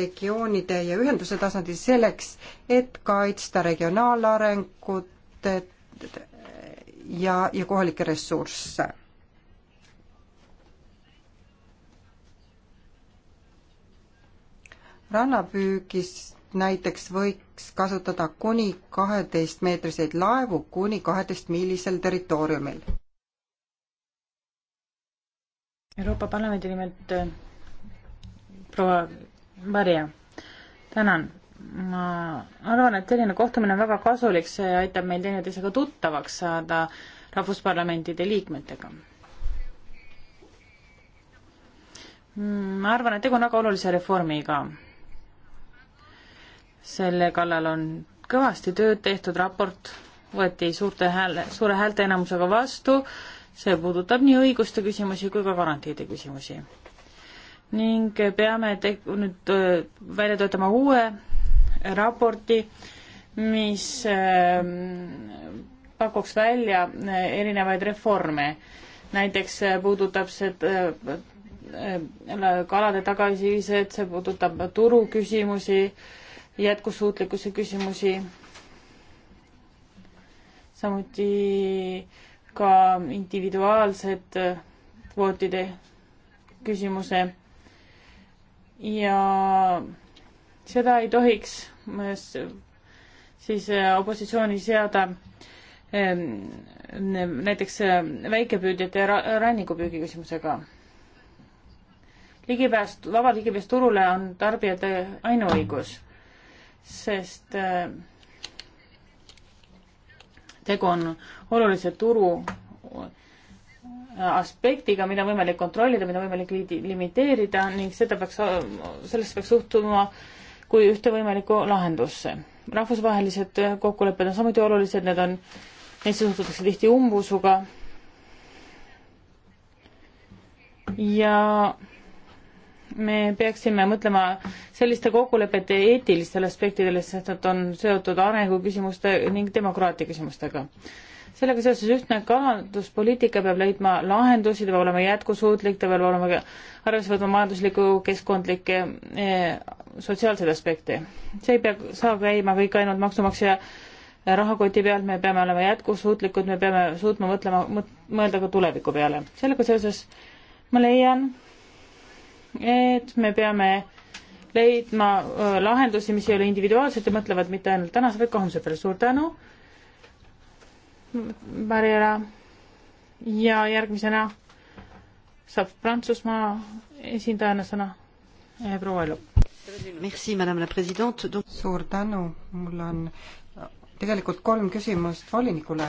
Speaker 2: regioonide ja ühenduse tasandil selleks, et kaitsta regionaalarengut, et ja, ja kohalikke ressursse. rannapüügist näiteks võiks kasutada kuni kaheteistmeetriseid laevu kuni kaheteistmiilisel territooriumil. Euroopa
Speaker 1: Parlamendi nimelt äh, proua Marja, tänan ma arvan, et selline kohtumine on väga kasulik, see aitab meil teineteisega tuttavaks saada rahvusparlamentide liikmetega. ma arvan, et tegu on väga olulise reformiga. selle kallal on kõvasti tööd tehtud, raport võeti suurte hääle, suure häälteenamusega vastu, see puudutab nii õiguste küsimusi kui ka garantiide küsimusi. ning peame te-, nüüd äh, välja töötama uue raporti, mis ähm, pakuks välja äh, erinevaid reforme. näiteks äh, puudutab see äh, kalade tagasiviised, see puudutab turu küsimusi, jätkusuutlikkuse küsimusi, samuti ka individuaalsed kvootide küsimuse ja seda ei tohiks siis äh, opositsiooni seada ähm, näiteks äh, väikepüüdjate ja rannikupüügi küsimusega. ligipääs, vaba ligipääs turule on tarbijate ainuõigus, sest äh, tegu on olulise turu aspektiga, mida on võimalik kontrollida, mida on võimalik li-, limiteerida ning seda peaks, sellesse peaks suhtuma äh, kui ühte võimalikku lahendusse. rahvusvahelised kokkulepped on samuti olulised, need on, neisse suhtutakse tihti umbusuga. ja me peaksime mõtlema selliste kokkulepete eetilistele aspektidele, sest nad on seotud arenguküsimuste ning demokraatia küsimustega sellega seoses ühtne kalanduspoliitika peab leidma lahendusi, ta peab olema jätkusuutlik, ta peab olema, arvesse võtma majanduslikku, keskkondlikke e,, sotsiaalseid aspekte. see ei pea, saa käima kõik ainult maksumaksja rahakoti pealt, me peame olema jätkusuutlikud, me peame suutma mõtlema mõt,, mõelda ka tuleviku peale. sellega seoses ma leian, et me peame leidma äh, lahendusi, mis ei ole individuaalsed ja mõtlevad mitte ainult tänase, vaid ka homse peale. suur tänu Barrera ja järgmisena saab Prantsusmaa esindajana sõna
Speaker 2: eh, proua Elu. Merci, madame la president. suur tänu, mul on äh, tegelikult kolm küsimust volinikule.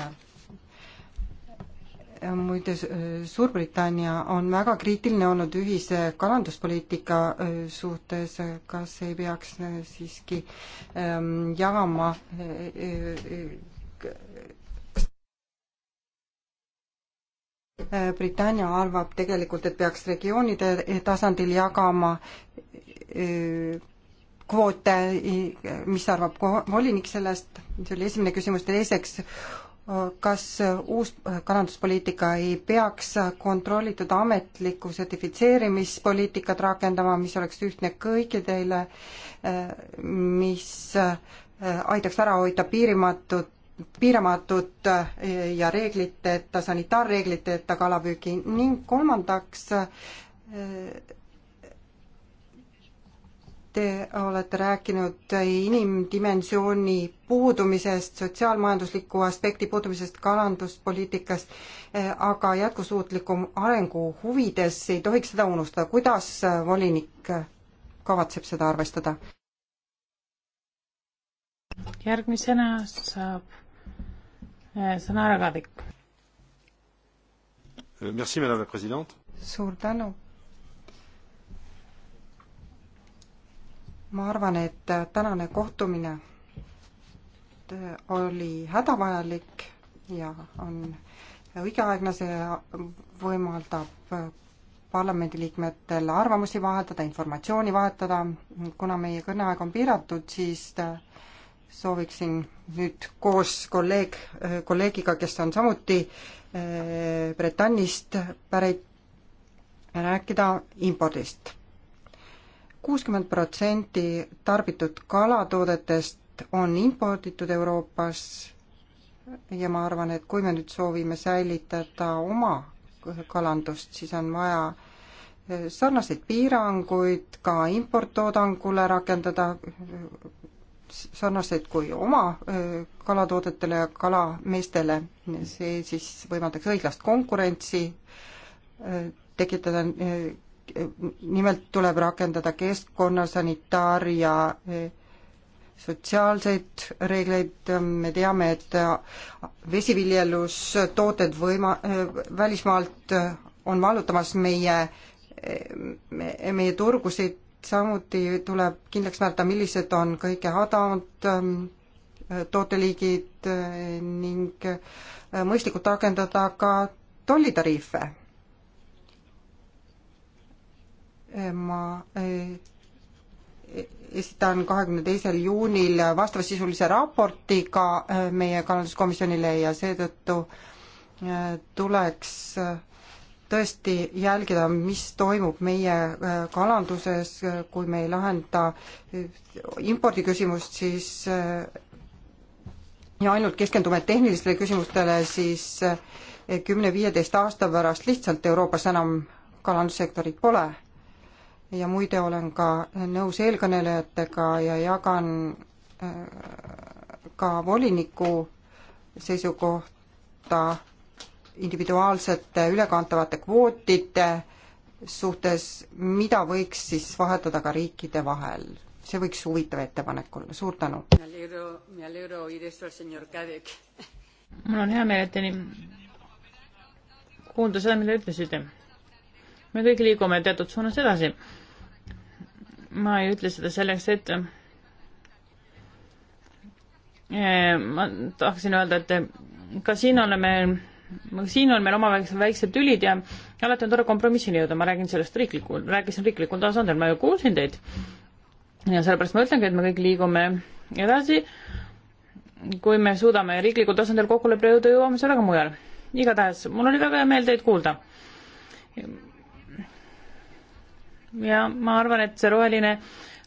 Speaker 2: Äh, muide, äh, Suurbritannia on väga kriitiline olnud ühise kalanduspoliitika suhtes, kas ei peaks siiski ähm, jagama Britannia arvab tegelikult, et peaks regioonide tasandil jagama äh, kvoote, mis arvab volinik sellest, see oli esimene küsimus, teiseks, kas uus kalanduspoliitika ei peaks kontrollitud ametlikku sertifitseerimispoliitikat rakendama, mis oleks ühtne kõikidele, äh, mis äh, aitaks ära hoida piirimatut piiramatut eh, ja reegliteta, sanitaarreegliteta kalapüügi ning kolmandaks eh, Te olete rääkinud inimdimensiooni puudumisest, sotsiaalmajandusliku aspekti puudumisest kalanduspoliitikas, eh, aga jätkusuutliku arengu huvides ei tohiks seda unustada. kuidas volinik kavatseb seda arvestada? järgmisena saab Eh, sõna härra
Speaker 1: Kadrik.
Speaker 5: Euh,
Speaker 2: suur tänu. ma arvan, et tänane kohtumine oli hädavajalik ja on õigeaegne, see võimaldab parlamendiliikmetel arvamusi vahetada, informatsiooni vahetada, kuna meie kõneaeg on piiratud, siis sooviksin nüüd koos kolleeg, kolleegiga, kes on samuti eh, Bretannist pärit, rääkida impordist. kuuskümmend protsenti tarbitud kalatoodetest on imporditud Euroopas ja ma arvan, et kui me nüüd soovime säilitada oma kalandust, siis on vaja eh, sarnaseid piiranguid ka importtoodangule rakendada, sarnaselt kui oma kalatoodetele ja kalameestele, see siis võimaldaks õiglast konkurentsi tekitada, nimelt tuleb rakendada keskkonna, sanitaar ja sotsiaalseid reegleid, me teame, et vesiviljelustooted võima-, välismaalt on vallutamas meie, meie turgusid samuti tuleb kindlaks määrata, millised on kõige odavamad ähm, tooteliigid äh, ning äh, mõistlikult rakendada ka tollitariife. Äh, ma esitan kahekümne teisel juunil vastavasisulise raporti ka meie kalanduskomisjonile ja seetõttu tuleks tõesti jälgida, mis toimub meie äh, kalanduses, äh, kui me ei lahenda äh, impordiküsimust, siis ja ainult keskendume tehnilistele küsimustele, siis kümne-viieteist aasta pärast lihtsalt Euroopas enam kalandussektorit pole. ja muide, olen ka nõus eelkõnelejatega ja jagan ka voliniku seisukohta individuaalsete ülekantavate kvootide suhtes, mida võiks siis vahetada ka riikide vahel. see võiks huvitav ettepanek olla, suur tänu. mul on hea meel, et te
Speaker 1: nii kuulda seda, mida ütlesite. me kõik liigume teatud suunas edasi. ma ei ütle seda selleks, et eh, ma tahaksin öelda, et eh, kasiinole me siin on meil omavahelised väiksed tülid ja alati on tore kompromissini jõuda, ma räägin sellest riiklikul, rääkisin riiklikul tasandil, ma ju kuulsin teid. ja sellepärast ma ütlengi, et me kõik liigume edasi. kui me suudame riiklikul tasandil kokkuleppele jõuda, jõuame sellega mujal. igatahes, mul oli väga hea meel teid kuulda. ja ma arvan, et see roheline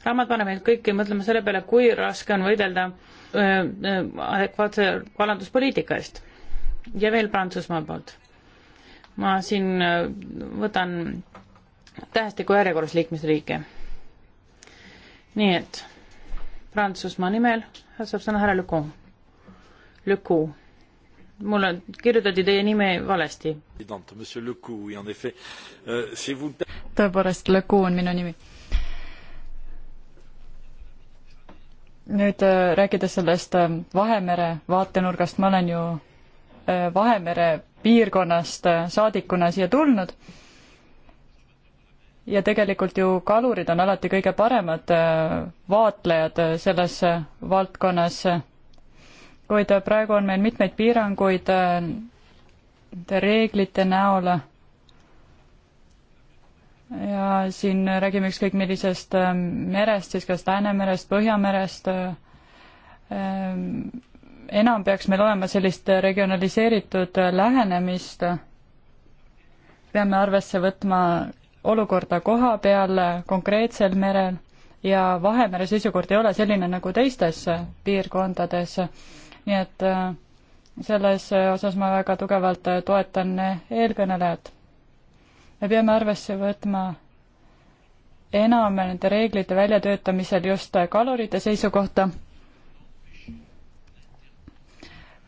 Speaker 1: raamat paneb meid kõiki mõtlema selle peale, kui raske on võidelda öö, äh, öö, äh, adekvaatse kalanduspoliitika eest ja veel Prantsusmaa poolt. ma siin äh, võtan tähestiku järjekorras liikmesriike. nii et Prantsusmaa nimel saab sõna härra Lüku. Lüku mulle kirjutati teie nime valesti.
Speaker 2: Euh,
Speaker 1: tõepoolest, Le Coup on minu nimi.
Speaker 3: nüüd äh, rääkides sellest äh, Vahemere vaatenurgast, ma olen ju Äh, Vahemere piirkonnast äh, saadikuna siia tulnud. ja tegelikult ju kalurid on alati kõige paremad äh, vaatlejad selles valdkonnas, kuid praegu on meil mitmeid piiranguid reeglite näol ja siin räägime ükskõik millisest merest, siis kas Läänemerest, Põhjamerest ähm,, enam peaks meil olema sellist regionaliseeritud lähenemist. peame arvesse võtma olukorda koha peal, konkreetsel merel ja Vahemere seisukord ei ole selline nagu teistes piirkondades. nii et äh, selles osas ma väga tugevalt toetan eelkõnelejat. me peame arvesse võtma enam nende reeglite väljatöötamisel just kalurite seisukohta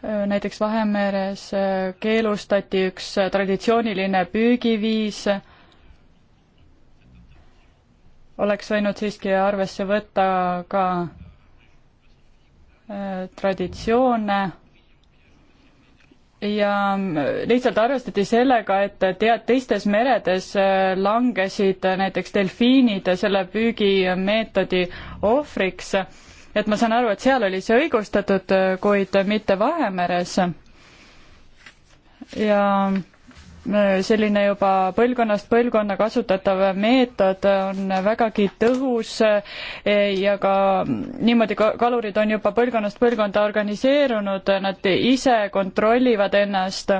Speaker 3: näiteks Vahemeres äh, keelustati üks äh, traditsiooniline püügiviis, oleks võinud siiski arvesse võtta ka äh, traditsioone ja mm, lihtsalt arvestati sellega, et tead, teistes meredes langesid näiteks delfiinid selle püügimeetodi ohvriks et ma saan aru, et seal oli see õigustatud, äh, kuid mitte Vahemeres. ja äh, selline juba põlvkonnast põlvkonna kasutatav meetod on vägagi tõhus äh, ja ka niimoodi kalurid on juba põlvkonnast põlvkonda organiseerunud, nad ise kontrollivad ennast.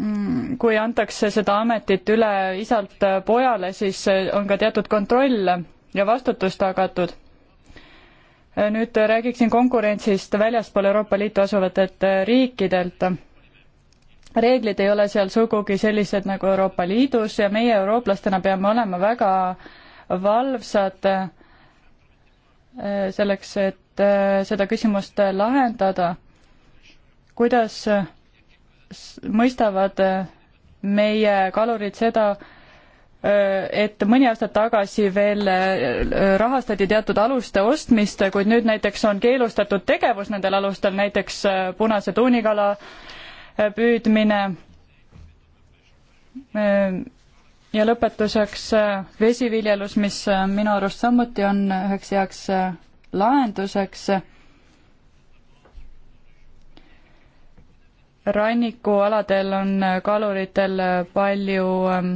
Speaker 3: Mm, kui antakse seda ametit üle isalt pojale, siis on ka teatud kontroll ja vastutus tagatud nüüd räägiksin konkurentsist väljaspool Euroopa Liitu asuvatelt riikidelt. reeglid ei ole seal sugugi sellised nagu Euroopa Liidus ja meie eurooplastena peame olema väga valvsad eh, selleks, et eh, seda küsimust lahendada. kuidas mõistavad eh, meie kalurid seda, Äh, et mõni aasta tagasi veel äh, rahastati teatud aluste ostmist, kuid nüüd näiteks on keelustatud tegevus nendel alustel, näiteks äh, punase tuunikala püüdmine. ja lõpetuseks vesiviljelus, mis minu arust samuti on üheks heaks lahenduseks rannikualadel on kaluritel palju ähm,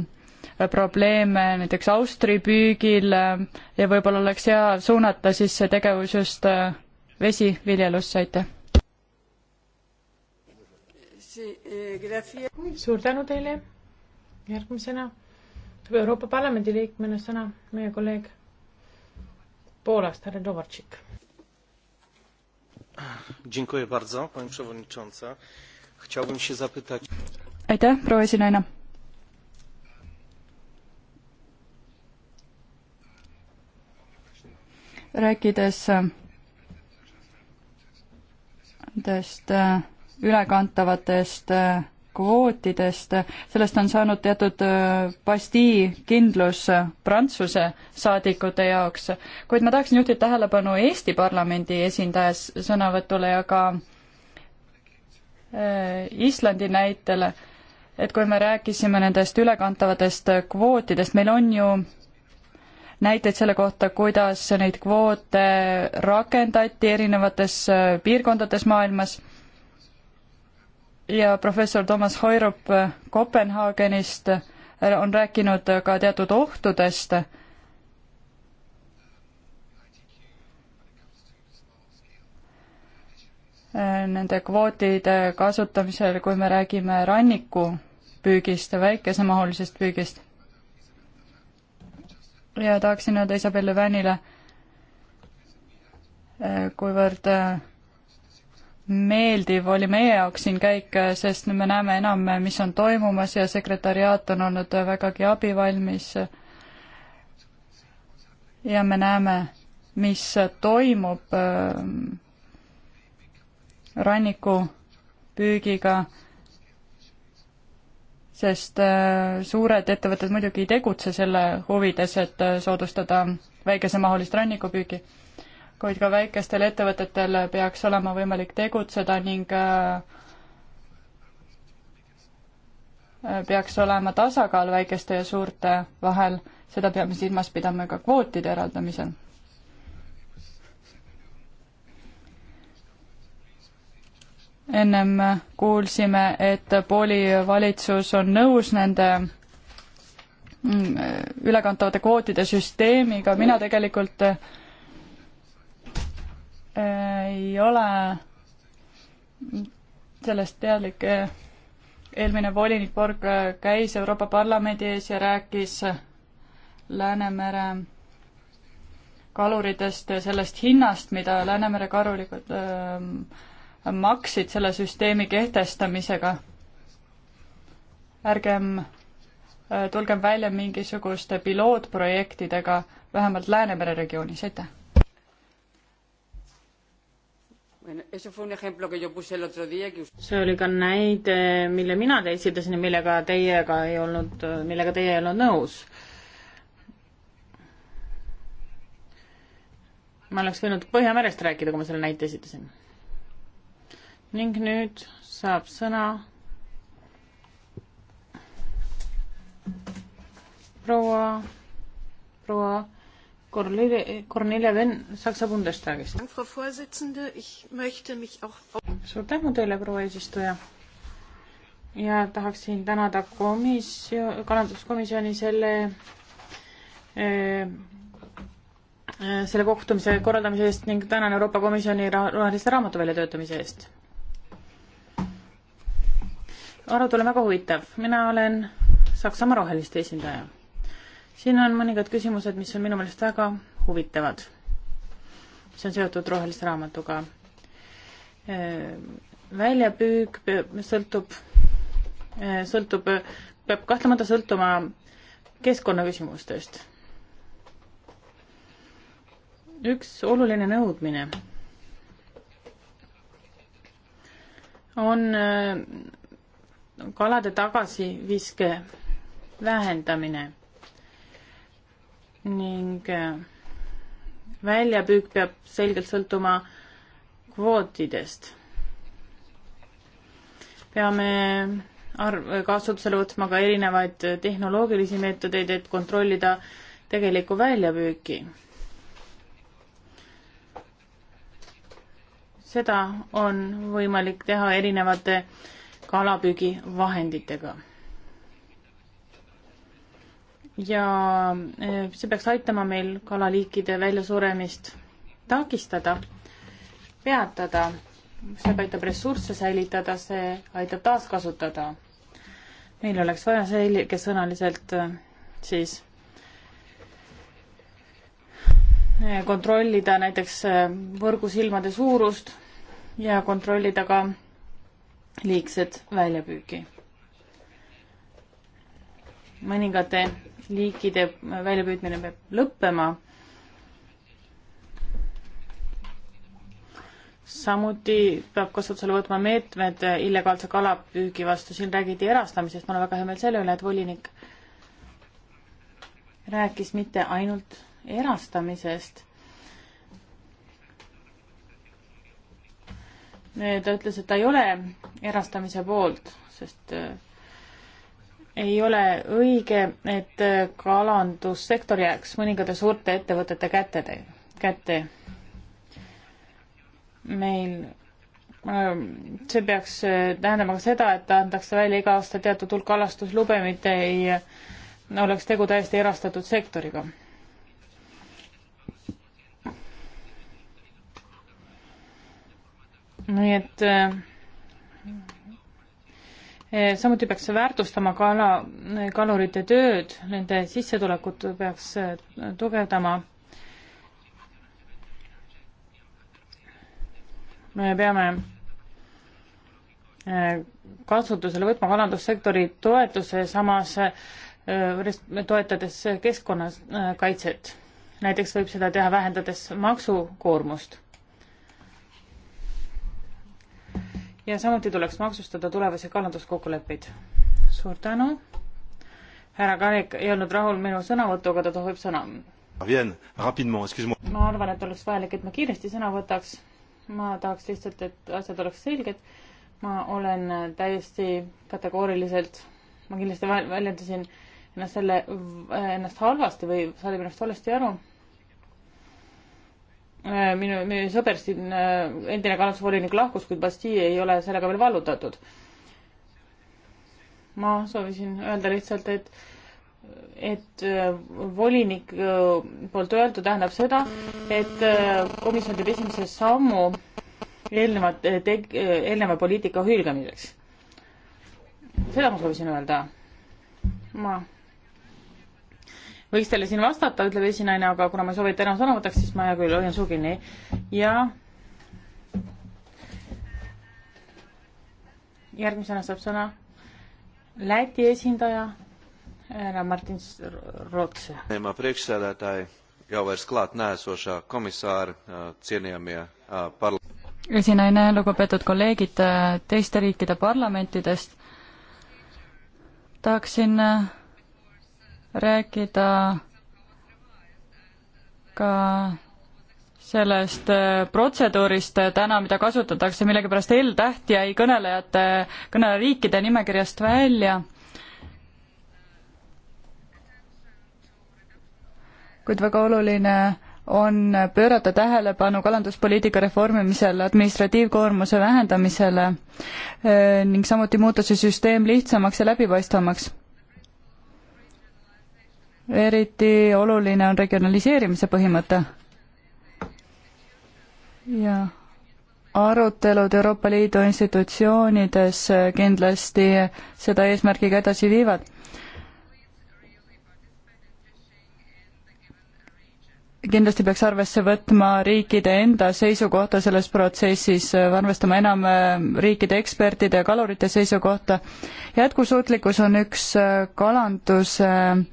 Speaker 3: probleeme näiteks austripüügil äh, ja võib-olla oleks hea suunata siis see tegevus just äh, vesiviljelusse, aitäh.
Speaker 1: Eh, suur tänu teile. järgmisena tuleb Euroopa Parlamendi liikmena sõna meie kolleeg Poolast, härra Dovartšik.
Speaker 3: aitäh, proua esinaine rääkides nendest äh, ülekantavatest äh, kvootidest, sellest on saanud teatud äh, pastii kindlus Prantsuse saadikute jaoks, kuid ma tahaksin juhtida tähelepanu Eesti parlamendi esindaja sõnavõtule ja ka Islandi näitele, et kui me rääkisime nendest ülekantavatest kvootidest, meil on ju näiteid selle kohta, kuidas neid kvoote rakendati erinevates äh, piirkondades maailmas ja professor Toomas Hoirup äh, Kopenhaagenist äh, on rääkinud ka teatud ohtudest. Nende kvootide kasutamisel, kui me räägime rannikupüügist ja väikesemahulisest püügist ja tahaksin öelda Isabel Lüvenile, äh, kuivõrd äh, meeldiv oli meie jaoks siin käik, äh, sest nüüd me näeme enam, mis on toimumas ja sekretäriaat on olnud vägagi abivalmis. ja me näeme, mis toimub rannikupüügiga sest äh, suured ettevõtted muidugi ei tegutse selle huvides, et äh, soodustada väikesemahulist rannikupüügi, kuid ka väikestel ettevõtetel peaks olema võimalik tegutseda ning äh, peaks olema tasakaal väikeste ja suurte vahel, seda peame silmas pidama ka kvootide eraldamisel ennem kuulsime, et Pooli valitsus on nõus nende mm, ülekantavate kvootide süsteemiga, mina tegelikult äh,
Speaker 1: ei ole sellest
Speaker 3: teadlik. eelmine volinik Borg käis Euroopa Parlamendi ees ja rääkis Läänemere kaluritest ja sellest hinnast, mida Läänemere karulikud äh, maksid selle süsteemi kehtestamisega. ärgem äh, tulgem välja mingisuguste pilootprojektidega, vähemalt Läänemere regioonis, aitäh.
Speaker 1: see oli ka näide, mille mina te esitasin ja millega teiega ei olnud, millega teie ei olnud nõus ma oleks võinud Põhjamerest rääkida, kui ma selle näite esitasin ning nüüd saab sõna proua, proua Cornelia, Cornelia Venn Saksa Bundestagist. suur tänu teile, proua eesistuja. ja tahaksin tänada komisjon, kalanduskomisjoni selle eh, eh, selle kohtumise korraldamise eest ning tänan Euroopa Komisjoni rohelise raamatu väljatöötamise eest arutelu on väga huvitav. mina olen Saksamaa Roheliste esindaja. siin on mõningad küsimused, mis on minu meelest väga huvitavad. see on seotud Rohelise raamatuga. väljapüük sõltub, sõltub, peab kahtlemata sõltuma keskkonnaküsimustest. üks oluline nõudmine on kalade tagasiviske vähendamine ning äh, väljapüük peab selgelt sõltuma kvootidest. peame arv, kasutusele võtma ka erinevaid tehnoloogilisi meetodeid, et kontrollida tegelikku väljapüüki. seda on võimalik teha erinevate äh, kalapüügivahenditega. ja eh, see peaks aitama meil kalaliikide väljasuremist takistada, peatada, see aitab ressursse säilitada, see aitab taaskasutada. meil oleks vaja selgesõnaliselt eh, siis eh, kontrollida näiteks võrgusilmade suurust ja kontrollida ka liigset väljapüüki. mõningate liikide väljapüüdmine peab lõppema. samuti peab kasutusele võtma meetmed illegaalse kalapüügi vastu, siin räägiti erastamisest, mul on väga hea meel selle üle, et volinik rääkis mitte ainult erastamisest ta ütles, et ta ei ole erastamise poolt, sest äh, ei ole õige, et äh, kalandussektor jääks mõningate suurte ettevõtete kätede, kätte. meil, ähm, see peaks äh, tähendama ka seda, et antakse välja iga aasta teatud hulk kalastuslube, mitte ei oleks tegu täiesti erastatud sektoriga nii et äh, samuti peaks väärtustama kala, kalurite tööd, nende sissetulekut peaks eh, tugevdama. me peame äh, kasutusele võtma kalandussektori toetuse, samas äh, toetades keskkonnakaitset. näiteks võib seda teha vähendades maksukoormust ja samuti tuleks maksustada tulevasi kalanduskokkuleppeid. suur tänu. härra Kanek ei olnud rahul minu sõnavõtuga, ta tohib sõna. ma arvan, et oleks vajalik, et ma kiiresti sõna võtaks. ma tahaks lihtsalt, et asjad oleks selged. ma olen täiesti kategooriliselt, ma kindlasti väljendasin ennast selle, ennast halvasti või sa olid minust valesti aru Äh, minu, minu sõber siin, äh, endine kalandusvolinik lahkus, kuid Bastille ei ole sellega veel vallutatud. ma soovisin öelda lihtsalt, et et äh, volinik poolt öeldu tähendab seda, et komisjon teeb esimese sammu eelnevat, eelneva poliitika hülgamiseks. seda ma soovisin öelda. ma võiks teile siin vastata, ütleb esinaine, aga kuna ma ei soovi, et enam sõna võtaks, siis ma hea küll hoian suu kinni ja järgmisena saab sõna Läti esindaja härra Martin Rootse.
Speaker 5: ma preekseletaja ja vairs klaat näesosa komissar tsienijamia parla-.
Speaker 3: esinaine, lugupeetud kolleegid teiste riikide parlamentidest, tahaksin rääkida ka sellest äh, protseduurist äh, täna, mida kasutatakse, millegipärast L-täht jäi kõnelejate, kõnelejariikide nimekirjast välja. kuid väga oluline on pöörata tähelepanu kalanduspoliitika reformimisele, administratiivkoormuse vähendamisele äh, ning samuti muuta see süsteem lihtsamaks ja läbipaistvamaks eriti oluline on regionaliseerimise põhimõte. ja arutelud Euroopa Liidu institutsioonides kindlasti seda eesmärgiga edasi viivad. kindlasti peaks arvesse võtma riikide enda seisukohta selles protsessis, arvestama enam riikide ekspertide ja kalurite seisukohta. jätkusuutlikkus on üks kalanduse äh,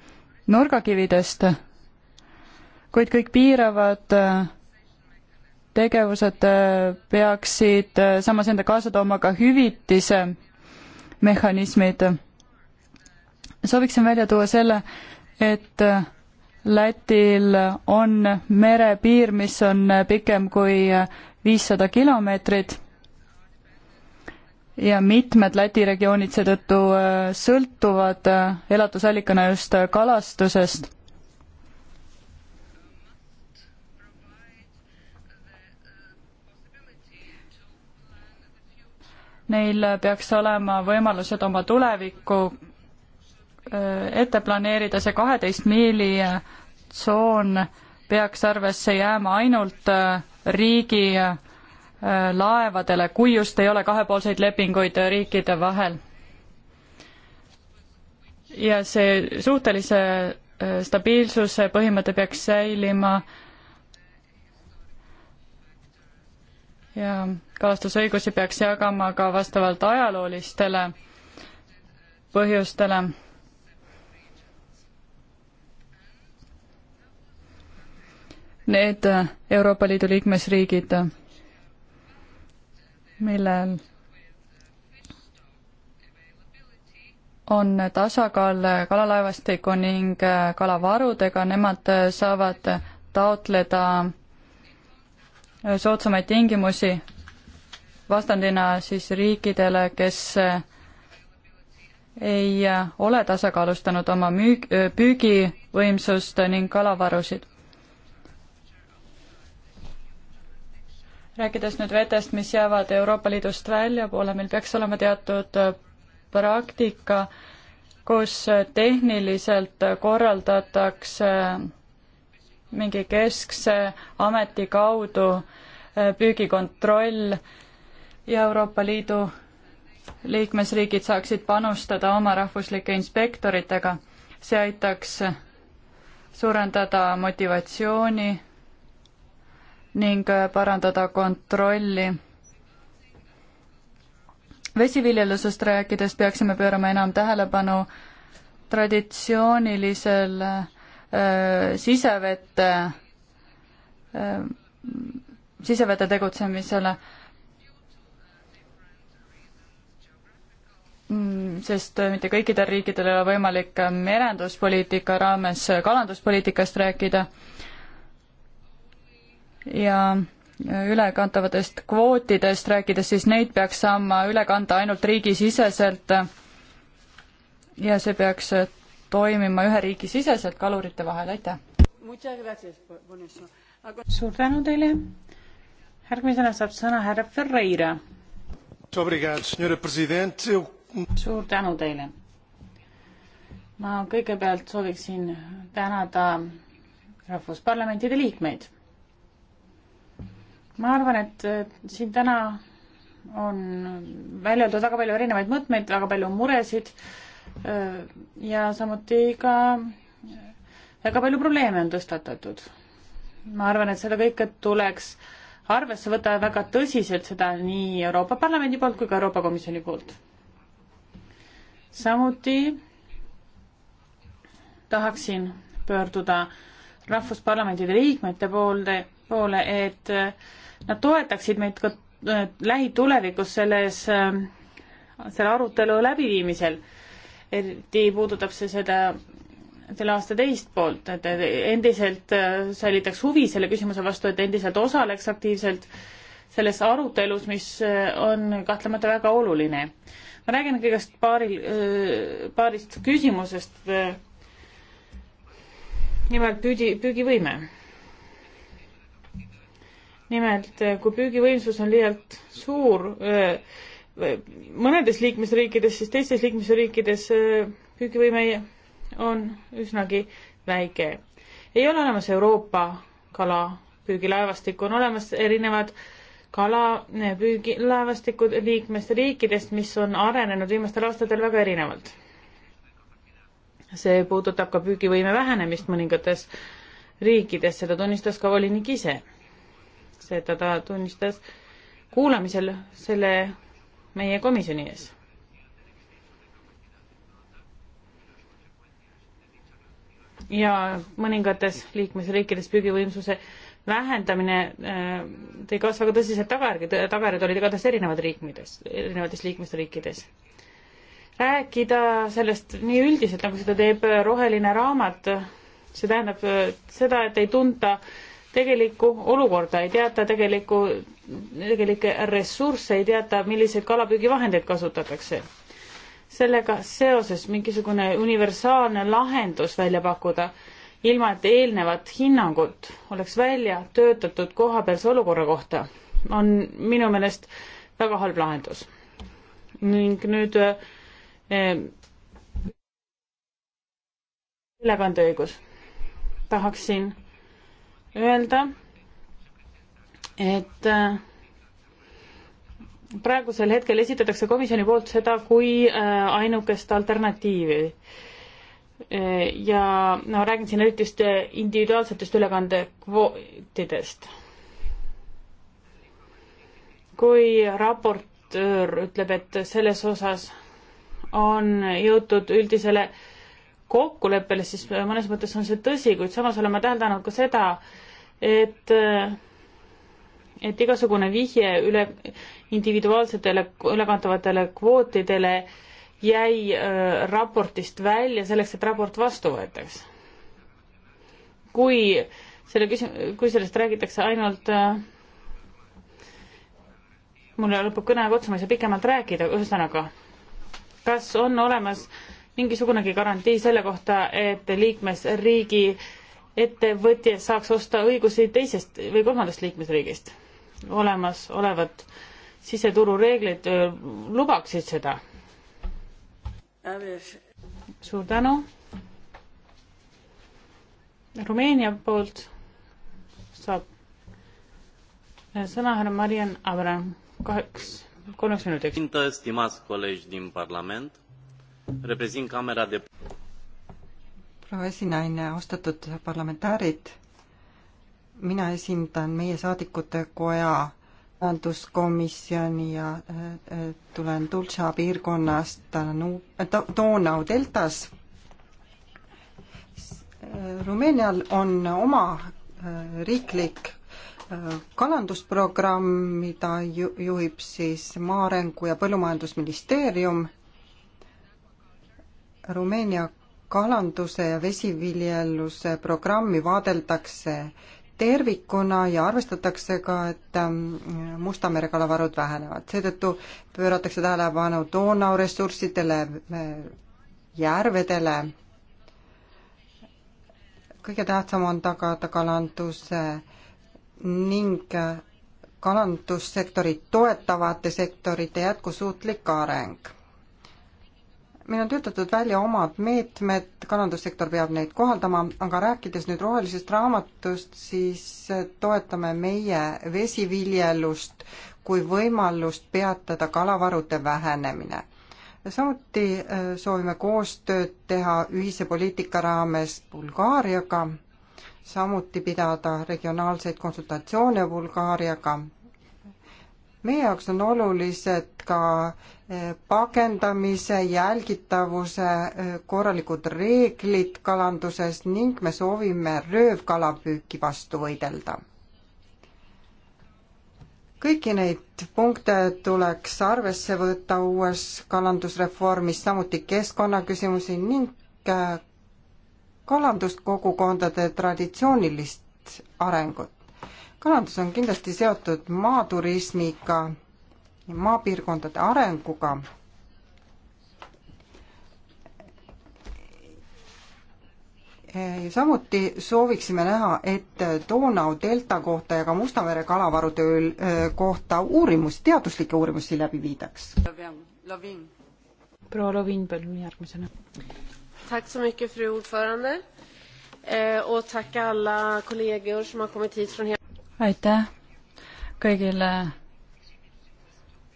Speaker 3: nurgakividest, kuid kõik piiravad äh, tegevused äh, peaksid äh, samas enda kaasa tooma ka hüvitise mehhanismid. sooviksin välja tuua selle, et Lätil on merepiir, mis on pikem kui viissada kilomeetrit ja mitmed Läti regioonid seetõttu äh, sõltuvad äh, elatusallikana just äh, kalastusest. Neil peaks olema võimalused oma tulevikku ette planeerida, see kaheteist miili tsoon peaks arvesse jääma ainult riigi Äh, laevadele, kui just ei ole kahepoolseid lepinguid äh, riikide vahel. ja see suhtelise äh, stabiilsuse põhimõte peaks säilima ja kalastusõigusi peaks jagama ka vastavalt ajaloolistele põhjustele. Need Euroopa Liidu liikmesriigid millel on tasakaal kalalaevastiku ning kalavarudega, nemad saavad taotleda soodsamaid tingimusi vastandina siis riikidele, kes ei ole tasakaalustanud oma müük-, püügivõimsust ning kalavarusid. rääkides nüüd vetest, mis jäävad Euroopa Liidust väljapoole, meil peaks olema teatud äh, praktika, kus äh, tehniliselt korraldatakse äh, mingi keskse ameti kaudu püügikontroll ja Euroopa Liidu liikmesriigid saaksid panustada oma rahvuslike inspektoritega. see aitaks suurendada motivatsiooni ning äh, parandada kontrolli. vesiviljelusest rääkides peaksime pöörama enam tähelepanu traditsioonilisele äh, sisevete äh,, sisevete tegutsemisele mm, sest äh, mitte kõikidel riikidel ei ole võimalik äh, merenduspoliitika raames kalanduspoliitikast rääkida ja ülekantavatest kvootidest rääkides, siis neid peaks saama üle kanda ainult riigisiseselt ja see peaks toimima ühe riigi siseselt kalurite vahel, aitäh!
Speaker 1: suur tänu teile! järgmisena saab sõna härra Ferreira. suur tänu teile! ma kõigepealt sooviksin tänada rahvusparlamentide liikmeid ma arvan, et äh, siin täna on välja öeldud väga palju erinevaid mõtmeid, väga palju muresid äh, ja samuti ka väga palju probleeme on tõstatatud. ma arvan, et seda kõike tuleks arvesse võtta väga tõsiselt, seda nii Euroopa Parlamendi poolt kui ka Euroopa Komisjoni poolt. samuti tahaksin pöörduda rahvusparlamentide liikmete poolde, poole, et äh, nad toetaksid meid ka äh, lähitulevikus selles, ähm, selle arutelu läbiviimisel. eriti puudutab see seda, selle aasta teist poolt, et endiselt äh, säilitaks huvi selle küsimuse vastu, et endiselt osaleks aktiivselt selles arutelus, mis äh, on kahtlemata väga oluline. ma räägin kõigest paaril, paarist küsimusest. nimelt püüdi, püügivõime nimelt, äh, kui püügivõimsus on liialt suur äh, mõnedes liikmesriikides, siis teistes liikmesriikides äh, püügivõime on üsnagi väike. ei ole olemas Euroopa kalapüügilaevastikku, on olemas erinevad kalapüügilaevastikud liikmesriikidest, mis on arenenud viimastel aastatel väga erinevalt. see puudutab ka püügivõime vähenemist mõningates riikides, seda tunnistas ka volinik ise seda ta tunnistas kuulamisel selle meie komisjoni ees. ja mõningates liikmesriikides püügivõimsuse vähendamine äh, tõi kaasa väga tõsised tagajärged, tagajärjed olid igatahes erinevad riikides, erinevates liikmesriikides. rääkida sellest nii üldiselt, nagu seda teeb roheline raamat, see tähendab äh, seda, et ei tunta äh, tegelikku olukorda, ei teata tegelikku, tegelikke ressursse, ei teata, milliseid kalapüügivahendeid kasutatakse. sellega seoses mingisugune universaalne lahendus välja pakkuda, ilma et eelnevat hinnangut oleks välja töötatud kohapealse olukorra kohta, on minu meelest väga halb lahendus. ning nüüd eh, ülekandeõigus eh,. tahaksin öelda, et äh, praegusel hetkel esitatakse komisjoni poolt seda kui äh, ainukest alternatiivi. Äh, ja no räägin siin eriti just individuaalsetest ülekandekvootidest. kui raportöör ütleb, et selles osas on jõutud üldisele äh, kokkuleppele, siis mõnes mõttes on see tõsi, kuid samas oleme täheldanud ka seda, et et igasugune vihje üle individuaalsetele ülekantavatele kvootidele jäi äh, raportist välja selleks, et raport vastu võetaks. kui selle küsim-, kui sellest räägitakse ainult äh, mul lõpeb kõne aeg otsa, ma ei saa pikemalt rääkida, ühesõnaga, kas on olemas äh, mingisugunegi garantii selle kohta, et liikmesriigi ettevõtja saaks osta õigusi teisest või kolmandast liikmesriigist. olemasolevad siseturureeglid lubaksid seda. suur tänu. Rumeenia poolt saab sõna härra Mariann
Speaker 2: Abram kaheks, kolmeks minutiks reprezint Camera de proua esinaine, austatud parlamentäärid, mina esindan meie saadikute koja majanduskomisjoni ja äh, äh, tulen Tulša piirkonnast äh, Donau deltas. Rumeenial on oma riiklik kalandusprogramm, mida ju-, juhib siis Maaarengu ja Põllumajandusministeerium Rumeenia kalanduse ja vesiviljeluse programmi vaadeldakse tervikuna ja arvestatakse ka, et ähm, Musta mere kalavarud vähenevad, seetõttu pööratakse tähelepanu Donau ressurssidele, äh, järvedele. kõige tähtsam on tagada kalanduse ning äh, kalandussektorit toetavate sektorite jätkusuutlik areng meil on töötatud välja omad meetmed, kalandussektor peab neid kohaldama, aga rääkides nüüd rohelisest raamatust, siis toetame meie vesiviljelust kui võimalust peatada kalavarude vähenemine. samuti äh, soovime koostööd teha ühise poliitika raames Bulgaariaga, samuti pidada regionaalseid konsultatsioone Bulgaariaga meie jaoks on olulised ka eh, pakendamise, jälgitavuse eh, korralikud reeglid kalanduses ning me soovime röövkalapüüki vastu võidelda. kõiki neid punkte tuleks arvesse võtta uues kalandusreformis, samuti keskkonnaküsimusi ning eh, kalanduskogukondade traditsioonilist arengut kalandus on kindlasti seotud maaturismiga ja maapiirkondade arenguga. samuti sooviksime näha, et Donau delta kohta ja ka Mustamere kalavarude kohta uurimus, teaduslikke uurimusi läbi viidaks. proua
Speaker 1: Lovin, palun järgmisena. Tack så mycket fru ordförande eh, och tack alla kollegor som har kommit hit från hela aitäh kõigile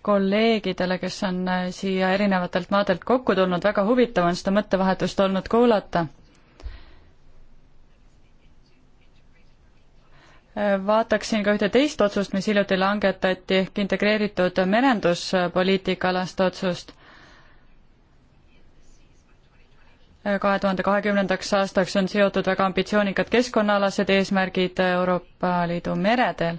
Speaker 3: kolleegidele, kes on äh, siia erinevatelt maadelt kokku tulnud, väga huvitav on seda mõttevahetust olnud kuulata. Äh, vaataksin ka ühte teist otsust, mis hiljuti langetati, ehk integreeritud merenduspoliitika alast otsust kahe tuhande kahekümnendaks aastaks on seotud väga ambitsioonikad keskkonnaalased eesmärgid Euroopa Liidu meredel.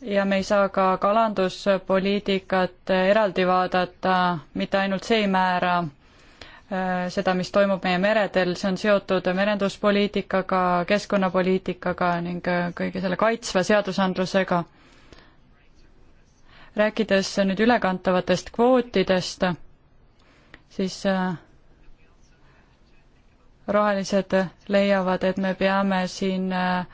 Speaker 3: ja me ei saa ka kalanduspoliitikat eraldi vaadata, mitte ainult see ei määra äh, seda, mis toimub meie meredel, see on seotud merenduspoliitikaga, keskkonnapoliitikaga ning äh, kõige selle kaitsva seadusandlusega. rääkides nüüd ülekantavatest kvootidest, siis äh, rohelised leiavad, et me peame siin äh,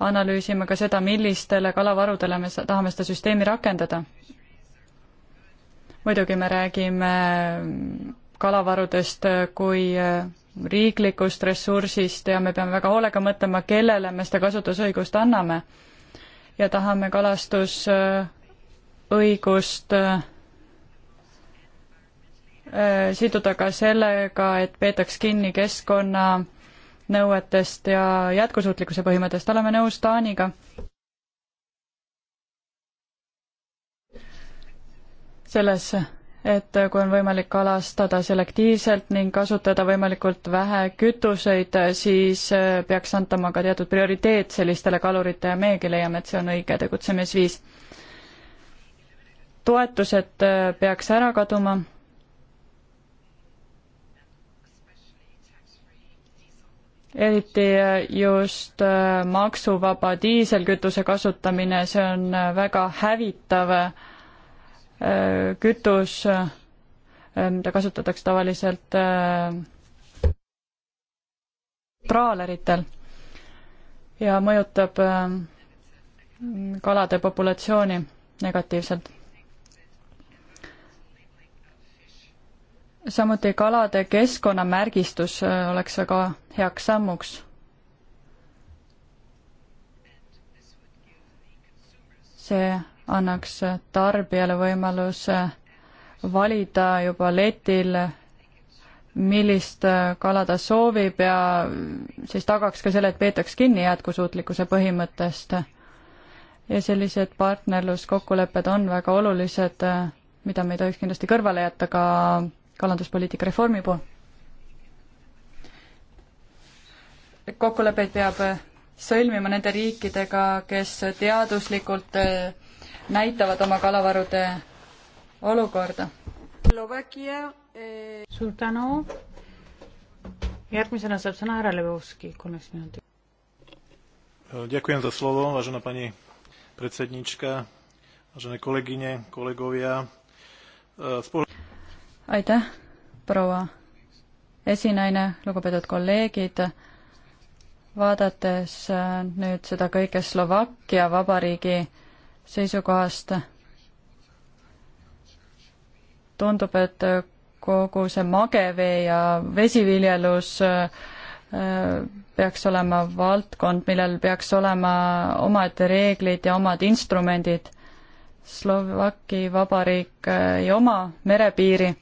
Speaker 3: analüüsima ka seda, millistele kalavarudele me tahame seda süsteemi rakendada. muidugi me räägime äh, kalavarudest äh, kui riiklikust ressursist ja me peame väga hoolega mõtlema, kellele me seda kasutusõigust anname. ja tahame kalastusõigust äh, Äh, siduda ka sellega, et peetaks kinni keskkonnanõuetest ja jätkusuutlikkuse põhimõttest, oleme nõus Taaniga. selles, et kui on võimalik kalastada selektiivselt ning kasutada võimalikult vähe kütuseid, siis äh, peaks antama ka teatud prioriteet sellistele kalurite ja meiegi leiame, et see on õige tegutsemisviis. toetused äh, peaks ära kaduma eriti just äh, maksuvaba diiselkütuse kasutamine, see on äh, väga hävitav äh, kütus, mida kasutatakse tavaliselt traaleritel ja mõjutab kalade populatsiooni negatiivselt samuti kalade keskkonnamärgistus äh, oleks väga heaks sammuks. see annaks tarbijale võimaluse valida juba letil, millist äh, kala ta soovib ja äh, siis tagaks ka selle, et peetaks kinni jätkusuutlikkuse põhimõttest. ja sellised partnerluskokkulepped on väga olulised, mida me ei tohiks kindlasti kõrvale jätta ka kalanduspoliitika reformi pool. kokkuleppeid peab äh, sõlmima nende riikidega, kes teaduslikult
Speaker 1: äh, näitavad oma kalavarude olukorda. Äh, suur tänu. järgmisena saab sõna härra Levovski, kolmeks minutiks.
Speaker 5: Ďakujem za slovo, vážená pani predsedníčka, vážené kolegyne, kolegovia. Spolu
Speaker 3: aitäh, proua esinaine, lugupeetud kolleegid. vaadates äh, nüüd seda kõike Slovakkia Vabariigi seisukohast, tundub, et kogu see magevee ja vesiviljelus äh, peaks olema valdkond, millel peaks olema omad reeglid ja omad instrumendid. Slovaki Vabariik äh, ei oma merepiiri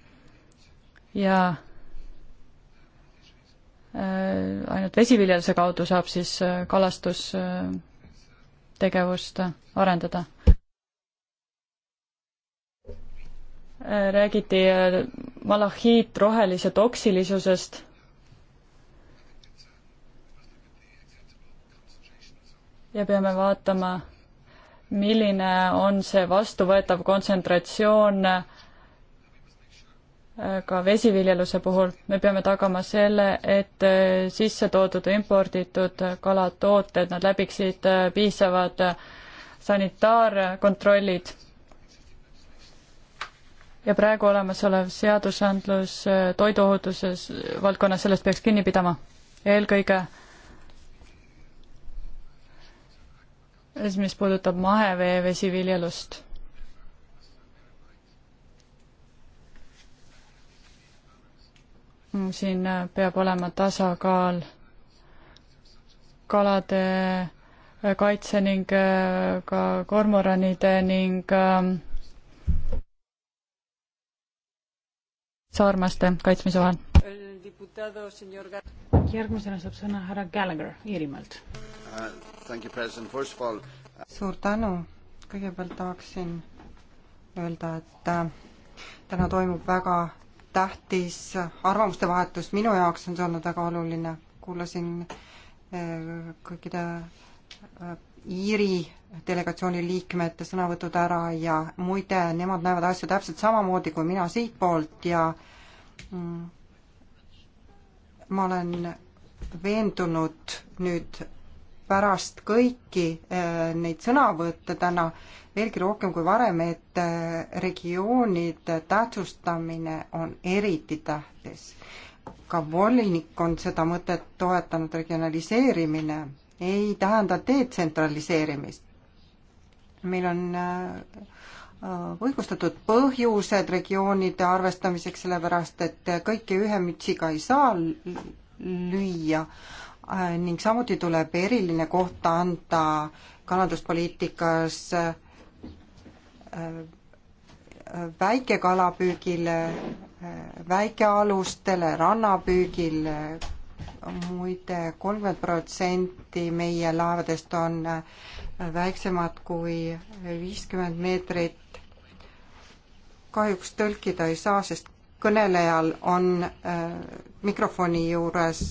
Speaker 3: ja äh, ainult vesiviljeluse kaudu saab siis äh, kalastustegevust äh, arendada. räägiti malahiit rohelise toksilisusest. ja peame vaatama, milline on see vastuvõetav kontsentratsioon äh, ka vesiviljeluse puhul me peame tagama selle, et äh, sisse toodud või imporditud kalatooted, nad läbiksid äh, piisavad äh, sanitaarkontrollid. ja praegu olemasolev seadusandlus toiduohutuses valdkonnas, sellest peaks kinni pidama. eelkõige mis puudutab mahevee vesiviljelust siin peab olema tasakaal kalade äh, kaitse ning äh, ka kormoranide ning äh, saarmaste kaitsmise vahel.
Speaker 1: järgmisena saab sõna
Speaker 2: härra Gallagher Iirimaalt
Speaker 5: uh,.
Speaker 2: suur tänu, kõigepealt tahaksin öelda, et täna toimub väga tähtis arvamuste vahetus, minu jaoks on see olnud väga oluline, kuulasin eh, kõikide eh, Iiri delegatsiooni liikmete sõnavõtud ära ja muide, nemad näevad asju täpselt samamoodi kui mina siitpoolt ja mm, ma olen veendunud nüüd pärast kõiki äh, neid sõnavõtte täna veelgi rohkem kui varem, et äh, regioonide tähtsustamine on eriti tähtis. ka volinik on seda mõtet toetanud, regionaliseerimine ei tähenda detsentraliseerimist. meil on äh, õigustatud põhjused regioonide arvestamiseks, sellepärast et kõike ühe mütsiga ei saa lüüa, Äh, ning samuti tuleb eriline koht anda kalanduspoliitikas äh, äh, väikekalapüügile, väikealustele, rannapüügile, muide kolmkümmend protsenti meie laevadest on väiksemad kui viiskümmend meetrit. kahjuks tõlkida ei saa, sest kõnelejal on mikrofoni juures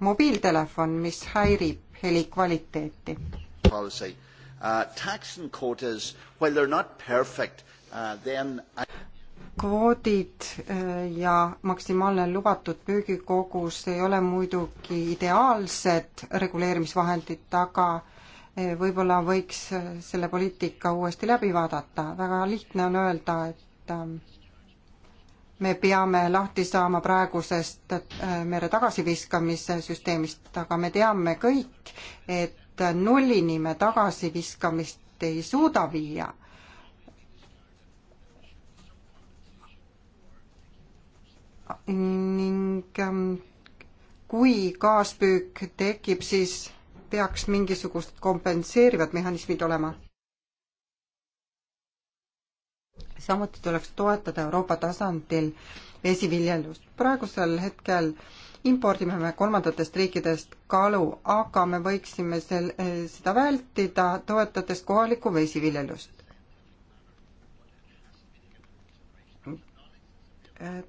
Speaker 2: mobiiltelefon, mis häirib heli kvaliteeti.
Speaker 5: Uh, uh,
Speaker 2: kvoodid uh, ja maksimaalne lubatud püügikogus ei ole muidugi ideaalsed reguleerimisvahendid, aga võib-olla võiks selle poliitika uuesti läbi vaadata. väga lihtne on öelda, et um, me peame lahti saama praegusest äh, mere tagasiviskamise süsteemist, aga me teame kõik, et nullini me tagasiviskamist ei suuda viia. ning ähm, kui kaaspüük tekib, siis peaks mingisugused kompenseerivad mehhanismid olema samuti tuleks toetada Euroopa tasandil vesiviljelust. praegusel hetkel impordime me kolmandatest riikidest kalu, aga me võiksime sel, eh, seda vältida, toetades kohalikku vesiviljelust.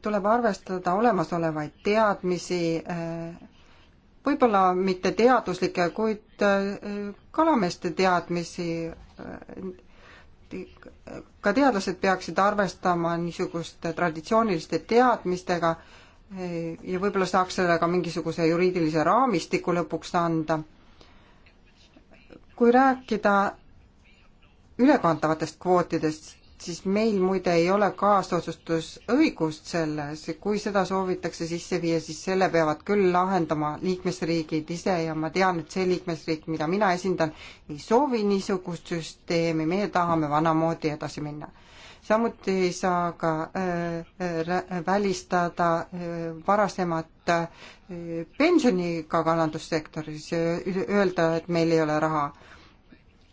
Speaker 2: tuleb arvestada olemasolevaid teadmisi, eh, võib-olla mitte teaduslikke, kuid eh, kalameeste teadmisi ka teadlased peaksid arvestama niisuguste traditsiooniliste teadmistega eh, ja võib-olla saaks sellega mingisuguse juriidilise raamistiku lõpuks anda. kui rääkida ülekantavatest kvootidest, siis meil muide ei ole kaasotsustusõigust selles, kui seda soovitakse sisse viia, siis selle peavad küll lahendama liikmesriigid ise ja ma tean, et see liikmesriik, mida mina esindan, ei soovi niisugust süsteemi, meie tahame vanamoodi edasi minna. samuti ei saa ka äh, äh välistada äh, varasemat äh, pensioniiga kalandussektoris, öelda, et meil ei ole raha.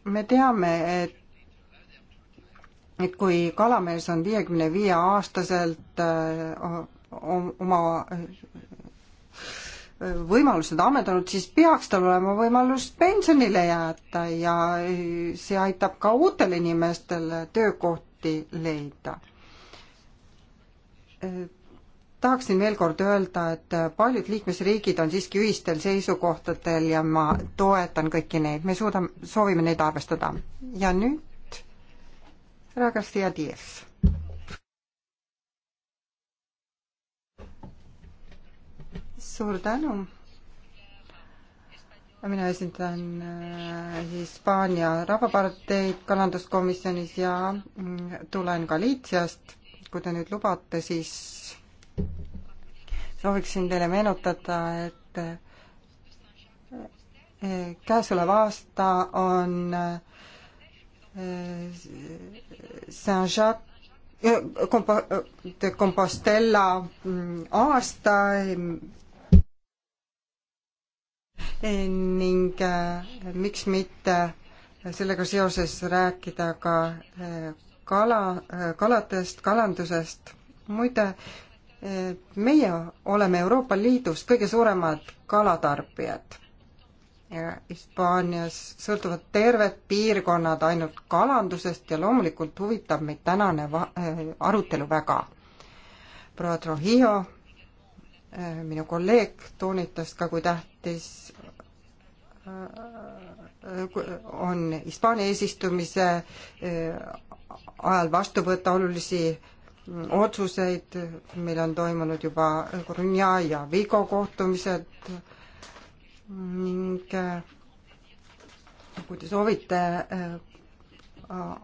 Speaker 2: me teame, et et kui kalamees on viiekümne viie aastaselt äh, oma äh, võimalused ammendanud, siis peaks tal olema võimalus pensionile jääda ja äh, see aitab ka uutele inimestele töökohti leida. tahaksin veel kord öelda, et paljud liikmesriigid on siiski ühistel seisukohtadel ja ma toetan kõiki neid, me suudame, soovime neid arvestada. ja nüüd härra Garcia Dias. suur tänu. mina esindan äh, Hispaania Rahvaparteid kalanduskomisjonis ja mm, tulen Galiitsiast. kui te nüüd lubate, siis sooviksin teile meenutada, et äh, käesolev aasta on äh, Saint-Jacques kompa-, euh, euh, de Compostela mm, aasta mm, ning äh, miks mitte sellega seoses rääkida ka äh, kala, äh, kaladest, kalandusest. muide, meie oleme Euroopa Liidus kõige suuremad kalatarbijad Hispaanias sõltuvad terved piirkonnad ainult kalandusest ja loomulikult huvitab meid tänane va-, äh, arutelu väga. proua Trujillo, äh, minu kolleeg, toonitas ka, kui tähtis äh, on Hispaania eesistumise ajal vastu võtta olulisi mm, otsuseid, meil on toimunud juba Coruña ja Vigo kohtumised, ning äh, kui te soovite, äh,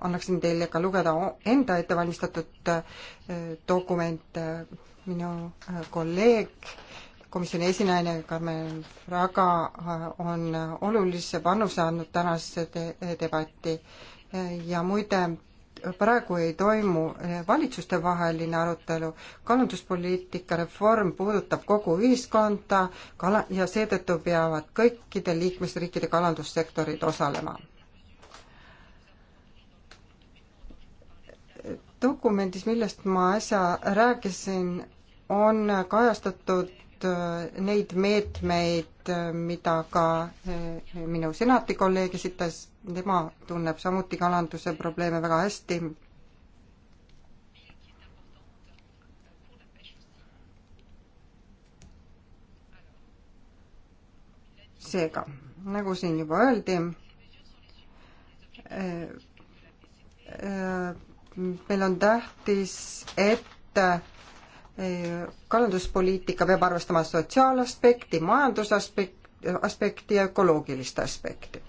Speaker 2: annaksin teile ka lugeda enda ettevalmistatud äh, dokumente. minu kolleeg, komisjoni esinaine Carmen Fraga on olulise panuse andnud tänasesse debatti ja muide, praegu ei toimu eh, valitsustevaheline arutelu, kalanduspoliitika reform puudutab kogu ühiskonda kala- ja seetõttu peavad kõikide liikmesriikide kalandussektorid osalema. dokumendis, millest ma äsja rääkisin, on kajastatud Äh, neid meetmeid, äh, mida ka äh, minu senati kolleeg esitas, tema tunneb samuti kalanduse probleeme väga hästi. seega, nagu siin juba öeldi, meil on tähtis, et kalanduspoliitika peab arvestama sotsiaalaspekti, majandusaspekti, aspekti ja ökoloogilist aspekti.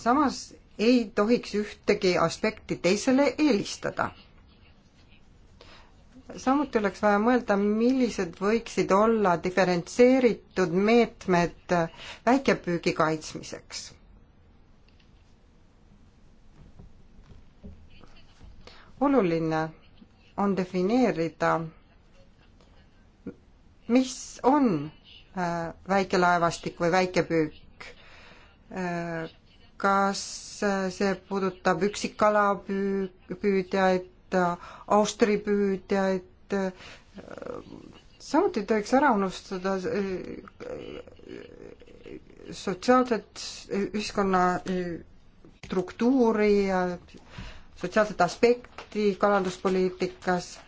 Speaker 2: samas ei tohiks ühtegi aspekti teisele eelistada. samuti oleks vaja mõelda, millised võiksid olla diferentseeritud meetmed väikepüügi kaitsmiseks oluline on defineerida, mis on äh, väikelaevastik või väikepüük. Äh, kas äh, see puudutab üksikkalapüüdjaid, austripüüdjaid, samuti ei tohiks ära unustada sotsiaalset ühiskonna struktuuri ja sotsiaalset aspekti kalanduspoliitikas.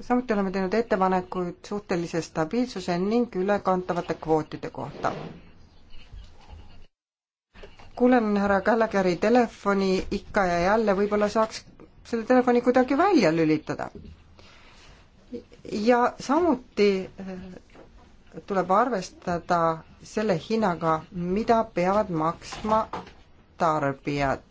Speaker 2: samuti oleme teinud ettepanekuid suhtelise stabiilsuse ning ülekantavate kvootide kohta. kuulen härra Kallageri telefoni ikka ja jälle, võib-olla saaks selle telefoni kuidagi välja lülitada. ja samuti eh, tuleb arvestada selle hinnaga, mida peavad maksma tarbijad.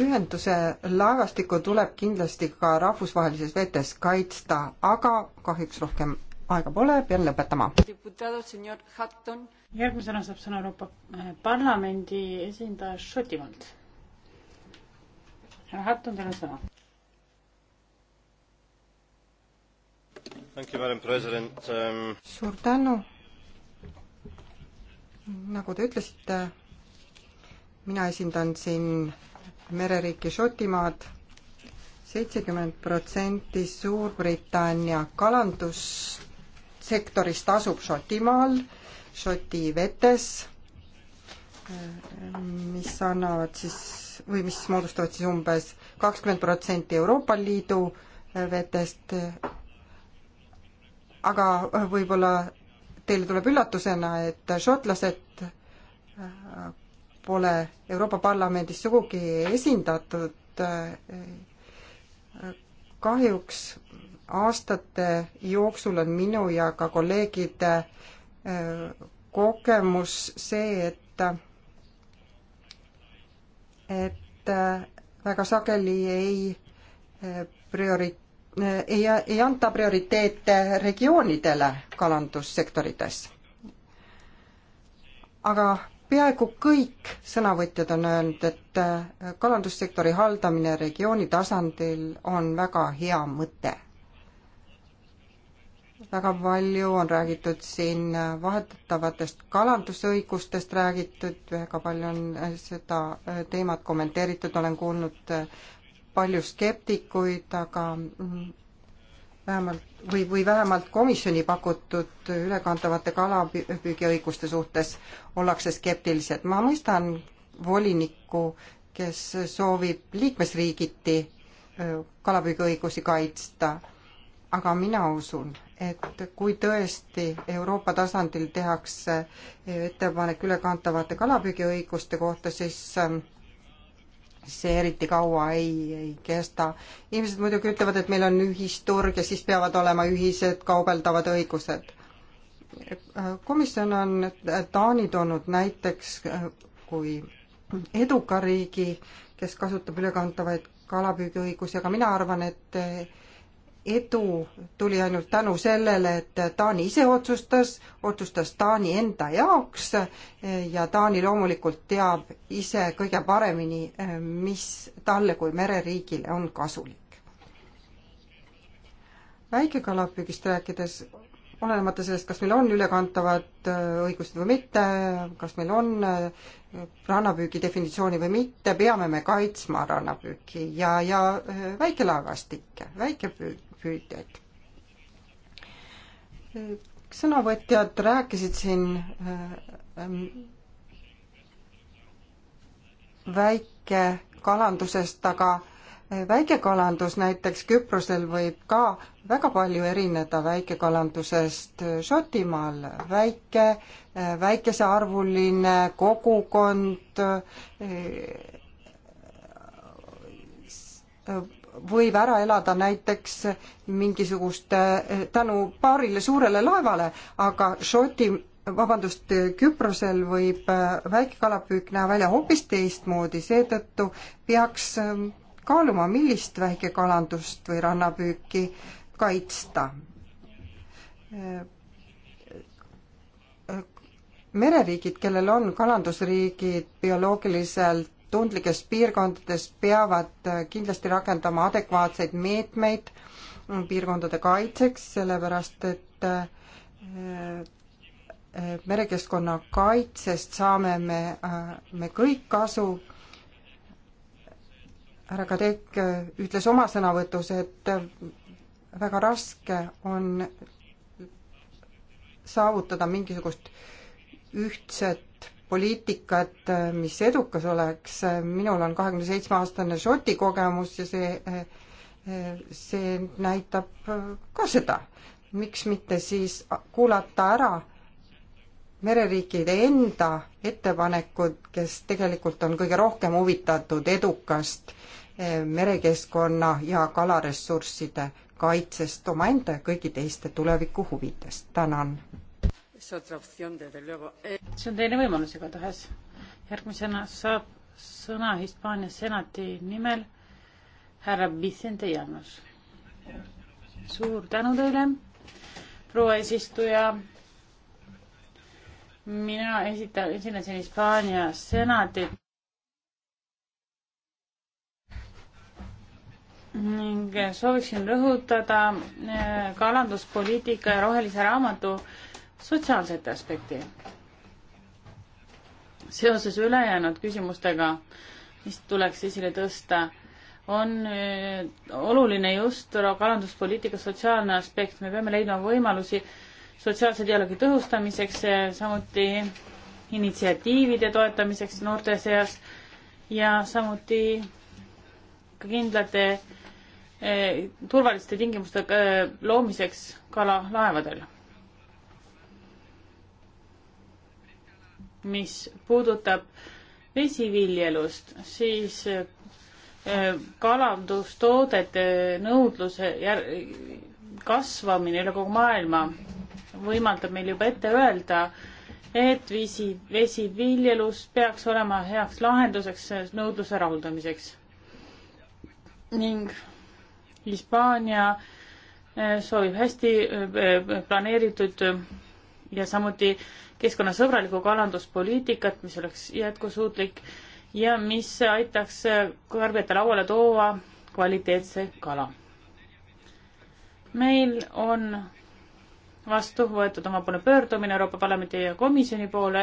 Speaker 2: ühenduse laevastikku tuleb kindlasti ka rahvusvahelises vetes kaitsta, aga kahjuks rohkem aega pole, pean lõpetama.
Speaker 1: järgmisena saab sõna Euroopa eh, Parlamendi esindaja Šotimaalt. härra Hatton, teil on sõna.
Speaker 5: Um, suur
Speaker 2: tänu, nagu te ütlesite, mina esindan siin mereriiki Šotimaad, seitsekümmend protsenti Suurbritannia kalandussektorist asub Šotimaal, Šoti vetes, mis annavad siis või mis moodustavad siis umbes kakskümmend protsenti Euroopa Liidu vetest, aga võib-olla teile tuleb üllatusena, et šotlased äh, pole Euroopa Parlamendis sugugi esindatud. Äh, kahjuks aastate jooksul on minu ja ka kolleegide äh, kogemus see, et et väga sageli ei priori-, Äh, ei, ei anta prioriteete regioonidele kalandussektorites. aga peaaegu kõik sõnavõtjad on öelnud, et äh, kalandussektori haldamine regiooni tasandil on väga hea mõte. väga palju on räägitud siin äh, vahetatavatest kalandusõigustest räägitud, väga palju on seda teemat kommenteeritud, olen kuulnud palju skeptikuid, aga vähemalt või, või vähemalt komisjoni pakutud ülekantavate kalapüügiõiguste suhtes ollakse skeptilised. ma mõistan volinikku, kes soovib liikmesriigiti kalapüügiõigusi kaitsta, aga mina usun, et kui tõesti Euroopa tasandil tehakse ettepanek ülekantavate kalapüügiõiguste kohta, siis ähm, see eriti kaua ei, ei kesta. inimesed muidugi ütlevad, et meil on ühisturg ja siis peavad olema ühised kaubeldavad õigused. komisjon on Taani toonud näiteks kui eduka riigi, kes kasutab ülekantavaid kalapüügiõigusi, aga mina arvan, et edu tuli ainult tänu sellele, et Taani ise otsustas, otsustas Taani enda jaoks ja Taani loomulikult teab ise kõige paremini, mis talle kui mereriigile on kasulik. väikekalapüügist rääkides, olenemata sellest, kas meil on ülekantavad õigused või mitte, kas meil on rannapüügi definitsiooni või mitte, peame me kaitsma rannapüüki ja, ja väikelaevastikke, väikepüük püüdjaid. sõnavõtjad rääkisid siin ähm, väikekalandusest, aga äh, väikekalandus näiteks Küprosel võib ka väga palju erineda väikekalandusest äh, Šotimaal. väike, äh, väikesearvuline kogukond võib ära elada näiteks mingisugust eh, tänu paarile suurele laevale, aga Šoti, vabandust, Küprosel võib eh, väike kalapüük näha välja hoopis teistmoodi, seetõttu peaks eh, kaaluma, millist väikekalandust või rannapüüki kaitsta. mereriigid, kellel on kalandusriigid bioloogiliselt tundlikes piirkondades peavad äh, kindlasti rakendama adekvaatseid meetmeid mm, piirkondade kaitseks, sellepärast et äh, äh, merekeskkonna kaitsest saame me, me kõik kasu. härra Kadek ütles oma sõnavõtus, et väga raske on saavutada mingisugust ühtset poliitikat, äh, mis edukas oleks, minul on kahekümne seitsme aastane Šoti kogemus ja see, äh, äh, see näitab ka seda. miks mitte siis kuulata ära mereriikide enda ettepanekud, kes tegelikult on kõige rohkem huvitatud edukast merekeskkonna ja kalaressursside kaitsest omaenda ja kõigi teiste tuleviku huvidest. tänan!
Speaker 4: Eh,
Speaker 1: see on teine võimalus igatahes. järgmisena saab sõna Hispaania senati nimel härra Vicente Janus. suur tänu teile, proua eesistuja. mina esitan, esinesin Hispaania senati. ning sooviksin rõhutada eh, kalanduspoliitika ja rohelise raamatu äh, sotsiaalset aspekti. seoses ülejäänud küsimustega, mis tuleks esile tõsta, on äh, oluline just kalanduspoliitika sotsiaalne aspekt, me peame leidma võimalusi sotsiaalse dialoogi tõhustamiseks, äh, samuti initsiatiivide toetamiseks noorte seas ja samuti ka kindlate eh, turvaliste tingimuste eh, loomiseks kalalaevadel mis puudutab vesiviljelust, siis eh, kalandustoodete nõudluse kasvamine üle kogu maailma võimaldab meil juba ette öelda, et vesi, vesiviljelus peaks olema heaks lahenduseks nõudluse rahuldamiseks. ning Hispaania eh, soovib hästi eh, planeeritud ja samuti keskkonnasõbralikku kalanduspoliitikat, mis oleks jätkusuutlik ja mis aitaks tarbijate lauale tuua kvaliteetse kala. meil on vastu võetud omapoolne pöördumine Euroopa Parlamendi ja Komisjoni poole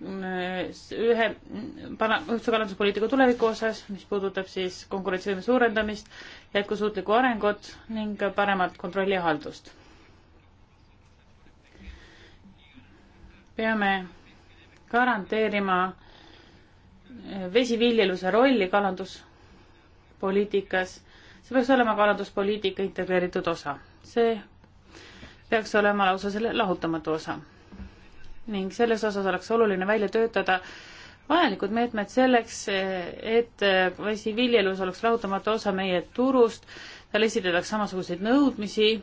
Speaker 1: mm, ühe ühtse kalanduspoliitika tuleviku osas, mis puudutab siis konkurentsivõime suurendamist, jätkusuutlikku arengut ning paremat kontrolli ja haldust. peame garanteerima eh, vesiviljeluse rolli kalanduspoliitikas. see peaks olema kalanduspoliitika integreeritud osa. see peaks olema lausa selle lahutamatu osa. ning selles osas oleks oluline välja töötada vajalikud meetmed selleks, eh, et eh, vesiviljelus oleks lahutamatu osa meie turust, tal esitataks samasuguseid nõudmisi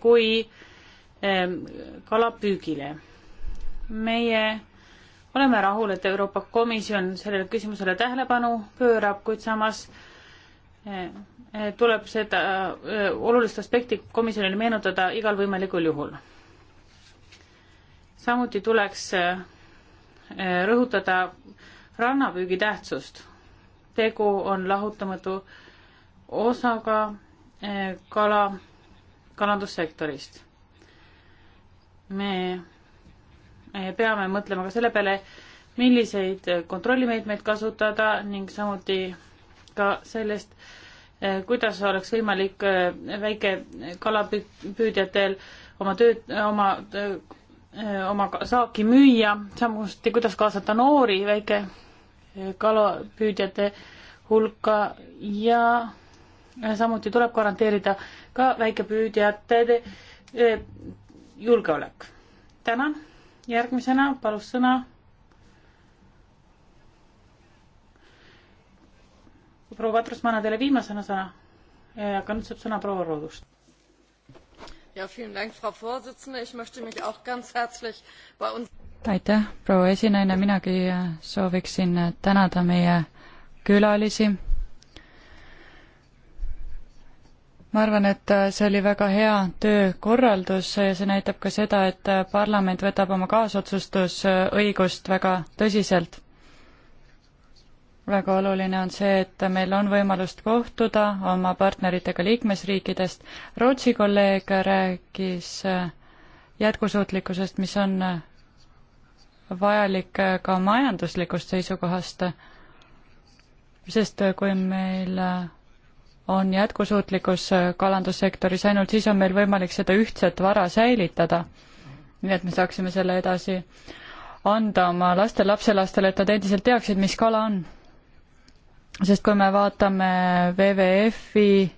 Speaker 1: kui kalapüügile meie oleme rahul, et Euroopa Komisjon sellele küsimusele tähelepanu pöörab, kuid samas eh, eh, tuleb seda eh, olulist aspekti komisjonile meenutada igal võimalikul juhul. samuti tuleks rõhutada rannapüügi tähtsust. tegu on lahutamatu osaga kala, kalandussektorist. me Eh, peame mõtlema ka selle peale, milliseid eh, kontrollimeetmeid kasutada ning samuti ka sellest, eh, kuidas oleks võimalik väikekalapüüdjatel oma tööd, oma, oma saaki müüa, samuti kuidas kaasata noori väikekalapüüdjate hulka ja samuti tuleb garanteerida ka väikepüüdjate julgeolek. tänan järgmisena palus sõna proua Patrus, ma annan teile viimasena sõna, aga nüüd saab sõna proua Roodust.
Speaker 3: aitäh, proua esinaine, minagi sooviksin tänada meie külalisi ma arvan, et äh, see oli väga hea töökorraldus ja see näitab ka seda, et äh, parlament võtab oma kaasotsustusõigust väga tõsiselt. väga oluline on see, et meil on võimalust kohtuda oma partneritega liikmesriikidest. Rootsi kolleeg rääkis äh, jätkusuutlikkusest, mis on vajalik ka majanduslikust seisukohast, sest kui meil on jätkusuutlikkus äh, kalandussektoris, ainult siis on meil võimalik seda ühtset vara säilitada. nii et me saaksime selle edasi anda oma lastel, lapselastele, et nad endiselt teaksid, mis kala on. sest kui me vaatame WWF-i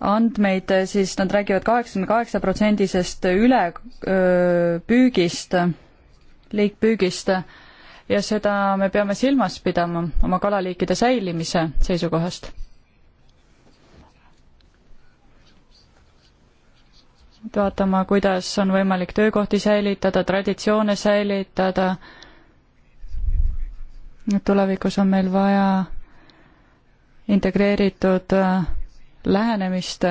Speaker 3: andmeid, siis nad räägivad kaheksakümne kaheksa protsendisest ülepüügist, liigpüügist ja seda me peame silmas pidama oma kalaliikide säilimise seisukohast et vaatama, kuidas on võimalik töökohti säilitada, traditsioone säilitada. tulevikus on meil vaja integreeritud äh, lähenemist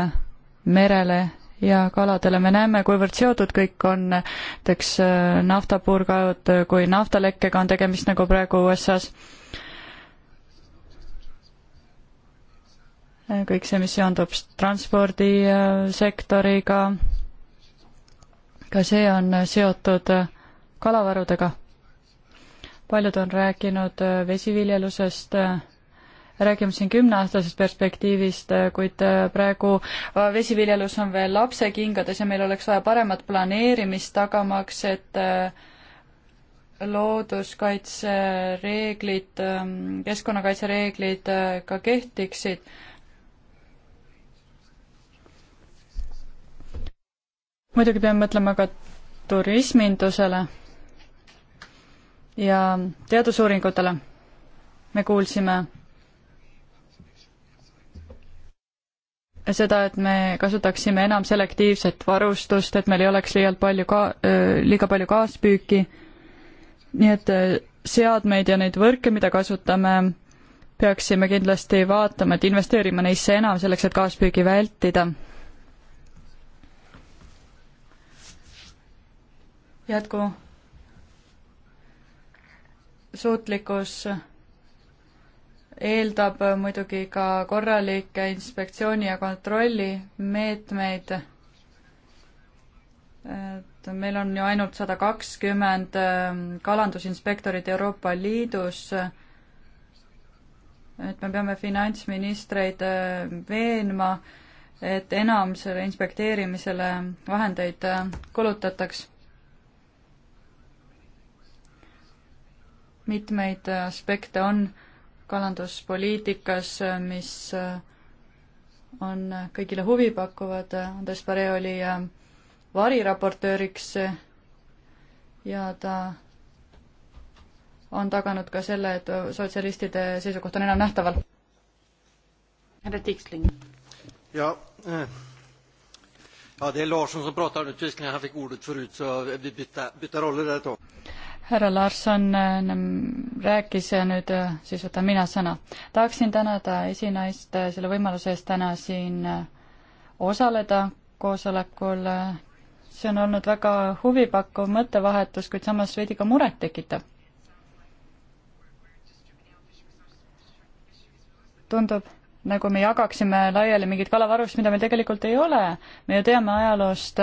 Speaker 3: merele ja kaladele, me näeme, kuivõrd seotud kõik on, näiteks äh, naftapurgad, äh, kui naftalekkega on tegemist, nagu praegu USA-s. kõik see, mis seondub transpordisektoriga ka see on seotud kalavarudega. paljud on rääkinud vesiviljelusest, räägime siin kümneaastasest perspektiivist, kuid praegu vesiviljelus on veel lapsekingades ja meil oleks vaja paremat planeerimist, tagamaks, et looduskaitsereeglid, keskkonnakaitsereeglid ka kehtiksid muidugi peame mõtlema ka turismindusele ja teadusuuringutele. me kuulsime seda, et me kasutaksime enam selektiivset varustust, et meil ei oleks liialt palju ka-, liiga palju kaaspüüki, nii et seadmeid ja neid võrke, mida kasutame, peaksime kindlasti vaatama, et investeerima neisse enam, selleks et kaaspüügi vältida jätku suutlikkus eeldab muidugi ka korralikke inspektsiooni ja kontrolli meetmeid. et meil on ju ainult sada kakskümmend ehm, kalandusinspektorit Euroopa Liidus. et me peame finantsministreid ehm, veenma, et enam selle inspekteerimisele vahendeid ehm, kulutataks mitmeid aspekte on kalanduspoliitikas, mis on kõigile huvi pakkuvad. Andres Pare oli äh, variraportööriks ja ta on taganud ka selle, et sotsialistide seisukoht on enam nähtaval.
Speaker 1: härra Tiksling.
Speaker 5: ja äh, Ja, det är Larsson som pratar nu. Tyskland, han fick ordet förut så vi bytte, bytte roller där ett tag
Speaker 3: härra Larson äh, rääkis ja nüüd äh, siis võtan mina sõna. tahaksin tänada esinaist äh, selle võimaluse eest täna siin osaleda koosolekul. see on olnud väga huvipakkuv mõttevahetus, kuid samas veidi ka muret tekitav. tundub, nagu me jagaksime laiali mingit kalavarust, mida meil tegelikult ei ole. me ju teame ajaloost,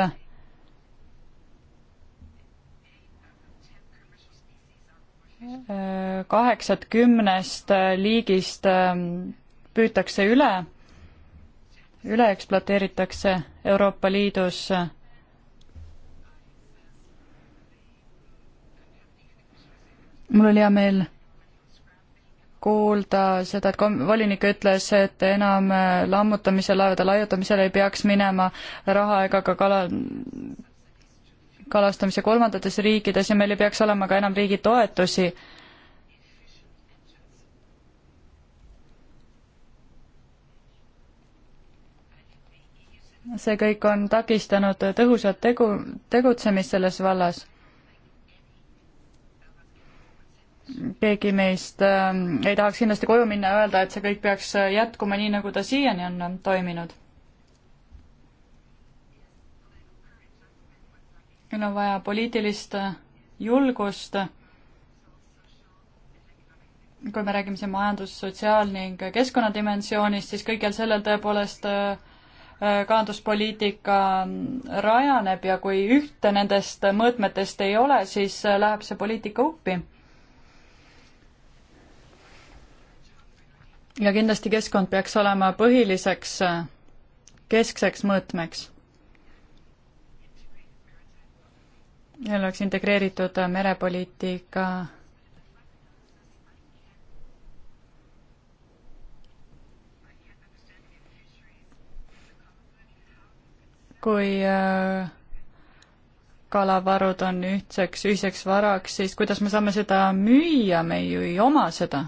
Speaker 3: kaheksat kümnest liigist ähm, püütakse üle, üle ekspluateeritakse Euroopa Liidus mul oli hea meel kuulda seda, et kom-, volinik ütles, et enam lammutamisel, laevade laiutamisel ei peaks minema raha ega ka kala, kalastamise kolmandates riikides ja meil ei peaks olema ka enam riigi toetusi. see kõik on takistanud tõhusat tegu, tegutsemist selles vallas keegi meist äh, ei tahaks kindlasti koju minna ja öelda, et see kõik peaks jätkuma nii, nagu ta siiani on toiminud. meil on vaja poliitilist julgust, kui me räägime siin majandus-, sotsiaal- ning keskkonnadimensioonist, siis kõigel sellel tõepoolest äh, kaanduspoliitika mm, rajaneb ja kui ühte nendest mõõtmetest ei ole, siis äh, läheb see poliitika uppi. ja kindlasti keskkond peaks olema põhiliseks äh, keskseks mõõtmeks meil oleks integreeritud merepoliitika kui äh, kalavarud on ühtseks ühiseks varaks, siis kuidas me saame seda müüa, me ju ei oma seda.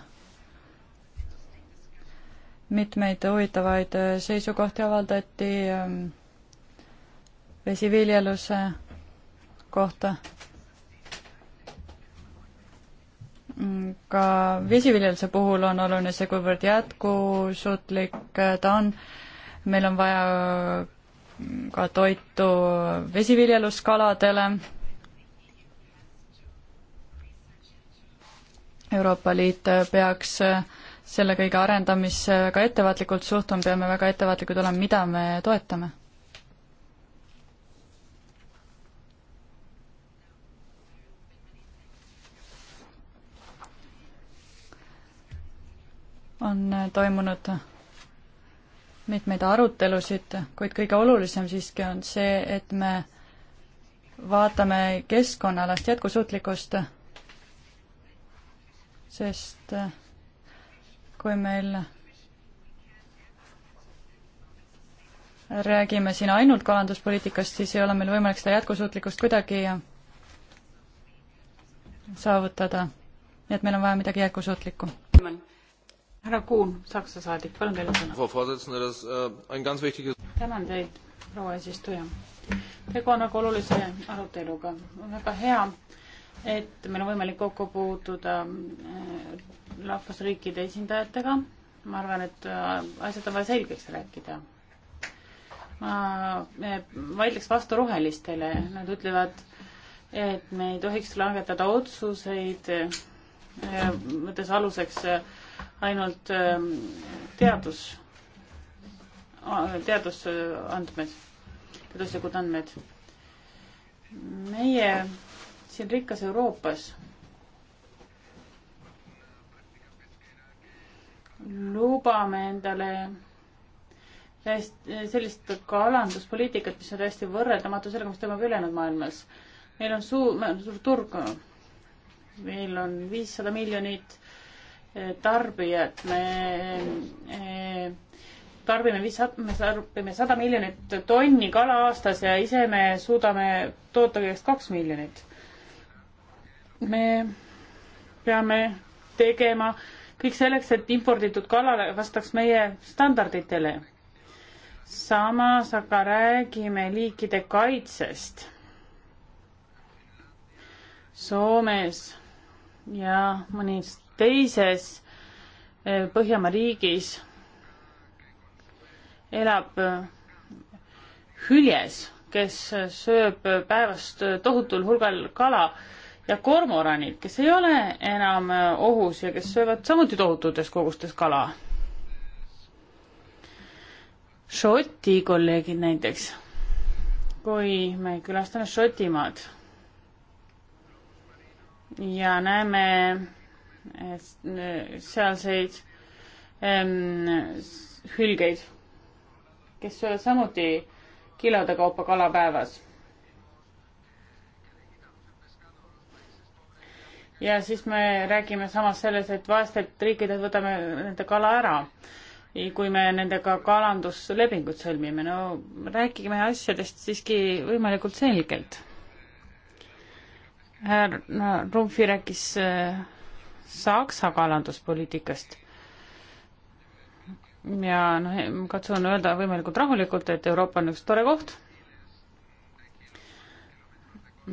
Speaker 3: mitmeid huvitavaid äh, seisukohti avaldati ähm, vesiviljeluse kohta. ka vesiviljeluse puhul on oluline see, kuivõrd jätkusuutlik ta on. meil on vaja ka toitu vesiviljeluskaladele. Euroopa Liit peaks selle kõige arendamisse väga ettevaatlikult suhtuma, peame väga ettevaatlikud olema, mida me toetame on toimunud mitmeid arutelusid, kuid kõige olulisem siiski on see, et me vaatame keskkonnaalast jätkusuutlikkust, sest kui meil räägime siin ainult kalanduspoliitikast, siis ei ole meil võimalik seda jätkusuutlikkust kuidagi saavutada. nii et meil on vaja midagi
Speaker 1: jätkusuutlikku härra Kuhn, Saksa saadik, palun teile
Speaker 5: sõna. Äh,
Speaker 1: tänan teid, proua eesistuja. tegu on väga olulise aruteluga. on väga hea, et meil on võimalik kokku puutuda äh, rahvusriikide esindajatega. ma arvan, et äh, asjad on vaja selgeks rääkida. ma vaidleks vastu rohelistele, nad ütlevad, et me ei tohiks langetada otsuseid, võttes aluseks äh, ainult ähm, teadus, teadusandmed, teaduslikud andmed. meie siin rikkas Euroopas lubame endale täiesti sellist kalanduspoliitikat, mis on täiesti võrreldamatu sellega, mis toimub ülejäänud maailmas. meil on suur, meil on suur turg, meil on viissada miljonit tarbijad, me e, tarbime viissada, me tarbime sada miljonit tonni kala aastas ja ise me suudame toota kõigest kaks miljonit. me peame tegema kõik selleks, et imporditud kalale vastaks meie standarditele. samas aga räägime liikide kaitsest. Soomes ja mõnis teises eh, Põhjamaa riigis elab eh, hüljes, kes eh, sööb päevast tohutul hulgal kala ja kormoranid, kes ei ole enam ohus ja kes söövad samuti tohututes kogustes kala. Šoti kolleegid näiteks, kui me külastame Šotimaad ja näeme sealseid ähm, hülgeid, kes söövad samuti kilode kaupa kala päevas. ja siis me räägime samas selles, et vaestelt riikidelt võtame nende kala ära, kui me nendega kalanduslepingut sõlmime. no räägime asjadest siiski võimalikult selgelt härra no, Rumfi rääkis äh, Saksa kalanduspoliitikast. ja noh, katsun öelda võimalikult rahulikult, et Euroopa on üks tore koht.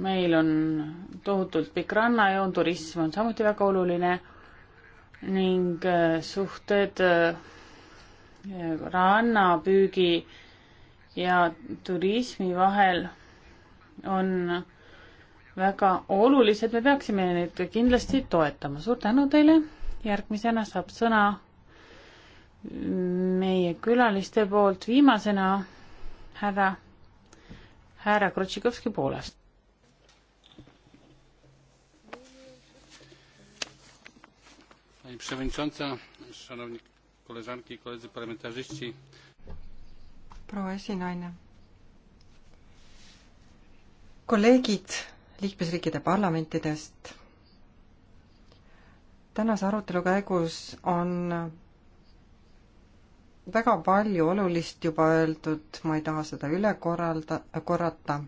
Speaker 1: meil on tohutult pikk rannajoon, turism on samuti väga oluline ning äh, suhted äh, rannapüügi ja turismi vahel on väga olulised, me peaksime neid kindlasti toetama. suur tänu teile, järgmisena saab sõna meie külaliste poolt viimasena härra, härra Krutšikovski poolest.
Speaker 5: pani przewodnicząca szanowni koleżanki i koledzy parlamentarzyści
Speaker 2: proua esinaine kolleegid liikmesriikide parlamentidest. tänase arutelu käigus on väga palju olulist juba öeldud, ma ei taha seda üle korralda, korrata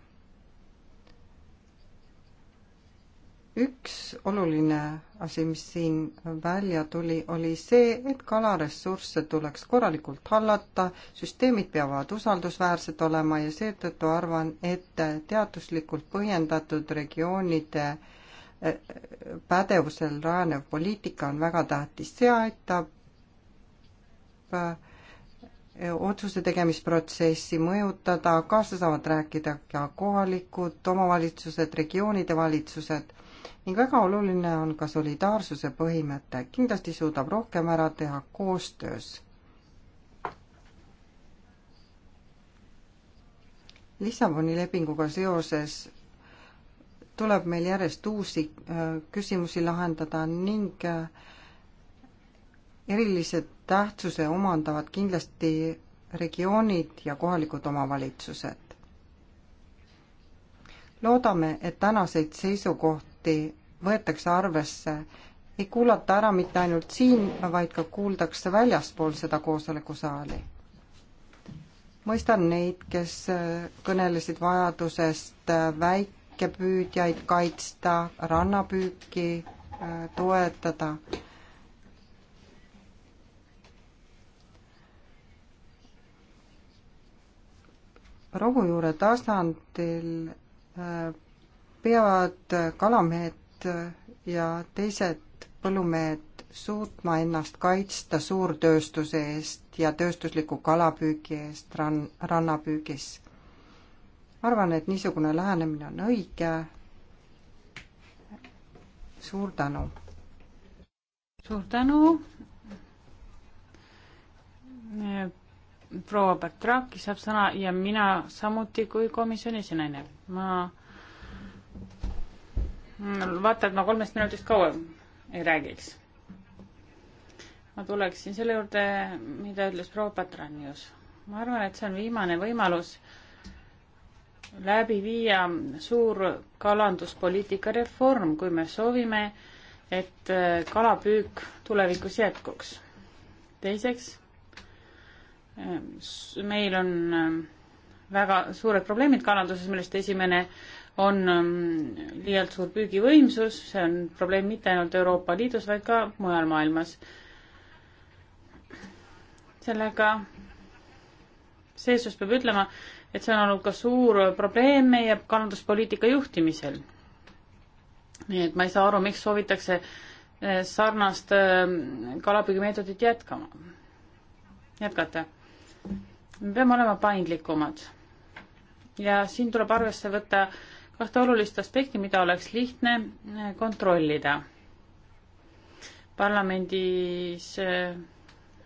Speaker 2: üks oluline asi, mis siin välja tuli, oli see, et kalaressursse tuleks korralikult hallata, süsteemid peavad usaldusväärsed olema ja seetõttu arvan, et teaduslikult põhjendatud regioonide eh, pädevusel rajanev poliitika on väga tähtis, see aitab eh, otsuse tegemisprotsessi mõjutada, kaasa saavad rääkida ka kohalikud omavalitsused, regioonide valitsused ning väga oluline on ka solidaarsuse põhimõte. kindlasti suudab rohkem ära teha koostöös. Lissaboni lepinguga seoses tuleb meil järjest uusi äh, küsimusi lahendada ning äh, erilise tähtsuse omandavad kindlasti regioonid ja kohalikud omavalitsused. loodame, et tänaseid seisukohti alati võetakse arvesse, ei kuulata ära mitte ainult siin, vaid ka kuuldakse väljaspool seda koosolekusaali. mõistan neid, kes kõnelesid vajadusest väikepüüdjaid kaitsta, rannapüüki äh, toetada rohujuure tasandil äh, peavad kalamehed ja teised põllumehed suutma ennast kaitsta suurtööstuse eest ja tööstusliku kalapüügi eest ran-, rannapüügis. arvan, et niisugune lähenemine on õige. suur tänu! suur
Speaker 1: tänu! proua Patraki saab sõna ja mina samuti kui komisjoni esinaine. ma Mm, vaata, et ma kolmest minutist kauem ei räägiks. ma tuleksin selle juurde, mida ütles proua Patranius. ma arvan, et see on viimane võimalus läbi viia suur kalanduspoliitika reform, kui me soovime, et äh, kalapüük tulevikus jätkuks. teiseks, äh, meil on äh, väga suured probleemid kalanduses, millest esimene on ähm, liialt suur püügivõimsus, see on probleem mitte ainult Euroopa Liidus, vaid ka mujal maailmas. sellega seesus peab ütlema, et see on olnud ka suur probleem meie kalanduspoliitika juhtimisel. nii et ma ei saa aru, miks soovitakse äh, sarnast äh, kalapüügimeetodit jätkama, jätkata. me peame olema paindlikumad ja siin tuleb arvesse võtta kahte olulist aspekti, mida oleks lihtne eh, kontrollida. parlamendis eh,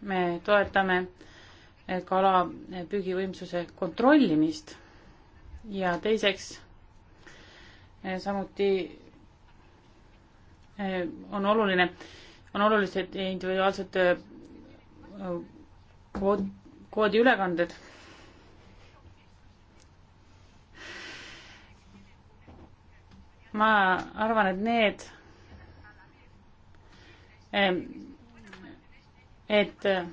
Speaker 1: me toetame eh, kalapüügivõimsuse kontrollimist ja teiseks samuti on oluline, on olulised individuaalsed kvoodi ülekanded ma arvan, et need, et e,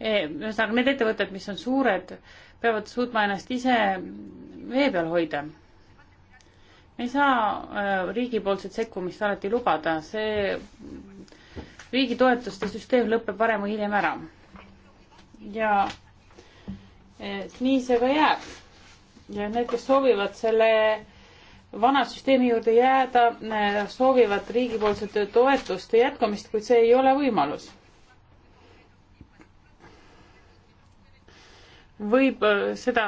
Speaker 1: ühesõnaga need ettevõtted, mis on suured, peavad suutma ennast ise vee peal hoida. me ei saa e, riigipoolset sekkumist alati lubada, see riigi toetuste süsteem lõpeb varem või hiljem ära. ja e, nii see ka jääb. ja need, kes soovivad selle vana süsteemi juurde jääda, soovivad riigipoolsete toetuste jätkamist, kuid see ei ole võimalus. võib äh, seda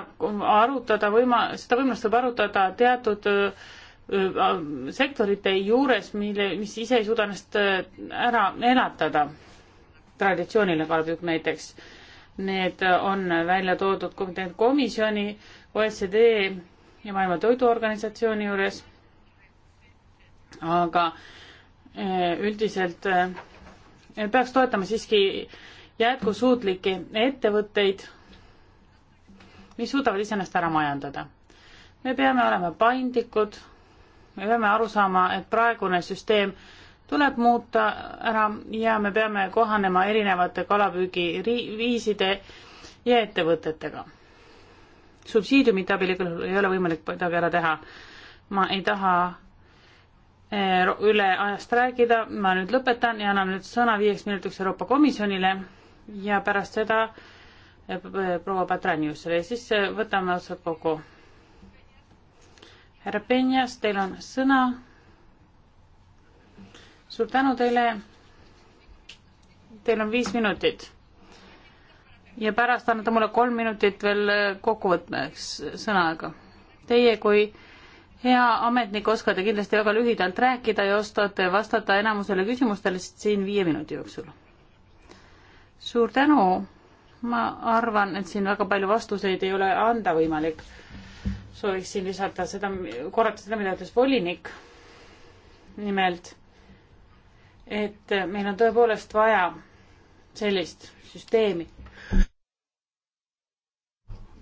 Speaker 1: arutada võima-, seda võimalust võib arutada teatud äh, äh, sektorite juures, mille, mis ise ei suuda ennast ära elatada. traditsiooniline kalapüük näiteks. Need on välja toodud komisjoni OECD ja Maailma Toiduorganisatsiooni juures. aga e, üldiselt e, peaks toetama siiski jätkusuutlikke ettevõtteid, mis suudavad iseennast ära majandada. me peame olema paindlikud, me peame aru saama, et praegune süsteem tuleb muuta ära ja me peame kohanema erinevate kalapüügiviiside ja ettevõtetega subsiidiumite abil igal juhul ei ole võimalik midagi ära teha. ma ei taha eh, üle ajast rääkida, ma nüüd lõpetan ja annan nüüd sõna viieks minutiks Euroopa Komisjonile ja pärast seda eh, proua Patraniusele ja siis eh, võtame otsad kokku. härra Penjas, teil on sõna. suur tänu teile. Teil on viis minutit ja pärast annate mulle kolm minutit veel kokkuvõtmeks sõnaaega. Teie kui hea ametnik oskate kindlasti väga lühidalt rääkida ja oskate vastata enamusele küsimustele siin viie minuti jooksul. suur tänu, ma arvan, et siin väga palju vastuseid ei ole anda võimalik. sooviksin lisada seda, korrata seda, mida ütles volinik. nimelt, et meil on tõepoolest vaja sellist süsteemi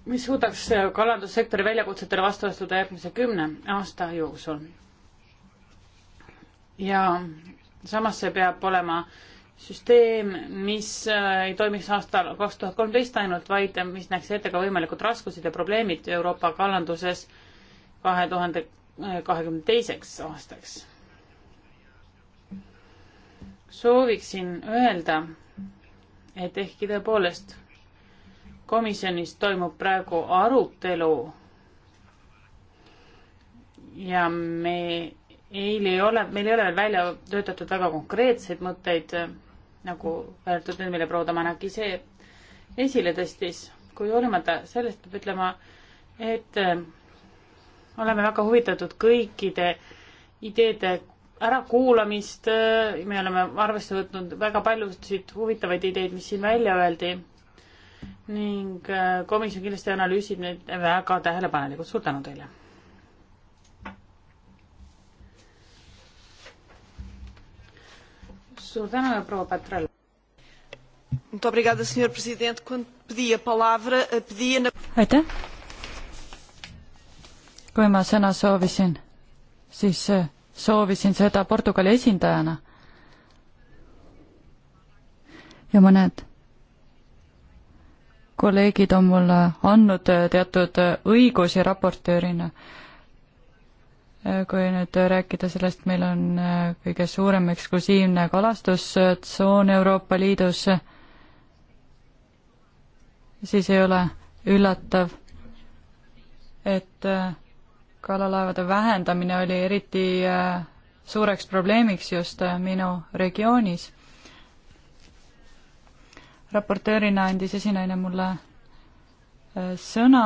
Speaker 1: mis suudaks kalandussektori väljakutsetele vastu astuda järgmise kümne aasta jooksul. ja samas see peab olema süsteem, mis äh, ei toimiks aastal kaks tuhat kolmteist ainult, vaid mis näeks ette ka võimalikud raskused ja probleemid Euroopa kalanduses kahe tuhande kahekümne teiseks aastaks. sooviksin öelda, et ehkki tõepoolest komisjonis toimub praegu arutelu ja me eil ei ole, meil ei ole veel välja töötatud väga konkreetseid mõtteid, eh, nagu öeldud, mille proua Tamanak ise esile tõstis, kui hoolimata sellest peab ütlema, et eh, oleme väga huvitatud kõikide ideede ärakuulamist, eh, me oleme arvesse võtnud väga paljusid huvitavaid ideid, mis siin välja öeldi ning äh, komisjon kindlasti analüüsib neid väga tähelepanelikult, suur tänu teile! suur tänu ja proua Petrel! Eh,
Speaker 3: aitäh! kui ma sõna soovisin, siis eh, soovisin seda Portugali esindajana. ja mõned kolleegid on mulle andnud äh, teatud äh, õigusi raportöörina. Äh, kui nüüd rääkida sellest, meil on kõige suurem eksklusiivne kalastustsoon Euroopa Liidus, siis ei ole üllatav, et kalalaevade vähendamine oli eriti suureks probleemiks just minu regioonis raportöörina andis esinaine mulle äh, sõna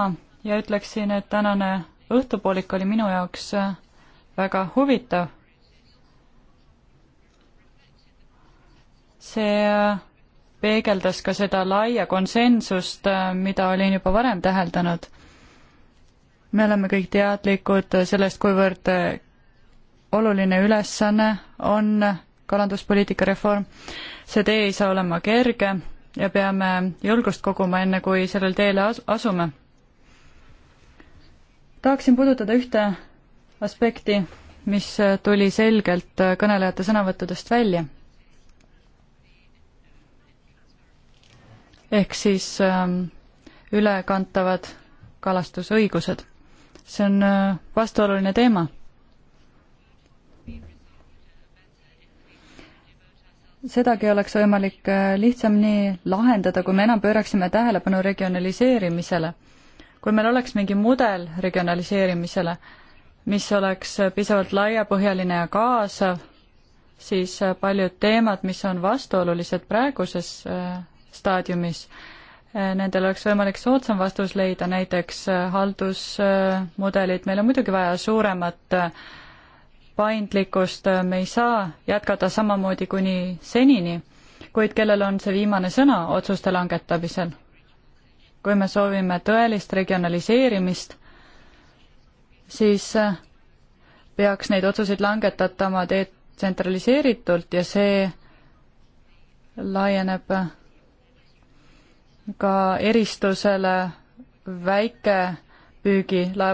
Speaker 3: ja ütleksin, et tänane õhtupoolik oli minu jaoks äh, väga huvitav. see äh, peegeldas ka seda laia konsensust, mida olin juba varem täheldanud. me oleme kõik teadlikud sellest, kuivõrd oluline ülesanne on kalanduspoliitika reform. see tee ei saa olema kerge ja peame julgust koguma, enne kui sellel teele as-, asume. tahaksin puudutada ühte aspekti, mis tuli selgelt kõnelejate sõnavõttudest välja. ehk siis ähm, ülekantavad kalastusõigused. see on äh, vastuoluline teema sedagi oleks võimalik äh, lihtsam nii lahendada, kui me enam pööraksime tähelepanu regionaliseerimisele. kui meil oleks mingi mudel regionaliseerimisele, mis oleks piisavalt laiapõhjaline ja kaasav, siis äh, paljud teemad, mis on vastuolulised praeguses äh, staadiumis, nendel oleks võimalik soodsam vastus leida, näiteks haldusmudelid, meil on muidugi vaja suuremat paindlikkust, äh, me ei saa jätkata samamoodi kuni senini, kuid kellel on see viimane sõna otsuste langetamisel? kui me soovime tõelist regionaliseerimist, siis äh, peaks neid otsuseid langetatama detsentraliseeritult ja see laieneb äh, ka eristusele väikepüügilaev-,